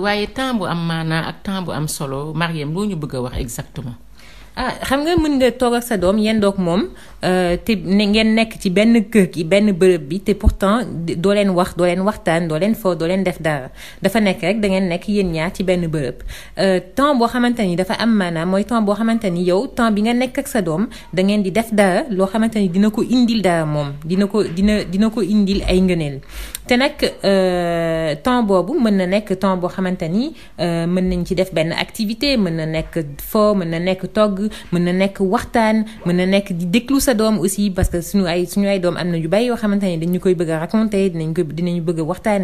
waaye temps bu am maanaa ak temps bu am solo Mariam loo ñu bëgg a wax exactement. ah xam nga mën nga toog ak sa doom yendoog moom euh, te ngeen nekk ci benn kër gi benn bërëb bi te pourtant doo leen wax doo waxtaan doo leen foo doo def dara dafa nekk rek da ngeen nekk yéen ñaar ci benn bërëb euh, temps boo xamante ni dafa am maanaam mooy boo xamante ni yow temps bi nga nekk ak sa doom da di def dara loo xamante ni dina ko indil dara moom dina ko dina dina ko indil ay ngëneel te nag euh, temps boobu mën na nekk temps boo xamante ni mën nañ ci def benn activité mën na nekk foo mën na nekk togg mën na nekk waxtaan mën na nekk di déglu sa doom aussi parce que suñu ay suñu ay doom am na yu bari yoo xamante ne dañu koy bëgg a dinañ ko dinañu bëgg a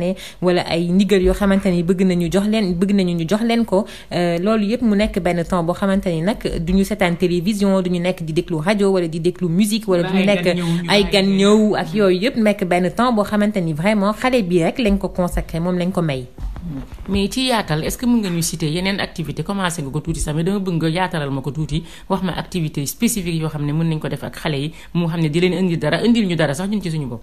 wala ay ndigal yoo xamante ni bëgg nañu jox leen bëgg nañu ñu jox leen ko euh, loolu yëpp mu nekk benn temps boo xamante ni nag duñu seetaan télévision duñu nekk di déglu rajo wala di déglu musique wala duñu nekk ay gan ñëw ak mm-hmm. yooyu yëpp nekk benn temps boo xamante ni vraiment xale bii rek lañ ko consacré moom lañ ko may mais ci yaatal est-ce que mën nga ñu citer yeneen activité commencé nga ko tuuti sax mais dama bëgg nga yaatalal ma ko tuuti wax ma activité spécifique yoo xam ne mën nañ ko def ak xale yi mu xam ne di leen indil dara indil ñu dara sax ñun ci suñu bopp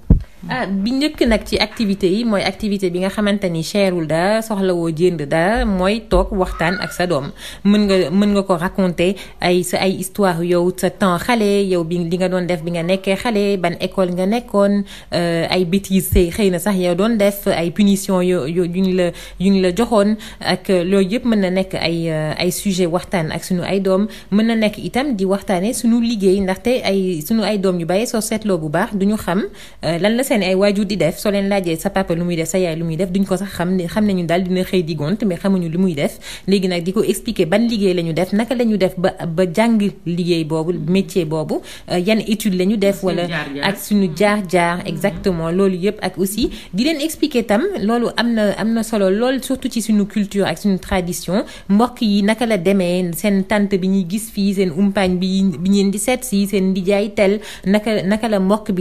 ah bi njëkk nag ci activité yi mooy activité bi nga xamante ni cherul da soxlawoo jënd da mooy toog waxtaan ak sa doom mën nga mën nga ko raconter ay sa ay histoire yow sa temps xale yow bi li nga doon def bi nga nekkee xale ban école nga nekkoon euh, ay bêtises say xëy na sax yow doon def ay punition yo yo yu ñu la yu ñu la joxoon ak euh, loolu yëpp mën na nekk ay euh, ay sujet waxtaan ak suñu ay doom mën na nekk itam di waxtaanee suñu liggéey ndaxte ay sunu ay doom yu bàyyi soo seetloo bu baax duñu xam lan la seen ay waajur di def soo leen laajee sa papa lu muy def sa yaay lu muy def duñ ko sax xam ne xam nañu daal dina xëy di gont mais xamuñu lu muy def léegi nag di ko expliquer ban liggéey la ñu def naka la ñu def ba ba jàng liggéey boobu métier boobu euh, yan étude la ñu def wala ak suñu jaar-jaar mhm. exactement loolu yëpp ak aussi di leen expliquer tam loolu am na am na solo lool surtout ci suñu culture ak suñu tradition mbokk yi naka la demee seen tante bi ñuy gis fii seen umpaañ bi bi si seen ndijaay tel naka naka la mbokk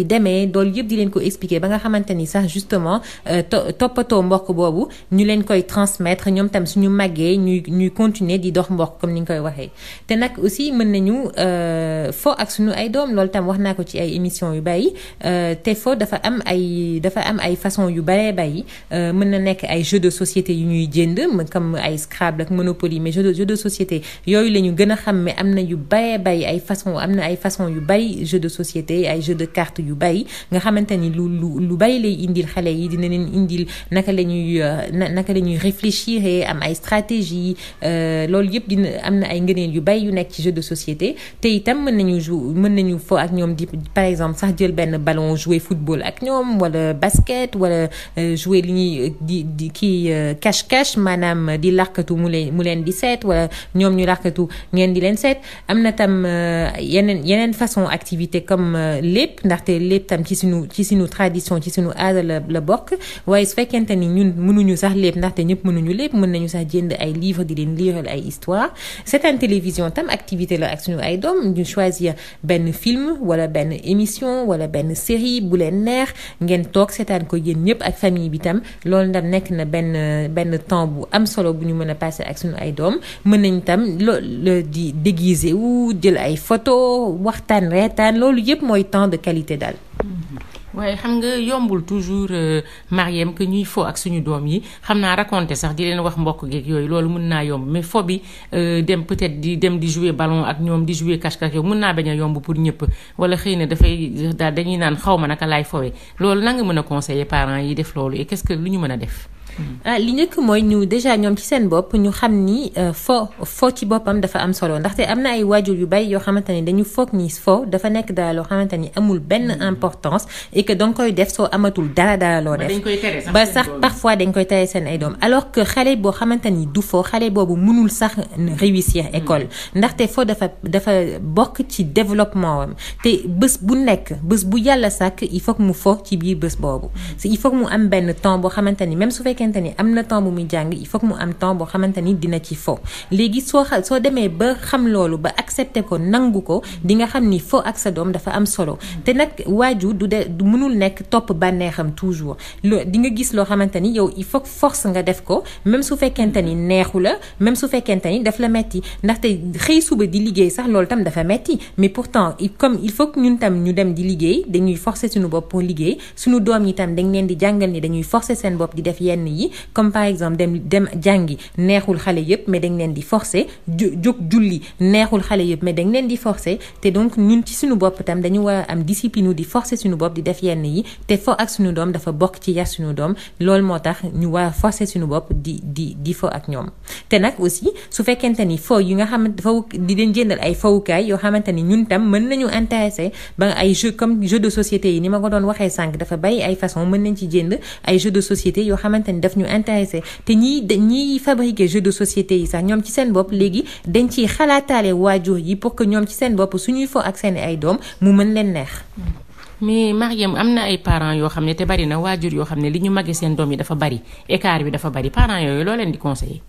expliquer ba nga xamante ni sax justement euh, toppatoo mboq boobu ñu leen koy transmettre ñoom tam suñu màggee ñuy ñuy continuer di dox mboq comme ni ñu koy waxee. te nag aussi mën nañu euh, fo ak suñu ay doom loolu tam wax naa ko ci ay émissions yu bari euh, te fo dafa am ay dafa am ay façon yu baree bari mën na nekk ay jeux de société yu ñuy jënd comme ay Scrabble ak Monopoly mais jeux de société yooyu la ñu gën a xam mais am na yu baree bay ay façon am na ay façon yu bari jeux de société ay jeux de cartes yu bari lu lu bari lay indil xale yi dina leen indil naka la ñuy euh, naka la ñuy réfléchir am ay stratégie euh, loolu yëpp dina am na ay ngëneel yu bari yu nekk ci jeu de société te tam mën nañu jou mën nañu fo ak ñoom di par exemple sax jël benn ballon jouer football ak ñoom wala basket wala euh, jouer li ñuy di di kii cache cache maanaam di làkkatu mu leen mu leen di seet wala ñoom ñu làkkatu ngeen di leen seet am na tam yeneen yeneen façon activité comme lépp ndaxte lépp tam ci sunu ci sunu tradition ci suñu aada la bokk waaye su fekkente ni ñun mënuñu sax lépp ndaxte ñëpp mënuñu lépp mën nañu sax jënd ay livre di leen liiral ay histoire seetaan télévision tam activité la ak suñu ay doom ñu choisir benn film wala benn émission wala benn série bu leen neex ngeen toog seetaan ko yéen ñëpp ak famille bi tam loolu ndam nekk na benn benn temps bu am solo bu ñu mën a passé ak suñu ay doom mën nañ tam lo di déguiser wu jël ay photo waxtaan reetaan loolu yëpp mooy temps de qualité daal waaye xam nga yombul toujours euh, Mariem que ñuy fo ak suñu doom yi xam naa raconter sax di leen wax mbokk geeg yooyu loolu mun naa yomb mais fo bi euh, dem peut-être di dem di jouer ballon ak ñoom di jouer cache-cache yow mun naa bañ a yomb pour ñëpp wala xëy na dafay daal dañuy naan xaw ma naka laay fowee loolu na nga mën a conseiller parents yi def loolu et quest que lu ñu mën a def. ah li njëkk mooy ñu déjà ñoom ci seen bopp ñu xam ni euh, fo fo ci boppam dafa am solo ndaxte am na ay waajur yu bay yoo xamante ni dañu foog ni fo dafa nekk dara loo xamante ni amul benn mm-hmm. importance et que koy def soo amatul dara dara loo def ba sax parfois dañ koy tere seen ay doom alors que boo xamante ni du fo xale boobu mënul sax réussir mm-hmm. école ndaxte fo dafa dafa bokk ci développement am te bés bu nekk bës bu yàlla sàkk il faut mu fo ci biir bës boobu mm-hmm. il faut mu am benn temps boo xamante ni même su fekkee xamante ni na temps bu muy jàng il faut que mu am ni dina ci léegi soo soo demee ba xam loolu ba accepté ko nangu ko di nga xam ni fo ak sa doom dafa am solo te nag waajur du de du mënul nekk topp bànneexam toujours loo di nga gis loo xamante ni yow il faut force nga def ko même su fekkente ni neexu la même su fekkente daf la metti ndaxte xëy suba di liggéey sax loolu tam dafa metti mais pourtant comme il faut ñun tam ñu dem di liggéey dañuy forcer suñu bopp pour liggéey suñu doom yi tam dañ leen di jàngal ni dañuy forcer seen bopp di def yenn yi comme par exemple dem dem jàngi neexul xale yëpp mais dañ leen di forcer jóg julli neexul xale yëpp mais dañ leen di forcer te donc ñun ci suñu bopp tam dañu war a am discipline di forcer suñu bopp di def yenn yi te fo ak suñu doom dafa bokk ci yar suñu doom lool moo tax ñu war a forcer suñu bopp di di di ak ñoom te nag aussi su fekkente ni fo yi nga xamante faw di leen jëndal ay fowukaay yoo xamante ni ñun tam mën nañu intéressé ba ay jeu comme jeu de yi ni ma ko doon waxee sànq dafa bari ay façon mën nañ ci leen daf ñu intéressé te ñiy ñiy fabriquer jeu de société yi sax ñoom ci seen bopp léegi dañ ciy xalaataale waajur yi pour que ñoom ci seen bopp suñuy fo ak seen ay doom mu mën leen neex mais Mariam am na ay parents yoo xam ne te bari na waajur yoo xam ne li ñu màggee seen doom yi dafa bari écart bi dafa bari parents yooyu loo leen di conseil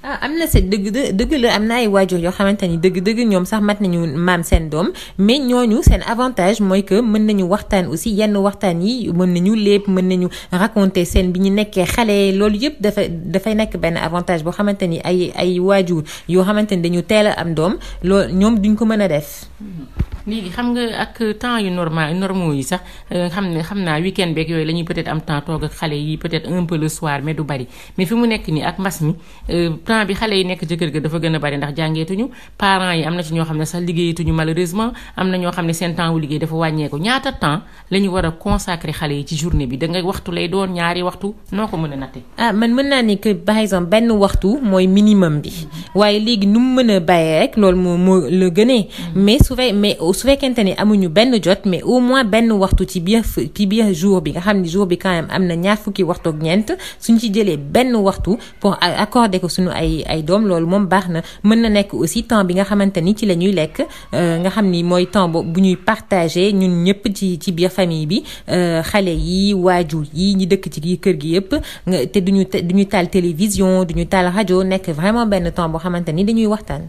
ah am na sa dëgg dëgg la am na ay waajur yoo xamante ni dëgg-dëgg ñoom sax mat nañu maam seen doom mais ñooñu seen avantage mooy que mën nañu waxtaan aussi yenn waxtaan yi mën nañu lépp mën nañu raconter seen bi ñu nekkee xale loolu yëpp dafa dafay nekk benn avantage boo xamante ni ay ay waajur yoo xamante ni dañu teel a am doom loolu ñoom duñ ko mën a def. Mm-hmm. léegi xam nga ak temps yu normal normaux yi sax euh, xam ne xam naa weekend beeg yooyu la ñuy peut-être am temps toog ak xale yi peut-être un peu le soir du bari mais fi mu nekk nii ak mbas mi. Euh, temps bi xale yi nekk ci ga dafa gën a bari ndax jàngeetuñu parents yi am na ñoo xam ne sax liggéeyatuñu malheureusement am na a consacrer xale yi ci bi da nga waxtu lay doon ñaari waxtu noo ko mën a natte ah man mën naa ni que par exemple benn mu mën a bàyyee rek loolu moo la gënee hmm. mais su fee mais su fekkente ne amuñu benn jot mais au moins benn waxtu ci biir ci biir jour bi nga xam ne bi quand am na ñaar fukki waxtu ak ñeent suñ ci jëlee benn waxtu pour accorder ko suñu ay ay doom loolu moom baax na mën na nekk aussi temps bi nga xamante ni ci la ñuy lekk euh, nga xam ni mooy temps bu ñuy partagé ñun ñëpp ci ci biir famille bi euh, xale yi waajur yi ñi dëkk ci kër gi yëpp te duñu duñu taal télévision duñu taal rajo nekk vraiment benn temps boo xamante ni dañuy waxtaan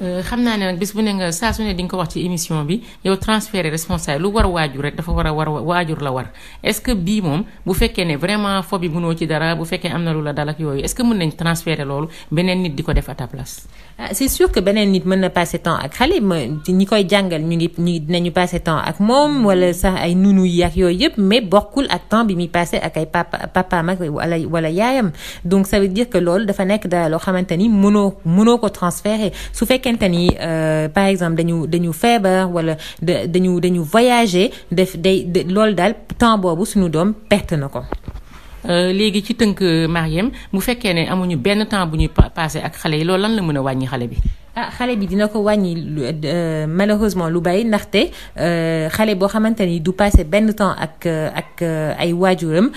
Euh, xam naa ne nag bis bu ne nga saa su ne di ko wax ci émission bi yow transférer responsable lu war waajur rek dafa war a war waajur la war est-ce que bii moom bu fekkee ne vraiment fo bi mënoo ci dara bu fekkee am na lu la dal ak yooyu est-ce que mën nañ transférer loolu beneen nit di ko def à ta place. ah c'est sûr que beneen nit mën na passer temps ak xale ma ñi koy jàngal ñu ngi ñu dinañu passer temps ak moom wala sax ay nunu yi ak yooyu yëpp mais bokkul ak temps bi muy passer ak ay papa papaam ak wala wala yaayam donc ça veut loolu dafa nekk dara loo xamante ni mënoo mënoo ko transférer fekkente ni euh, par exemple dañu dañu feebar wala da dañu dañu voyager def day lool daal temps boobu suñu doom perte na ko. Euh, léegi ci tënk Mariem bu fekkee ne amuñu benn temps bu ñuy passé ak xale yi loolu lan la mën a wàññi xale bi. ah xale bi dina ko wàññi euh, euh, malheureusement lu bay ndaxte euh, xale boo xamante ni du passé benn temps ak ak ay waajuram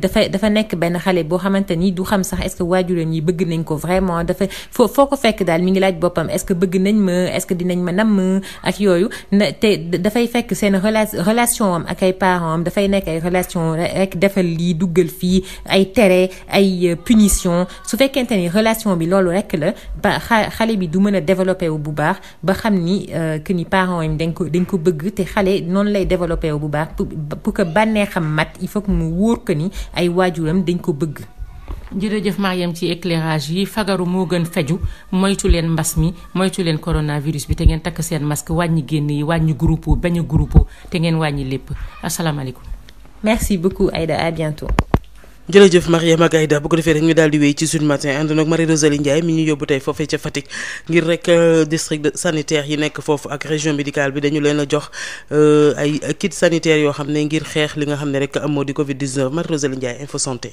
dafa dafa nekk benn xale boo xamante ni du xam sax est-ce waajuram yi bëgg nañ ko vraiment dafa foo foo ko fekk daal mu ngi laaj boppam est-ce que bëgg nañ ma est-ce que dinañ ma namm ak yooyu na te dafay fekk seen rela relation am ak ay parents am dafay nekk ay relation rek defal lii duggal fii ay tere ay punition su fekkente ni relation bi loolu rek la xale bi du mën développé wu bu baax ba xam ni euh, que ni parents yi dañ ko dañ ko bëgg te xale noonu lay développé wu bu baax pour que bànneexam mat il faut mu wóor que ni ay waajuram dañ ko bëgg. jërëjëf Mariam ci éclairage yi fagaru moo gën feju moytu leen mbas mi moytu leen coronavirus bi te ngeen takk seen masque wàññi génn yi wàññi groupe bañ a te ngeen wàññi lépp asalaamaaleykum. jërëjëf Mariama Gaïda bu ko defee rek ñu daal di wéy ci Sud Matin ànd nag Marie Rosalie Ndiaye mi ñu yóbbu tey foofee ca Fatick ngir rek euh, district sanitaire yi nekk foofu ak région médicale bi dañu leen a jox euh, ay kit sanitaire yoo xam ne ngir xeex li nga xam ne rek amoo di Covid 19 Marie Rosalie Ndiaye Info Santé.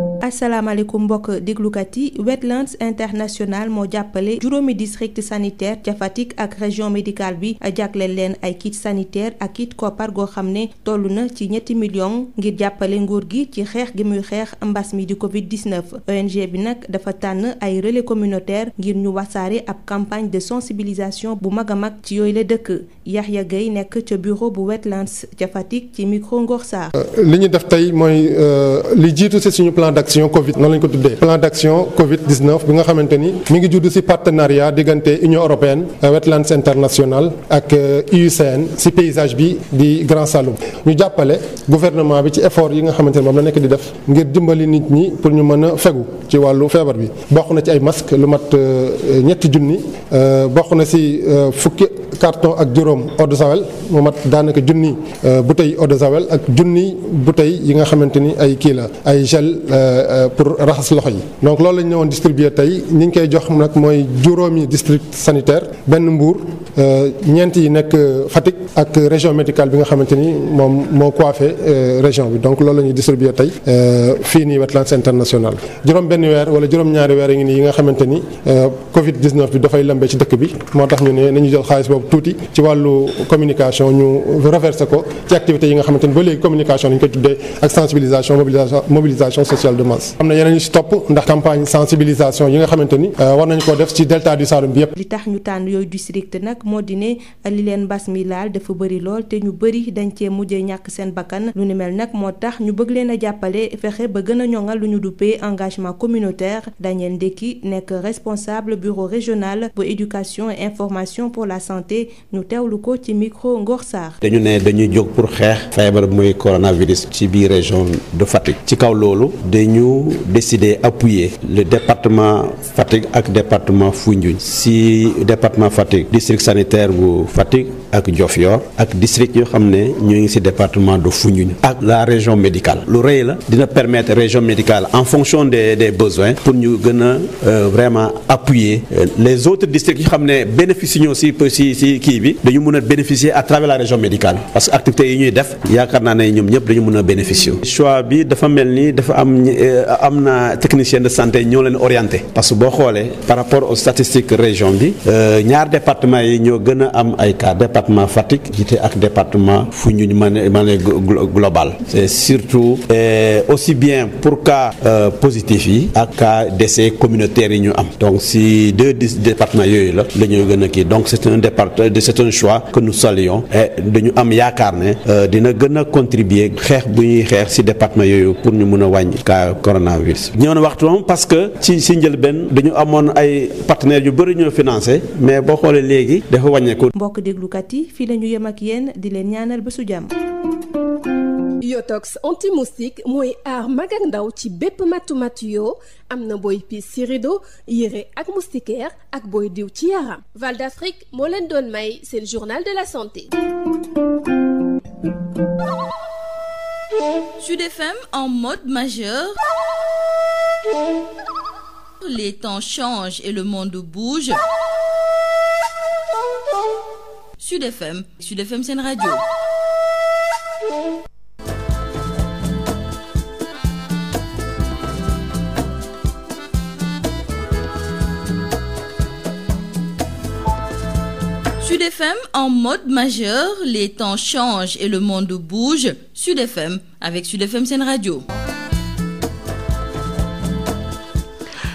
asalaamaaleykum mbokk déglukat yi Wetlands International moo jàppale juróomi district sanitaire ca Fatick ak région médicale bi a jagleel leen ay kiit sanitaire ak kiit koppar goo xam ne toll na ci ñetti millions ngir jàppale nguur gi ci xeex gi muy xeex mbas mi di Covid 19 ONG bi nag dafa tànn ay relais communautaire ngir ñu wasaare ab campagne de sensibilisation bu mag a mag ci yooyu la dëkk Yaxya Gueye nekk ca bureau bu Wetlands ca Fatick ci micro Ngor Sarr. Euh, li def tey mooy euh, li jiitu ci suñu plan d'action action Covid noonu lañu ko tuddee plan d' action Covid 19 bi nga xamante ni mi ngi judd si partenariat diggante Union européenne Wetlands International ak euh, IUCN si paysage bi di Grand Saloum ñu jàppale gouvernement bi ci effort yi nga xamante ni moom la nekk di def ngir dimbali nit ñi pour ñu mën a fegu ci wàllu feebar bi bokk na ci ay masque lu mat euh, ñetti junni euh, bokk na si fukki carton ak juróom eau de mu mat daanaka junni bouteille tey de ak junni bu tey yi nga xamante ni ay kii la ay gel Euh, pour raxas loxo yi donc lool la ñu ñëwoon distribuer tey ñi ngi koy jox nag mooy juróomi district sanitaire benn Mbour euh, ñeent yi nekk Fatick ak région médicale bi nga xamante ni moom moo coiffé euh, région bi donc loolu la ñuy distribuer tey fii nii Wetlands International juróom benn weer wala juróom ñaari weer ngi nii yi nga xamante ni Covid 19 bi dafay lëmbee ci dëkk bi moo tax ñu ne nañu jël xaalis boobu tuuti ci wàllu communication ñu reversé ko ci activités ni ba léegi communication lañ ko tuddee ak Casamance am na yeneen yu ndax campagne sensibilisation yi nga xamante ni euh, war nañu koo def ci delta du Saloum bi yëpp. li tax ñu tànn yooyu district nag moo di ne li leen mbas mi laal dafa bari lool te ñu bëri dañ cee mujjee ñàkk seen bakkan lu ni mel nag moo tax ñu bëgg leen a jàppale fexe ba gën a ñoŋal lu ñu duppee engagement communautaire Daniel Ndeki nekk responsable bureau régional bu éducation et information pour la santé ñu teewlu ko ci micro Ngor dañu ne dañuy jóg pour xeex feebar muy coronavirus biir région de ñu décidé appuyer le département Fatick ak département Foundiougne si département Fatick district sanitaire bu Fatick ak Diofior ak district yoo xam ne ñoo ngi si département de Foundiougne ak la région médicale lu rëy la dina permettre région médicale en fonction des des besoins pour ñu gën a euh, vraiment appuyer euh, les autres districts yi xam ne bénéficier ñoo si si kii bi dañu mën a bénéficier à la région médicale parce que activités yi ñuy def yaakaar naa ne ñoom ñëpp dañu mën a bénéficier Euh, am na technicien de santé ñoo leen orienté parce que boo xoolee par rapport aux statistiques région bi euh, ñaar département yi ñoo gën a am ay cas département Fatick jiite ak département fu ñu mën mën global c'est surtout euh, aussi bien pour cas positifs yi ak cas décès communautaires yi ñu am donc si deux départements yooyu la dañoo gën a kii donc c'est un département c'est un choix que nous saluons dañu am yaakaar ne dina gën a contribuer xeex bu ñuy xeex coronavirus ñëw na waxtu moom parce que ci si njëlbeen dañu amoon ay partenaires yu bëri ñoo financé mais boo xoolee léegi dafa wàññeeku. mbokk déglukat yi fii la ñu yem ak yéen di leen ñaanal bésu jàmm. yotox anti-moustique mooy aar mag ak ndaw ci bépp matu-matu yoo am na booy piis ci rido yére ak moustiquaire ak booy diw ci yaram Val d'Afrique moo leen doon may seen journal de la santé Sud FM en mode majeur. Les temps changent et le monde bouge. Sud FM, Sud Radio. Sud FM en mode majeur, les temps changent et le monde bouge. Sud FM avec Sud FM Scène Radio.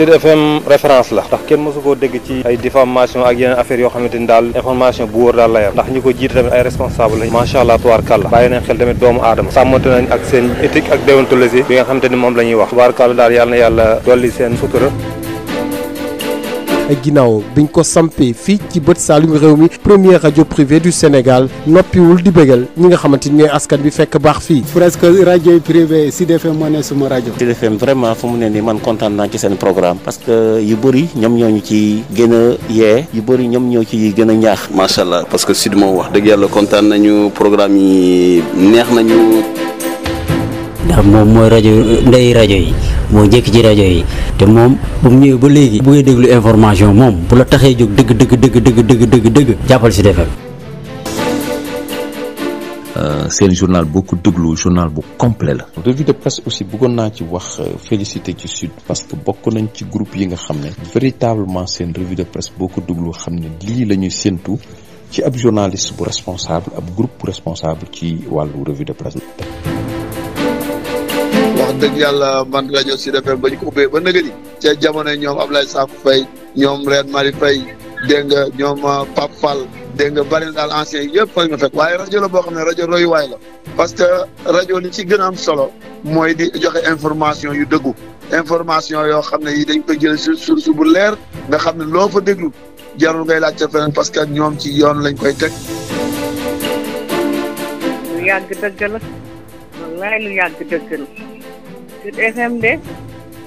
Sud FM référence la ndax kenn mosu koo dégg ci ay diffamation ak yeneen affaires yoo xamante ni daal information bu wóor daal la yor ndax ñi ko jiite tamit ay responsable lañ macha allah tubaarkàlla bàyyi nañ xel tamit doomu aadama sàmmante nañ ak seen éthique ak déontologie bi nga xamante moom la ñuy wax tubaarkàlla daal yàlla na yàlla dolli seen sutura ginnaaw biñ ko sampee fii ci bët saalum réew mi première rajo privée du Sénégal noppiwul di bégal ñi nga xamante ni askan bi fekk baax fii. presque rajo yi privé si FM moo ne suma rajo. Sud FM vraiment fu mu ne nii man kontaan naa ci seen programme. parce que yu bëri ñoom ñoo ñu ci gën a yee. yu bëri ñoom ñoo ci gën a ñaax. macha allah parce que Sud moom wax dëgg yàlla kontaan nañu programme yi neex nañu. ndax moom mooy rajo ndey rajo yi. moo jékki ci rajo yi te moom bu mu ñëwee ba léegi bu ngay déglu information moom bu la taxee jóg dëgg dëgg dëgg dëgg dëgg dëgg dëgg jàppal si defem euh, seen journal boo ko déglu journal bu complet la. revue de presse aussi bëggoon naa ci wax euh, félicité ci sud parce que bokk nañ ci groupe yi nga xam ne véritablement seen revue de presse boo ko déglu xam ne lii la ñuy séntu ci ab journaliste bu responsable ab groupe bu responsable ci wàllu revue de presse. dëgg yàlla man rajo Sud FM ba ñu ko ubbee ba nëgë ca jamono ñoom Ablaye Sakho Faye ñoom Reine Marie Faye dégg nga ñoom euh, pap Fall dégg nga bari daal ancien yëpp fa ñu fekk waaye rajo la boo xam ne rajo royuwaay la parce que rajo li ci gën am solo mooy di joxe information yu dëggu information yoo xam ne yi dañ koy jël si source bu leer nga xam ne loo fa déglu jarul ngay laaj laajte feneen parce que ñoom ci yoon lañ koy teg. lu yàgg dëgg la wallaay lu yàgg dëgg la. Sud FM de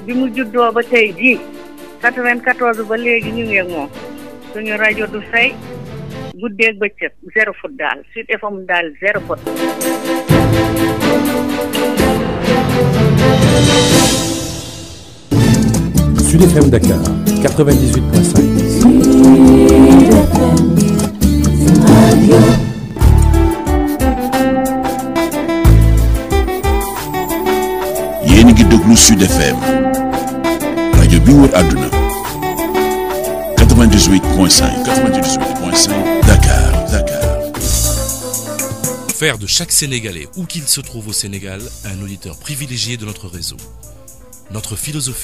bi mu juddoo ba tey jii 94 ba léegi ñu ngi ak moom suñu rajo du fay guddeeg bëccëg zéro faute daal Sud FM daal zéro faute. Sud FM Dakar mi ngi déglu Sud FM Dakar Faire de chaque Sénégalais, où qu'il se trouve au Sénégal, un auditeur privilégié de notre réseau. Notre philosophie.